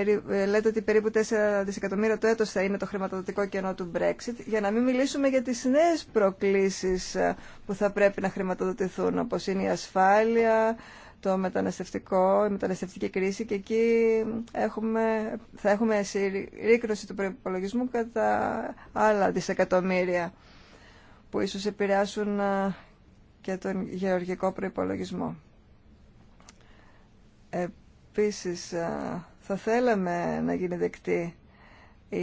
λέτε ότι περίπου 4 δισεκατομμύρια το έτος θα είναι το χρηματοδοτικό κενό του Brexit, για να μην μιλήσουμε για τις νέες προκλήσεις ε, που θα πρέπει να χρηματοδοτηθούν, όπως είναι η ασφάλεια, το μεταναστευτικό, η μεταναστευτική κρίση και εκεί έχουμε, θα έχουμε ρίκνωση του προπολογισμού κατά άλλα δισεκατομμύρια που ίσως επηρεάσουν ε, και τον γεωργικό προϋπολογισμό. Ε, Επίσης, ε, θα θέλαμε να γίνει δεκτή η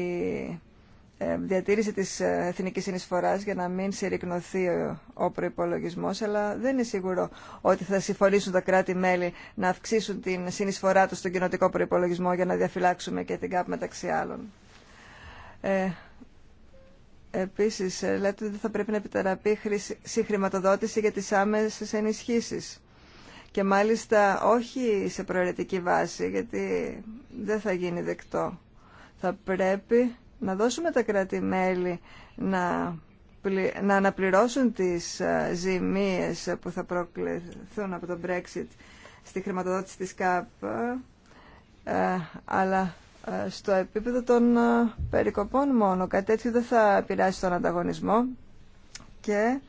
ε, διατήρηση της ε, εθνικής συνεισφοράς για να μην συρρυκνωθεί ο προπολογισμό, αλλά δεν είναι σίγουρο ότι θα συμφωνήσουν τα κράτη-μέλη να αυξήσουν την συνεισφορά τους στον κοινοτικό προπολογισμό για να διαφυλάξουμε και την ΚΑΠ μεταξύ άλλων. Ε, επίσης, λέτε ότι θα πρέπει να η σύγχρηματοδότηση για τις άμεσες ενισχύσεις και μάλιστα όχι σε προαιρετική βάση γιατί δεν θα γίνει δεκτό. Θα πρέπει να δώσουμε τα κράτη-μέλη να, να αναπληρώσουν τις ε, ζημίες που θα προκληθούν από το Brexit στη χρηματοδότηση της ΚΑΠ ε, αλλά ε, στο επίπεδο των περικοπών μόνο. Κάτι τέτοιο δεν θα πειράσει τον ανταγωνισμό και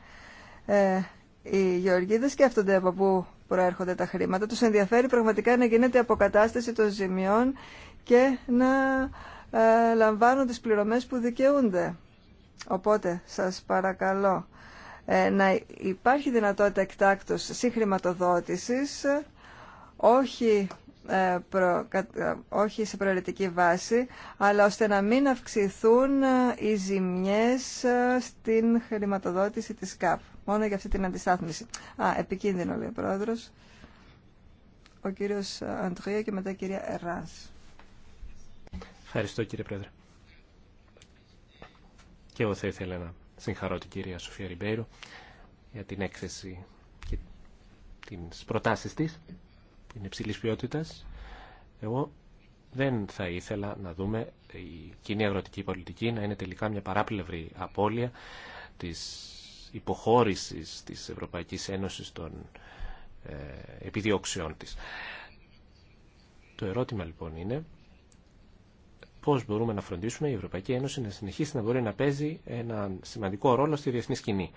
οι γεωργίδες σκέφτονται από πού προέρχονται τα χρήματα. Τους ενδιαφέρει πραγματικά να γίνεται αποκατάσταση των ζημιών και να ε, λαμβάνουν τις πληρωμές που δικαιούνται. Οπότε, σας παρακαλώ ε, να υπάρχει δυνατότητα εκτάκτως συγχρηματοδότησης, όχι, ε, όχι σε προαιρετική βάση, αλλά ώστε να μην αυξηθούν οι ζημιές στην χρηματοδότηση της ΚΑΠ μόνο για αυτή την αντιστάθμιση. Α, επικίνδυνο λέει ο πρόεδρος. Ο κύριος Αντρία και μετά η κυρία Ερά. Ευχαριστώ κύριε πρόεδρε. Και εγώ θα ήθελα να συγχαρώ την κυρία Σοφία Ριμπέιρου για την έκθεση και τι προτάσει της. την υψηλή ποιότητα, Εγώ δεν θα ήθελα να δούμε η κοινή αγροτική πολιτική να είναι τελικά μια παράπλευρη απώλεια της υποχώρησης της Ευρωπαϊκής Ένωσης των ε, επιδιώξεών της. Το ερώτημα λοιπόν είναι πώς μπορούμε να φροντίσουμε η Ευρωπαϊκή Ένωση να συνεχίσει να μπορεί να παίζει ένα σημαντικό ρόλο στη διεθνή σκηνή.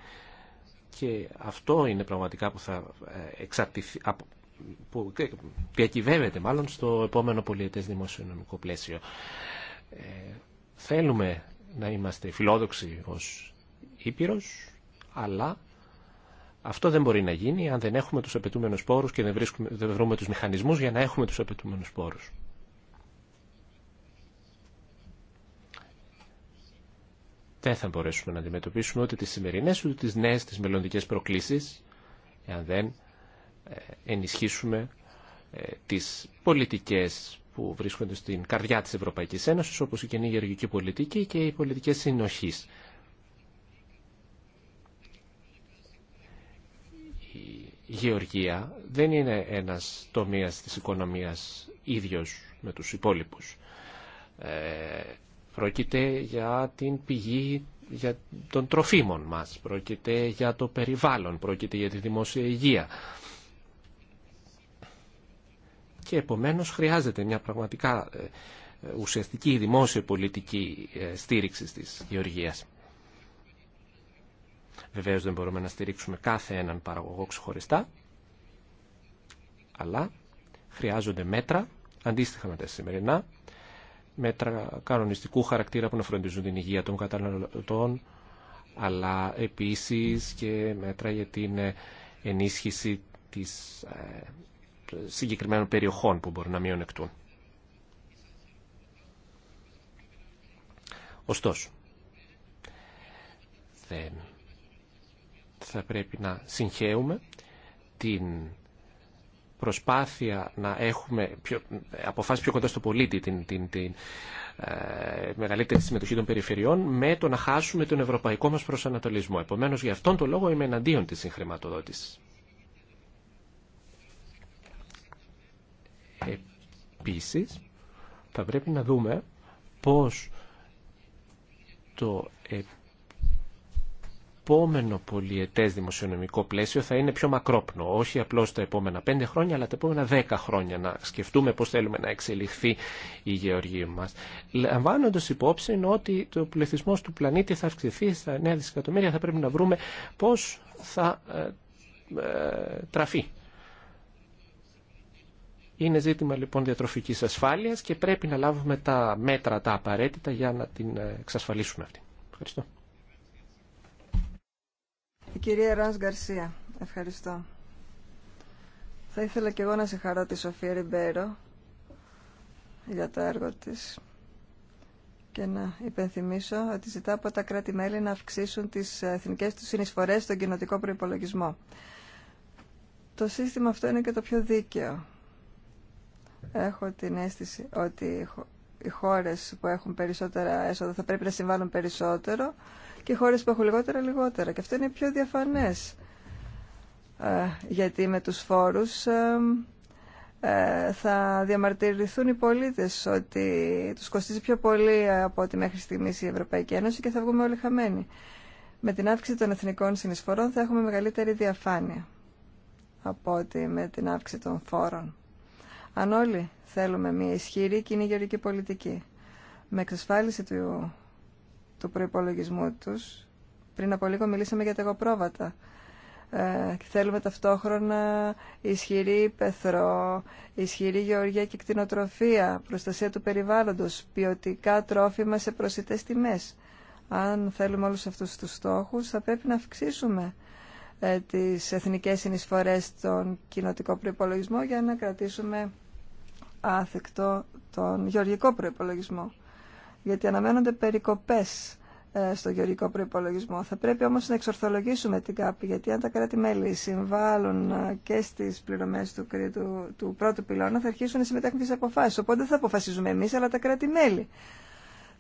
Και αυτό είναι πραγματικά που θα ε, εξαρτηθεί, που διακυβεύεται μάλλον στο επόμενο πολιετές δημοσιονομικό πλαίσιο. Ε, θέλουμε να είμαστε φιλόδοξοι ως Ήπειρος, αλλά αυτό δεν μπορεί να γίνει αν δεν έχουμε τους απαιτούμενους πόρους και δεν, βρίσκουμε, δεν βρούμε τους μηχανισμούς για να έχουμε τους απαιτούμενους πόρους. Δεν θα μπορέσουμε να αντιμετωπίσουμε ούτε τις σημερινές ούτε τις νέες, τις μελλοντικές προκλήσεις εάν δεν ε, ενισχύσουμε ε, τις πολιτικές που βρίσκονται στην καρδιά της Ευρωπαϊκής Ένωσης όπως η καινή γεωργική πολιτική και οι πολιτικές συνοχής. γεωργία δεν είναι ένας τομέας της οικονομίας ίδιος με τους υπόλοιπους. Ε, πρόκειται για την πηγή για των τροφίμων μας, πρόκειται για το περιβάλλον, πρόκειται για τη δημόσια υγεία. Και επομένως χρειάζεται μια πραγματικά ε, ουσιαστική δημόσια πολιτική ε, στήριξη της γεωργίας. Βεβαίω δεν μπορούμε να στηρίξουμε κάθε έναν παραγωγό ξεχωριστά, αλλά χρειάζονται μέτρα, αντίστοιχα με τα σημερινά, μέτρα κανονιστικού χαρακτήρα που να φροντίζουν την υγεία των καταναλωτών, αλλά επίσης και μέτρα για την ε, ενίσχυση της ε, συγκεκριμένων περιοχών που μπορεί να μειονεκτούν. Ωστόσο, δεν θα πρέπει να συγχαίουμε την προσπάθεια να έχουμε πιο, πιο κοντά στο πολίτη, την, την, την ε, μεγαλύτερη συμμετοχή των περιφερειών, με το να χάσουμε τον ευρωπαϊκό μας προσανατολισμό. Επομένως, για αυτόν τον λόγο είμαι εναντίον της συγχρηματοδότησης. Επίσης, θα πρέπει να δούμε πώς το επόμενο πολιετές δημοσιονομικό πλαίσιο θα είναι πιο μακρόπνο, όχι απλώς τα επόμενα πέντε χρόνια, αλλά τα επόμενα δέκα χρόνια, να σκεφτούμε πώς θέλουμε να εξελιχθεί η γεωργία μας. Λαμβάνοντα υπόψη ότι το πληθυσμό του πλανήτη θα αυξηθεί στα νέα δισεκατομμύρια, θα πρέπει να βρούμε πώς θα ε, ε, τραφεί. Είναι ζήτημα λοιπόν διατροφικής ασφάλειας και πρέπει να λάβουμε τα μέτρα τα απαραίτητα για να την ε, εξασφαλίσουμε αυτή. Ευχαριστώ. Η κυρία ράνς Γκαρσία. Ευχαριστώ. Θα ήθελα και εγώ να συγχαρώ τη Σοφία Ριμπέρο για το έργο της και να υπενθυμίσω ότι ζητά από τα κράτη-μέλη να αυξήσουν τις εθνικές τους συνεισφορές στον κοινοτικό προϋπολογισμό. Το σύστημα αυτό είναι και το πιο δίκαιο. Έχω την αίσθηση ότι οι χώρες που έχουν περισσότερα έσοδα θα πρέπει να συμβάλλουν περισσότερο και χώρε που έχουν λιγότερα λιγότερα. Και αυτό είναι πιο διαφανές. Ε, γιατί με τους φόρους ε, ε, θα διαμαρτυρηθούν οι πολίτες ότι τους κοστίζει πιο πολύ από ό,τι μέχρι στιγμής η Ευρωπαϊκή Ένωση και θα βγούμε όλοι χαμένοι. Με την αύξηση των εθνικών συνεισφορών θα έχουμε μεγαλύτερη διαφάνεια από ότι με την αύξηση των φόρων. Αν όλοι θέλουμε μια ισχυρή κοινή πολιτική με εξασφάλιση του του προϋπολογισμού τους. Πριν από λίγο μιλήσαμε για τα εγωπρόβατα. Ε, θέλουμε ταυτόχρονα ισχυρή πεθρό, ισχυρή γεωργία και κτηνοτροφία, προστασία του περιβάλλοντος, ποιοτικά τρόφιμα σε προσιτές τιμές. Αν θέλουμε όλους αυτούς τους στόχους θα πρέπει να αυξήσουμε ε, τις εθνικές συνεισφορές στον κοινοτικό προπολογισμό για να κρατήσουμε άθεκτο τον γεωργικό προϋπολογισμό γιατί αναμένονται περικοπές ε, στο γεωργικό προϋπολογισμό. Θα πρέπει όμως να εξορθολογήσουμε την ΚΑΠ, γιατί αν τα κράτη-μέλη συμβάλλουν ε, και στις πληρωμές του, του, πρώτου πυλώνα, θα αρχίσουν να συμμετέχουν και αποφάσεις. Οπότε δεν θα αποφασίζουμε εμείς, αλλά τα κράτη-μέλη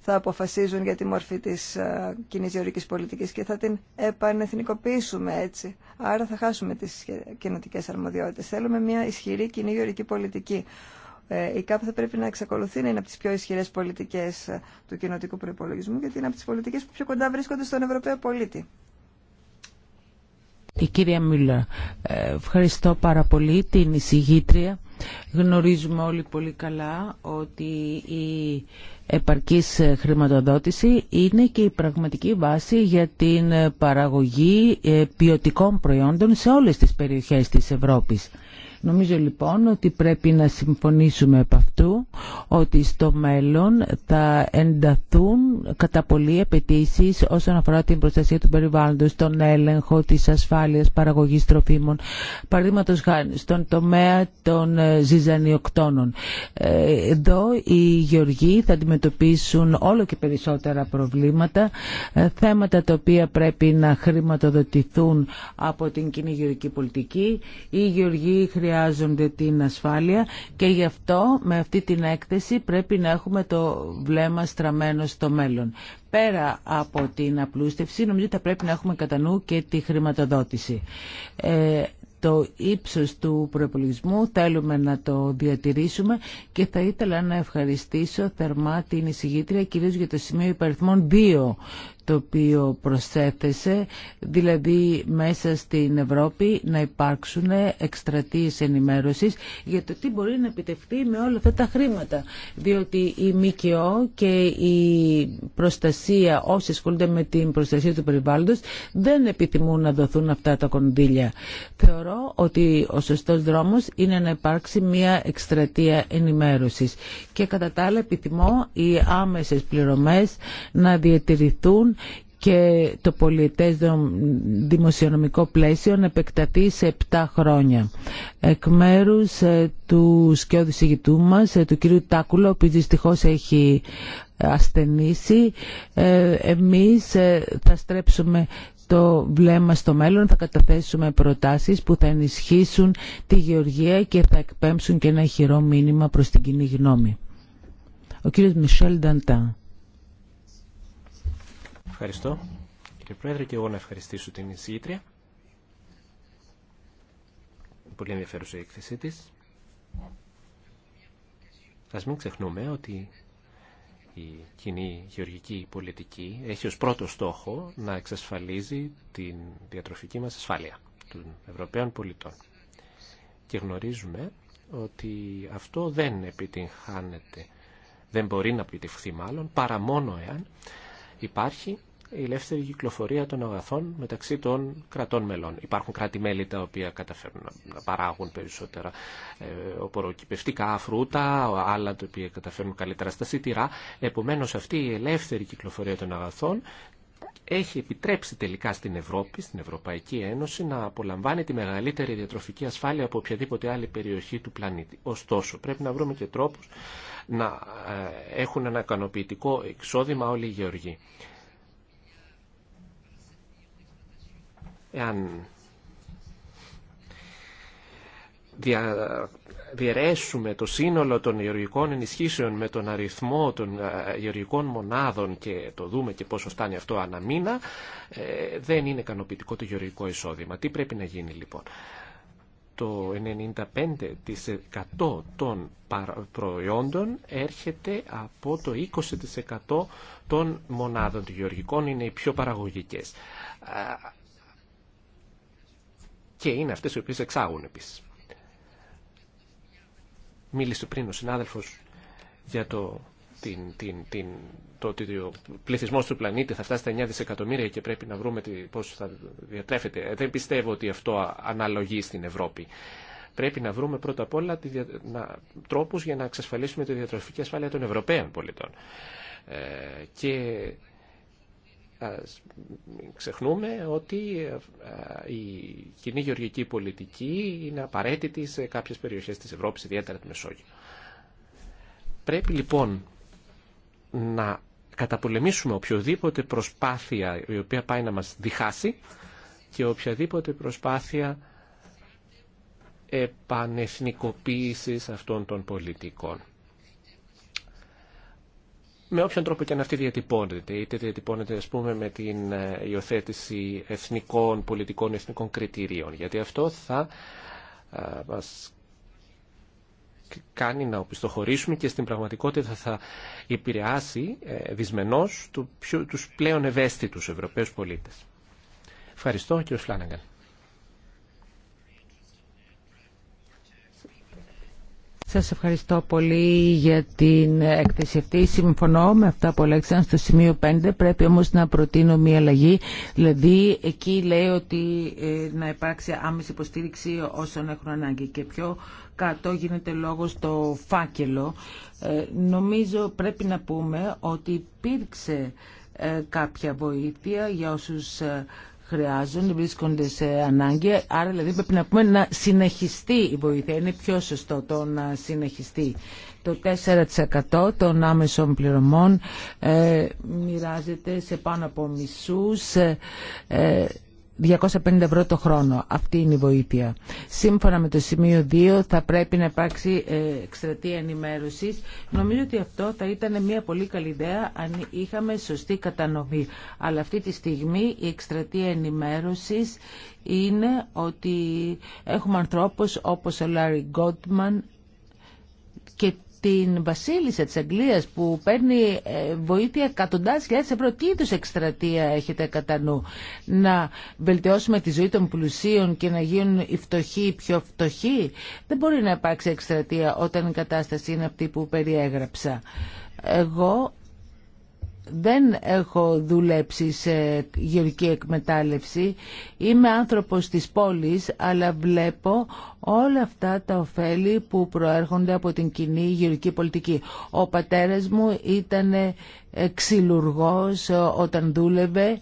θα αποφασίζουν για τη μορφή της ε, κοινή γεωργική πολιτικής και θα την επανεθνικοποιήσουμε έτσι. Άρα θα χάσουμε τις κοινοτικέ αρμοδιότητες. Θέλουμε μια ισχυρή κοινή γεωργική πολιτική ε, η ΚΑΠ θα πρέπει να εξακολουθεί να είναι από τι πιο ισχυρέ πολιτικές ε, του κοινοτικού προπολογισμού, γιατί είναι από τις πολιτικές που πιο κοντά βρίσκονται στον Ευρωπαίο πολίτη. Η κυρία Μίλλερ, ε, ευχαριστώ πάρα πολύ την εισηγήτρια. Γνωρίζουμε όλοι πολύ καλά ότι η επαρκής χρηματοδότηση είναι και η πραγματική βάση για την παραγωγή ποιοτικών προϊόντων σε όλες τις περιοχές της Ευρώπης. Νομίζω λοιπόν ότι πρέπει να συμφωνήσουμε από αυτού ότι στο μέλλον θα ενταθούν κατά πολλοί απαιτήσει όσον αφορά την προστασία του περιβάλλοντος, τον έλεγχο τη ασφάλειας παραγωγής τροφίμων, παραδείγματος χάρη στον τομέα των ε, ζυζανιοκτώνων. Ε, εδώ οι γεωργοί θα αντιμετωπίσουν όλο και περισσότερα προβλήματα, ε, θέματα τα οποία πρέπει να χρηματοδοτηθούν από την κοινή γεωργική πολιτική. Οι γεωργοί χρειάζονται την ασφάλεια και γι' αυτό με αυτή την έκθεση πρέπει να έχουμε το βλέμμα στραμμένο στο μέλλον. Πέρα από την απλούστευση, νομίζω ότι θα πρέπει να έχουμε κατά νου και τη χρηματοδότηση. Ε, το ύψος του προπολογισμού θέλουμε να το διατηρήσουμε και θα ήθελα να ευχαριστήσω θερμά την εισηγήτρια κυρίως για το σημείο υπαριθμών 2 το οποίο προσέθεσε, δηλαδή μέσα στην Ευρώπη να υπάρξουν εκστρατείε ενημέρωσης για το τι μπορεί να επιτευχθεί με όλα αυτά τα χρήματα. Διότι η ΜΚΟ και η προστασία, όσοι ασχολούνται με την προστασία του περιβάλλοντος, δεν επιθυμούν να δοθούν αυτά τα κονδύλια. Θεωρώ ότι ο σωστός δρόμος είναι να υπάρξει μια εκστρατεία ενημέρωσης. Και κατά τα άλλα επιθυμώ οι άμεσες πληρωμές να διατηρηθούν και το πολιτές δημοσιονομικό πλαίσιο να επεκταθεί σε 7 χρόνια. Εκ μέρου ε, του σκιώδη συγητού μας, ε, του κυρίου Τάκουλο, που οποίος δυστυχώς έχει ε, ασθενήσει, εμείς θα στρέψουμε το βλέμμα στο μέλλον θα καταθέσουμε προτάσεις που θα ενισχύσουν τη γεωργία και θα εκπέμψουν και ένα χειρό μήνυμα προς την κοινή γνώμη. Ο κύριος Μισελ Νταντάν. Ευχαριστώ, κύριε Πρόεδρε, και εγώ να ευχαριστήσω την εισηγήτρια. Πολύ ενδιαφέρουσα η έκθεσή της. Ας μην ξεχνούμε ότι η κοινή γεωργική πολιτική έχει ως πρώτο στόχο να εξασφαλίζει την διατροφική μας ασφάλεια των Ευρωπαίων πολιτών. Και γνωρίζουμε ότι αυτό δεν επιτυγχάνεται, δεν μπορεί να επιτυχθεί μάλλον, παρά μόνο εάν υπάρχει η ελεύθερη κυκλοφορία των αγαθών μεταξύ των κρατών μελών. Υπάρχουν κράτη-μέλη τα οποία καταφέρνουν να παράγουν περισσότερα ε, οποροκυπευτικά φρούτα, άλλα τα οποία καταφέρνουν καλύτερα στα σιτηρά. Επομένω αυτή η ελεύθερη κυκλοφορία των αγαθών έχει επιτρέψει τελικά στην Ευρώπη, στην Ευρωπαϊκή Ένωση, να απολαμβάνει τη μεγαλύτερη διατροφική ασφάλεια από οποιαδήποτε άλλη περιοχή του πλανήτη. Ωστόσο, πρέπει να βρούμε και τρόπους να ε, έχουν ένα ικανοποιητικό εξόδημα όλοι οι γεωργοί. Εάν διαιρέσουμε το σύνολο των γεωργικών ενισχύσεων με τον αριθμό των ε, γεωργικών μονάδων και το δούμε και πόσο φτάνει αυτό ανά μήνα, ε, δεν είναι ικανοποιητικό το γεωργικό εισόδημα. Τι πρέπει να γίνει λοιπόν. Το 95% των προϊόντων έρχεται από το 20% των μονάδων του γεωργικών, είναι οι πιο παραγωγικές και είναι αυτές οι οποίες εξάγουν επίσης. Μίλησε πριν ο συνάδελφος για το, την, την, ότι ο πληθυσμό του πλανήτη θα φτάσει στα 9 δισεκατομμύρια και πρέπει να βρούμε πώ θα διατρέφεται. Ε, δεν πιστεύω ότι αυτό αναλογεί στην Ευρώπη. Πρέπει να βρούμε πρώτα απ' όλα τρόπου για να εξασφαλίσουμε τη διατροφική ασφάλεια των Ευρωπαίων πολιτών. Ε, και ε, ξεχνούμε ότι ε, η κοινή γεωργική πολιτική είναι απαραίτητη σε κάποιες περιοχές της Ευρώπης, ιδιαίτερα τη Μεσόγειο. Πρέπει λοιπόν να καταπολεμήσουμε οποιοδήποτε προσπάθεια η οποία πάει να μας διχάσει και οποιαδήποτε προσπάθεια επανεθνικοποίησης αυτών των πολιτικών με όποιον τρόπο και αν αυτή διατυπώνεται, είτε διατυπώνεται ας πούμε με την ε, υιοθέτηση εθνικών, πολιτικών, εθνικών κριτηρίων, γιατί αυτό θα ε, μας κάνει να οπισθοχωρήσουμε και στην πραγματικότητα θα επηρεάσει ε, δυσμενώς τους πλέον ευαίσθητους Ευρωπαίους πολίτες. Ευχαριστώ κύριο Φλάνεγκαν. Σας ευχαριστώ πολύ για την έκθεση αυτή. Συμφωνώ με αυτά που λέξαν στο σημείο 5. Πρέπει όμως να προτείνω μία αλλαγή. Δηλαδή εκεί λέει ότι ε, να υπάρξει άμεση υποστήριξη όσων έχουν ανάγκη. Και πιο κάτω γίνεται λόγο στο φάκελο. Ε, νομίζω πρέπει να πούμε ότι υπήρξε ε, κάποια βοήθεια για όσους χρειάζονται, βρίσκονται σε ανάγκη. Άρα δηλαδή πρέπει να πούμε να συνεχιστεί η βοήθεια. Είναι πιο σωστό το να συνεχιστεί. Το 4% των άμεσων πληρωμών ε, μοιράζεται σε πάνω από μισούς. Ε, ε 250 ευρώ το χρόνο. Αυτή είναι η βοήθεια. Σύμφωνα με το σημείο 2 θα πρέπει να υπάρξει ε, εκστρατεία ενημέρωσης. Νομίζω ότι αυτό θα ήταν μια πολύ καλή ιδέα αν είχαμε σωστή κατανομή. Αλλά αυτή τη στιγμή η εκστρατεία ενημέρωσης είναι ότι έχουμε ανθρώπους όπως ο Λάρι Γκότμαν και την βασίλισσα της Αγγλίας που παίρνει ε, βοήθεια εκατοντάδες χιλιάδες ευρώ. Τι είδους εκστρατεία έχετε κατά νου. Να βελτιώσουμε τη ζωή των πλουσίων και να γίνουν οι φτωχοί πιο φτωχοί. Δεν μπορεί να υπάρξει εκστρατεία όταν η κατάσταση είναι αυτή που περιέγραψα. Εγώ δεν έχω δουλέψει σε γεωργική εκμετάλλευση. Είμαι άνθρωπος της πόλης, αλλά βλέπω όλα αυτά τα ωφέλη που προέρχονται από την κοινή γεωργική πολιτική. Ο πατέρας μου ήταν ξυλουργός ε, όταν δούλευε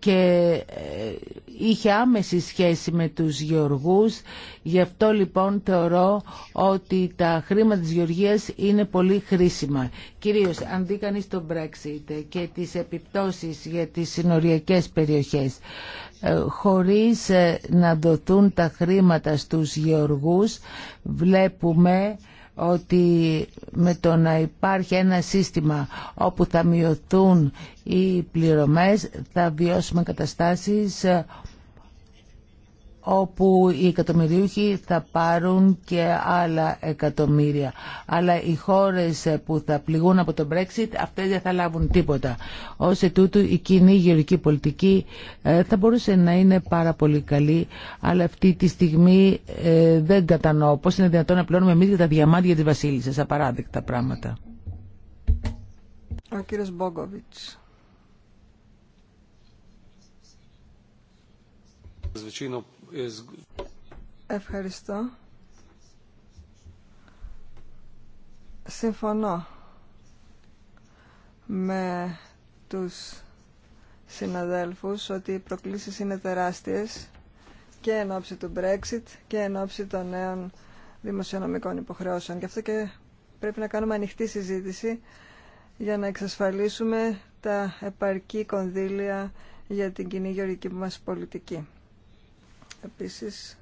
και ε, είχε άμεση σχέση με τους γεωργούς. Γι' αυτό λοιπόν θεωρώ ότι τα χρήματα της γεωργίας είναι πολύ χρήσιμα. Κυρίως αν δει κανείς το Brexit και τις επιπτώσεις για τις συνοριακές περιοχές ε, χωρίς ε, να δοθούν τα χρήματα στους γεωργούς βλέπουμε ότι με το να υπάρχει ένα σύστημα όπου θα μειωθούν οι πληρωμές θα βιώσουμε καταστάσεις όπου οι εκατομμυριούχοι θα πάρουν και άλλα εκατομμύρια. Αλλά οι χώρες που θα πληγούν από το Brexit αυτές δεν θα λάβουν τίποτα. Ως ετούτου η κοινή γεωρική πολιτική ε, θα μπορούσε να είναι πάρα πολύ καλή αλλά αυτή τη στιγμή ε, δεν κατανοώ πώς είναι δυνατόν να πληρώνουμε εμείς για τα διαμάντια της Βασίλισσας. Απαράδεκτα πράγματα. Ο κύριος Μπόγκοβιτς. Ευχαριστώ. Συμφωνώ με τους συναδέλφους ότι οι προκλήσεις είναι τεράστιες και εν ώψη του Brexit και εν ώψη των νέων δημοσιονομικών υποχρεώσεων. Γι' αυτό και πρέπει να κάνουμε ανοιχτή συζήτηση για να εξασφαλίσουμε τα επαρκή κονδύλια για την κοινή γεωργική μας πολιτική. Επίσης,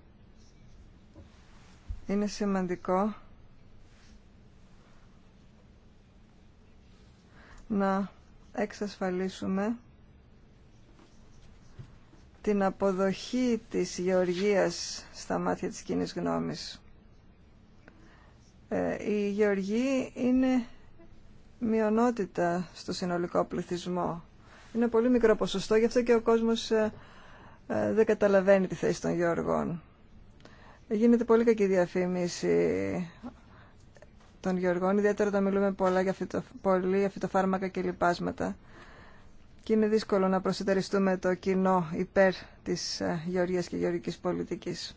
είναι σημαντικό να εξασφαλίσουμε την αποδοχή της γεωργίας στα μάτια της κοινή γνώμης. Ε, η γεωργία είναι μειονότητα στο συνολικό πληθυσμό. Είναι πολύ μικρό ποσοστό, γι' αυτό και ο κόσμος ε, ε, δεν καταλαβαίνει τη θέση των γεωργών. Γίνεται πολύ κακή διαφήμιση των γεωργών, ιδιαίτερα όταν μιλούμε πολλά για φυτο, πολύ για φυτοφάρμακα και λοιπάσματα. Και είναι δύσκολο να προσυτεριστούμε το κοινό υπέρ της ε, γεωργίας και γεωργικής πολιτικής.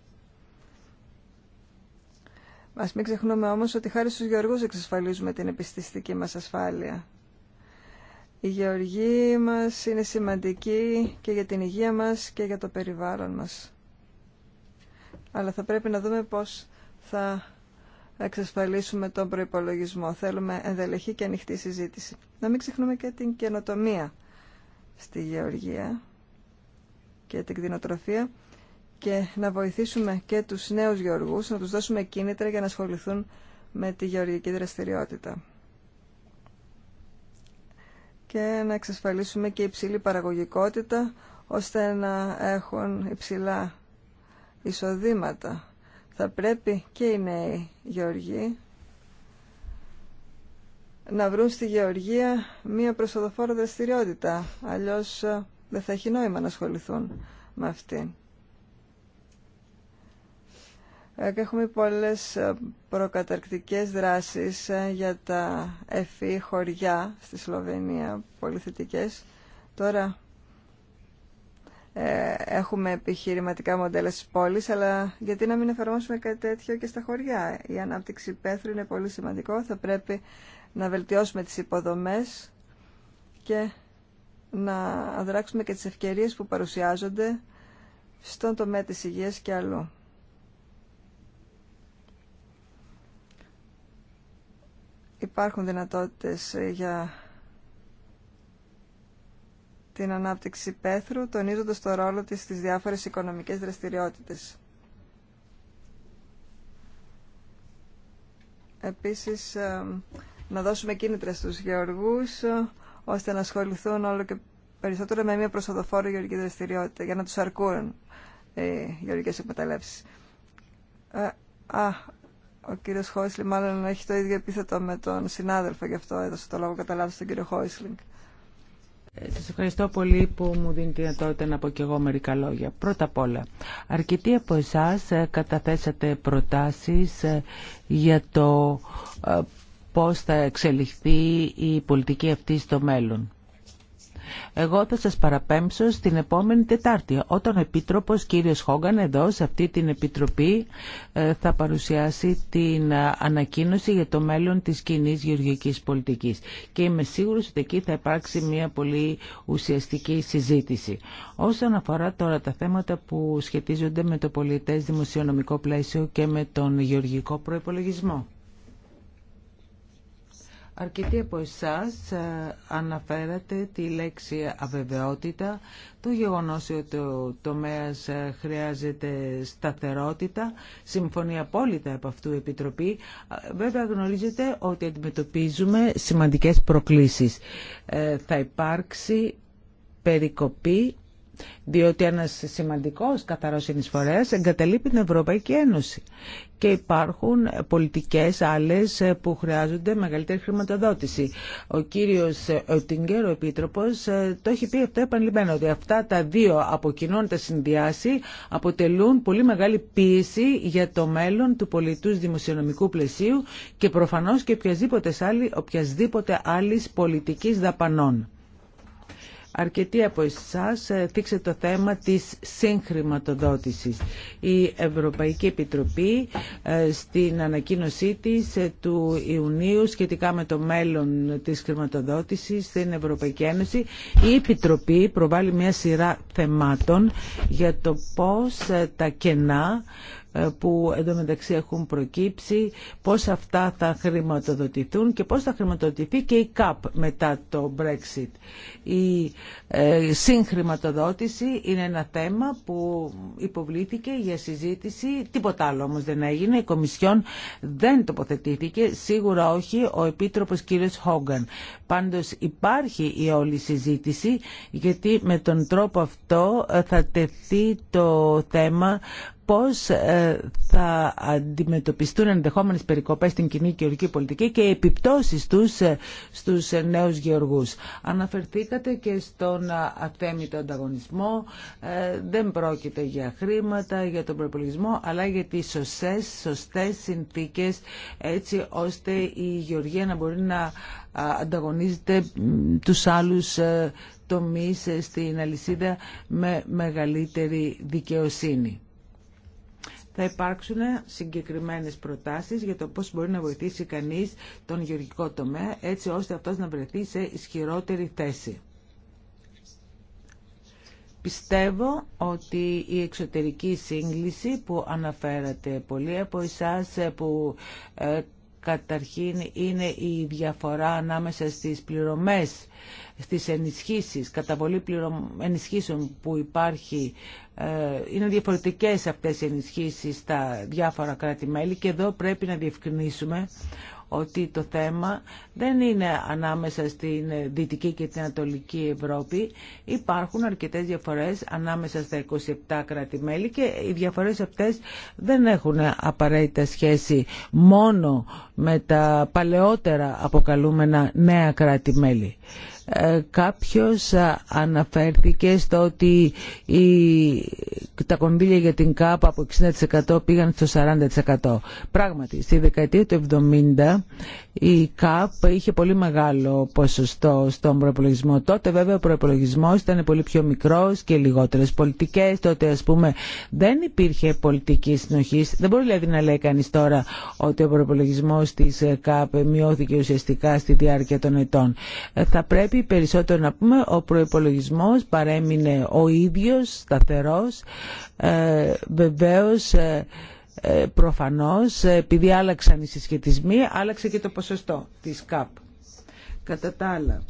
Μας μην ξεχνούμε όμως ότι χάρη στους γεωργούς εξασφαλίζουμε την επιστηστική μας ασφάλεια. Η γεωργία μας είναι σημαντική και για την υγεία μας και για το περιβάλλον μας. Αλλά θα πρέπει να δούμε πώς θα εξασφαλίσουμε τον προϋπολογισμό. Θέλουμε ενδελεχή και ανοιχτή συζήτηση. Να μην ξεχνούμε και την καινοτομία στη γεωργία και την κτηνοτροφία και να βοηθήσουμε και τους νέους γεωργούς, να τους δώσουμε κίνητρα για να ασχοληθούν με τη γεωργική δραστηριότητα και να εξασφαλίσουμε και υψηλή παραγωγικότητα ώστε να έχουν υψηλά εισοδήματα. Θα πρέπει και οι νέοι γεωργοί να βρουν στη γεωργία μία προσοδοφόρο δραστηριότητα, αλλιώς ε, δεν θα έχει νόημα να ασχοληθούν με αυτήν. Ε, έχουμε πολλές ε, προκαταρκτικές δράσεις ε, για τα ΕΦΗ χωριά στη Σλοβενία, πολύ Τώρα έχουμε επιχειρηματικά μοντέλα στις πόλεις, αλλά γιατί να μην εφαρμόσουμε κάτι τέτοιο και στα χωριά. Η ανάπτυξη πέθρου είναι πολύ σημαντικό, θα πρέπει να βελτιώσουμε τις υποδομές και να αδράξουμε και τις ευκαιρίες που παρουσιάζονται στον τομέα της υγείας και αλλού. υπάρχουν δυνατότητες ε, για την ανάπτυξη πέθρου, τονίζοντας το ρόλο της στις διάφορες οικονομικές δραστηριότητες. Επίσης, ε, να δώσουμε κίνητρα στους γεωργούς, ε, ώστε να ασχοληθούν όλο και περισσότερο με μια προσοδοφόρο γεωργική δραστηριότητα, για να τους αρκούν οι γεωργικές εκμεταλλεύσεις. Α, ο κύριος Χόισλινγκ μάλλον έχει το ίδιο επίθετο με τον συνάδελφο, γι' αυτό έδωσε το λόγο κατά λάθος στον κύριο Χόισλινγκ. Ε, σας ευχαριστώ πολύ που μου δίνει τη δυνατότητα να πω και εγώ μερικά λόγια. Πρώτα απ' όλα, αρκετοί από εσάς ε, καταθέσατε προτάσεις ε, για το πώς θα εξελιχθεί η πολιτική αυτή στο μέλλον. Εγώ θα σας παραπέμψω στην επόμενη Τετάρτη, όταν ο Επίτροπος κύριος Χόγκαν εδώ σε αυτή την Επιτροπή ε, θα παρουσιάσει την ε, ανακοίνωση για το μέλλον της κοινή γεωργικής πολιτικής. Και είμαι σίγουρος ότι εκεί θα υπάρξει μια πολύ ουσιαστική συζήτηση. Όσον αφορά τώρα τα θέματα που σχετίζονται με το πολιτές δημοσιονομικό πλαίσιο και με τον γεωργικό προϋπολογισμό. Αρκετοί από εσάς ε, αναφέρατε τη λέξη αβεβαιότητα, το γεγονός ότι ο τομέας ε, χρειάζεται σταθερότητα. Συμφωνεί απόλυτα από αυτού η Επιτροπή. Ε, βέβαια γνωρίζετε ότι αντιμετωπίζουμε σημαντικές προκλήσεις. Θα υπάρξει περικοπή διότι ένας σημαντικός καθαρός συνεισφορέας εγκαταλείπει την Ευρωπαϊκή Ένωση και υπάρχουν πολιτικές άλλες που χρειάζονται μεγαλύτερη χρηματοδότηση. Ο κύριος Οτιγκέρο ο Επίτροπος, το έχει πει αυτό επανειλημμένο, ότι αυτά τα δύο από κοινών τα συνδυάσει αποτελούν πολύ μεγάλη πίεση για το μέλλον του πολιτούς δημοσιονομικού πλαισίου και προφανώς και οποιασδήποτε άλλη, οποιασδήποτε πολιτικής δαπανών. Αρκετοί από εσάς ε, θίξε το θέμα της συγχρηματοδότησης. Η Ευρωπαϊκή Επιτροπή ε, στην ανακοίνωσή της ε, του Ιουνίου σχετικά με το μέλλον της χρηματοδότησης στην Ευρωπαϊκή Ένωση η Επιτροπή προβάλλει μια σειρά θεμάτων για το πώς τα κενά ε, που μεταξύ έχουν προκύψει, πώς αυτά θα χρηματοδοτηθούν και πώς θα χρηματοδοτηθεί και η ΚΑΠ μετά το Brexit. Η ε, συγχρηματοδότηση είναι ένα θέμα που υποβλήθηκε για συζήτηση, τίποτα άλλο όμως δεν έγινε, η Κομισιόν δεν τοποθετήθηκε, σίγουρα όχι ο Επίτροπος κ. Χόγκαν. Πάντως υπάρχει η όλη συζήτηση γιατί με τον τρόπο αυτό ε, θα τεθεί το θέμα πώς ε, θα αντιμετωπιστούν ενδεχόμενε περικοπές στην κοινή και γεωργική πολιτική και οι επιπτώσεις τους ε, στους ε, νέους γεωργούς. Αναφερθήκατε και στον αθέμητο ανταγωνισμό. Δεν πρόκειται για χρήματα, για τον προπολογισμό, αλλά για τις σωστές, σωστές συνθήκες έτσι ώστε η γεωργία να μπορεί να ανταγωνίζεται τους άλλους τομείς στην αλυσίδα με μεγαλύτερη δικαιοσύνη θα υπάρξουν συγκεκριμένες προτάσεις για το πώς μπορεί να βοηθήσει κανείς τον γεωργικό τομέα έτσι ώστε αυτός να βρεθεί σε ισχυρότερη θέση. Πιστεύω ότι η εξωτερική σύγκληση που αναφέρατε πολλοί από εσάς που ε, καταρχήν είναι η διαφορά ανάμεσα στις πληρωμές, στις ενισχύσεις, καταβολή πληρωμ... ενισχύσεων που υπάρχει. Ε, είναι διαφορετικές αυτές οι ενισχύσεις στα διάφορα κράτη-μέλη και εδώ πρέπει να διευκρινίσουμε ότι το θέμα δεν είναι ανάμεσα στην Δυτική και την Ανατολική Ευρώπη. Υπάρχουν αρκετές διαφορές ανάμεσα στα 27 κράτη-μέλη και οι διαφορές αυτές δεν έχουν απαραίτητα σχέση μόνο με τα παλαιότερα αποκαλούμενα νέα κράτη-μέλη. Ε, κάποιος ε, αναφέρθηκε στο ότι η, τα κονδύλια για την ΚΑΠ από 60% πήγαν στο 40%. Πράγματι, στη δεκαετία του 70 η ΚΑΠ είχε πολύ μεγάλο ποσοστό στον προπολογισμό. Τότε βέβαια ο προπολογισμό ήταν πολύ πιο μικρός και λιγότερες πολιτικές. Τότε ας πούμε δεν υπήρχε πολιτική συνοχή. Δεν μπορεί δηλαδή να λέει κανείς τώρα ότι ο προπολογισμό της ΚΑΠ μειώθηκε ουσιαστικά στη διάρκεια των ετών. Ε, θα πρέπει περισσότερο να πούμε ο προϋπολογισμός παρέμεινε ο ίδιος σταθερός ε, βεβαίως ε, ε, προφανώς επειδή άλλαξαν οι συσχετισμοί άλλαξε και το ποσοστό της ΚΑΠ κατά τα άλλα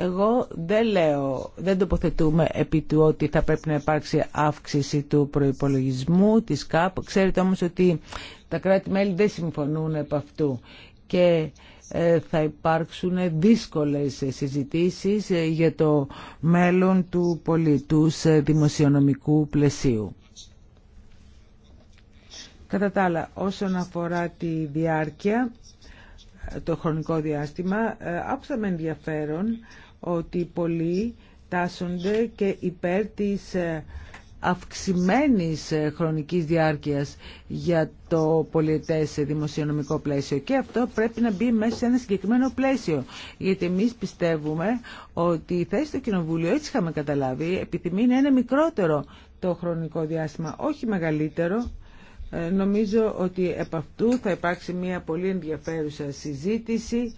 εγώ δεν λέω, δεν τοποθετούμε επί του ότι θα πρέπει να υπάρξει αύξηση του προϋπολογισμού της ΚΑΠ. Ξέρετε όμως ότι τα κράτη-μέλη δεν συμφωνούν επ' αυτού. Και ε, θα υπάρξουν δύσκολες συζητήσεις ε, για το μέλλον του πολιτούς δημοσιονομικού πλαισίου. Κατά τα άλλα, όσον αφορά τη διάρκεια, το χρονικό διάστημα, ε, άκουσα με ενδιαφέρον ότι πολλοί τάσσονται και υπέρ της αυξημένης ε, χρονικής διάρκειας για το πολιτές ε, δημοσιονομικό πλαίσιο και αυτό πρέπει να μπει μέσα σε ένα συγκεκριμένο πλαίσιο γιατί εμείς πιστεύουμε ότι η θέση του Κοινοβουλίου έτσι είχαμε καταλάβει επιθυμεί να είναι μικρότερο το χρονικό διάστημα όχι μεγαλύτερο ε, νομίζω ότι επ' αυτού θα υπάρξει μια πολύ ενδιαφέρουσα συζήτηση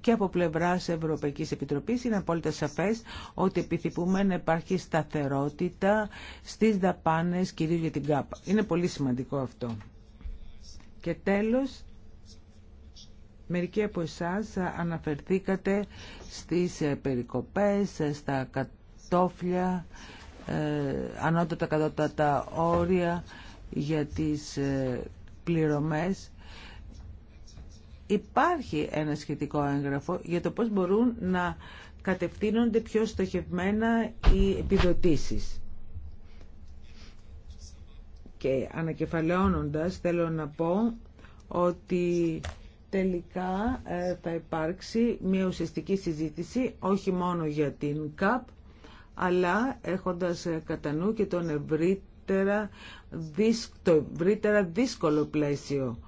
και από πλευρά Ευρωπαϊκή Επιτροπή είναι απόλυτα σαφέ ότι επιθυμούμε να υπάρχει σταθερότητα στι δαπάνε, κυρίω για την ΚΑΠΑ. Είναι πολύ σημαντικό αυτό. Και τέλο, μερικοί από εσά αναφερθήκατε στι ε, περικοπέ, ε, στα κατόφλια, ε, ανώτατα κατώτατα όρια για τις πληρωμές υπάρχει ένα σχετικό έγγραφο για το πώς μπορούν να κατευθύνονται πιο στοχευμένα οι επιδοτήσεις. Και ανακεφαλαιώνοντας θέλω να πω ότι τελικά ε, θα υπάρξει μια ουσιαστική συζήτηση όχι μόνο για την ΚΑΠ αλλά έχοντας ε, κατά νου και τον ευρύτερα, το ευρύτερα δύσκολο πλαίσιο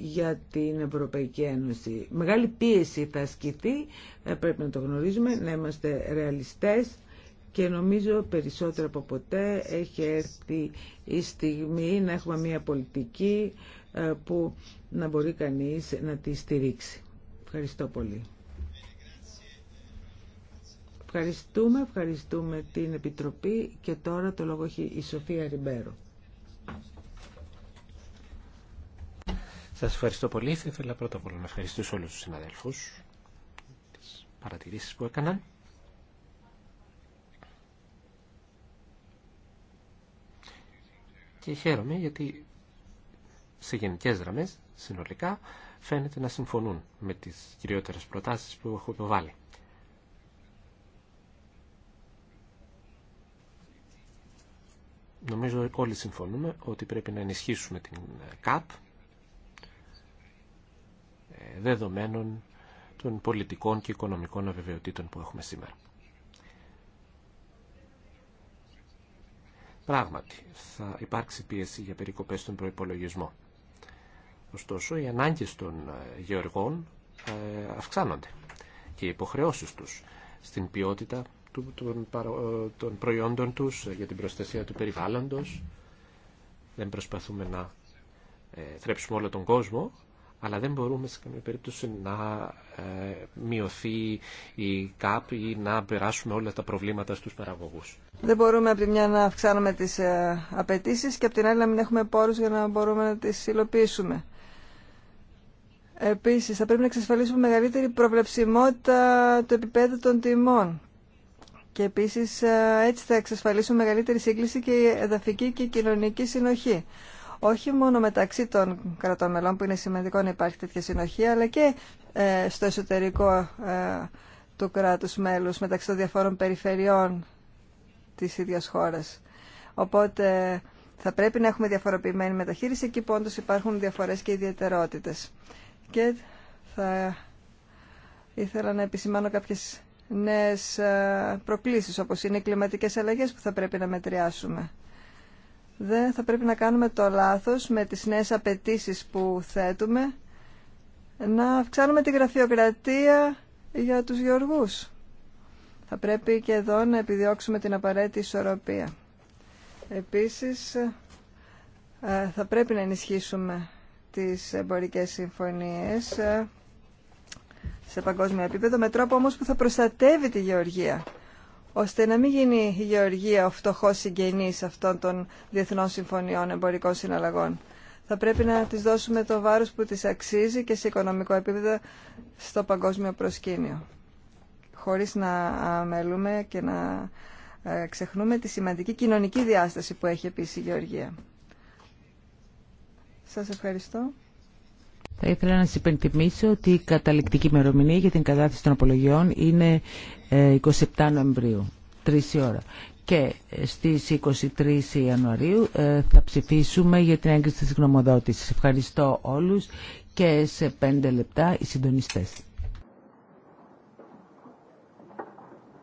για την Ευρωπαϊκή Ένωση. Μεγάλη πίεση θα ασκηθεί, ε, πρέπει να το γνωρίζουμε, να είμαστε ρεαλιστές και νομίζω περισσότερο από ποτέ έχει έρθει η στιγμή να έχουμε μια πολιτική ε, που να μπορεί κανείς να τη στηρίξει. Ευχαριστώ πολύ. Ευχαριστούμε, ευχαριστούμε την Επιτροπή και τώρα το λόγο έχει η Σοφία Ριμπέρο. Σας ευχαριστώ πολύ. Θα ήθελα πρώτα απ' όλα να ευχαριστήσω όλους τους συναδέλφους τις παρατηρήσεις που έκαναν. Και χαίρομαι γιατί σε γενικές δραμές, συνολικά, φαίνεται να συμφωνούν με τις κυριότερες προτάσεις που έχω υποβάλει. Νομίζω όλοι συμφωνούμε ότι πρέπει να ενισχύσουμε την ΚΑΠ δεδομένων των πολιτικών και οικονομικών αβεβαιοτήτων που έχουμε σήμερα. Πράγματι, θα υπάρξει πίεση για περικοπές στον προϋπολογισμό. Ωστόσο, οι ανάγκες των ε, γεωργών ε, αυξάνονται και οι υποχρεώσεις τους στην ποιότητα ε, των προϊόντων τους για την προστασία του περιβάλλοντος. Δεν προσπαθούμε να θρέψουμε όλο τον κόσμο, αλλά δεν μπορούμε σε καμία περίπτωση να ε, μειωθεί η ΚΑΠ ή να περάσουμε όλα τα προβλήματα στους παραγωγούς. Δεν μπορούμε από τη μια να αυξάνουμε τις ε, απαιτήσει και από την άλλη να μην έχουμε πόρους για να μπορούμε να τις υλοποιήσουμε. Επίσης, θα πρέπει να εξασφαλίσουμε μεγαλύτερη προβλεψιμότητα του επίπεδου των τιμών. Και επίσης ε, έτσι θα εξασφαλίσουμε μεγαλύτερη σύγκληση και εδαφική και κοινωνική συνοχή όχι μόνο μεταξύ των κρατών μελών που είναι σημαντικό να υπάρχει τέτοια συνοχή αλλά και ε, στο εσωτερικό ε, του κράτους μέλους μεταξύ των διαφόρων περιφερειών της ίδιας χώρας. Οπότε θα πρέπει να έχουμε διαφοροποιημένη μεταχείριση εκεί που όντως υπάρχουν διαφορές και ιδιαιτερότητες. Και θα ήθελα να επισημάνω κάποιες νέες ε, προκλήσεις όπως είναι οι κλιματικές αλλαγές που θα πρέπει να μετριάσουμε δεν θα πρέπει να κάνουμε το λάθος με τις νέες απαιτήσει που θέτουμε να αυξάνουμε τη γραφειοκρατία για τους γεωργούς. Θα πρέπει και εδώ να επιδιώξουμε την απαραίτητη ισορροπία. Επίσης, ε, θα πρέπει να ενισχύσουμε τις εμπορικές συμφωνίες ε, σε παγκόσμιο επίπεδο, με τρόπο όμως που θα προστατεύει τη γεωργία ώστε να μην γίνει η Γεωργία ο φτωχό συγγενή αυτών των διεθνών συμφωνιών εμπορικών συναλλαγών. Θα πρέπει να τη δώσουμε το βάρο που της αξίζει και σε οικονομικό επίπεδο στο παγκόσμιο προσκήνιο. χωρί να αμελούμε και να ε, ξεχνούμε τη σημαντική κοινωνική διάσταση που έχει επίση η Γεωργία. Σας ευχαριστώ. Θα ήθελα να σας υπενθυμίσω ότι η καταληκτική ημερομηνία για την κατάθεση των απολογιών είναι 27 ε, Νοεμβρίου, 3 η ώρα. Και ε, στις 23 Ιανουαρίου ε, θα ψηφίσουμε για την έγκριση της γνωμοδότησης. Ευχαριστώ όλους και σε 5 λεπτά οι συντονιστές.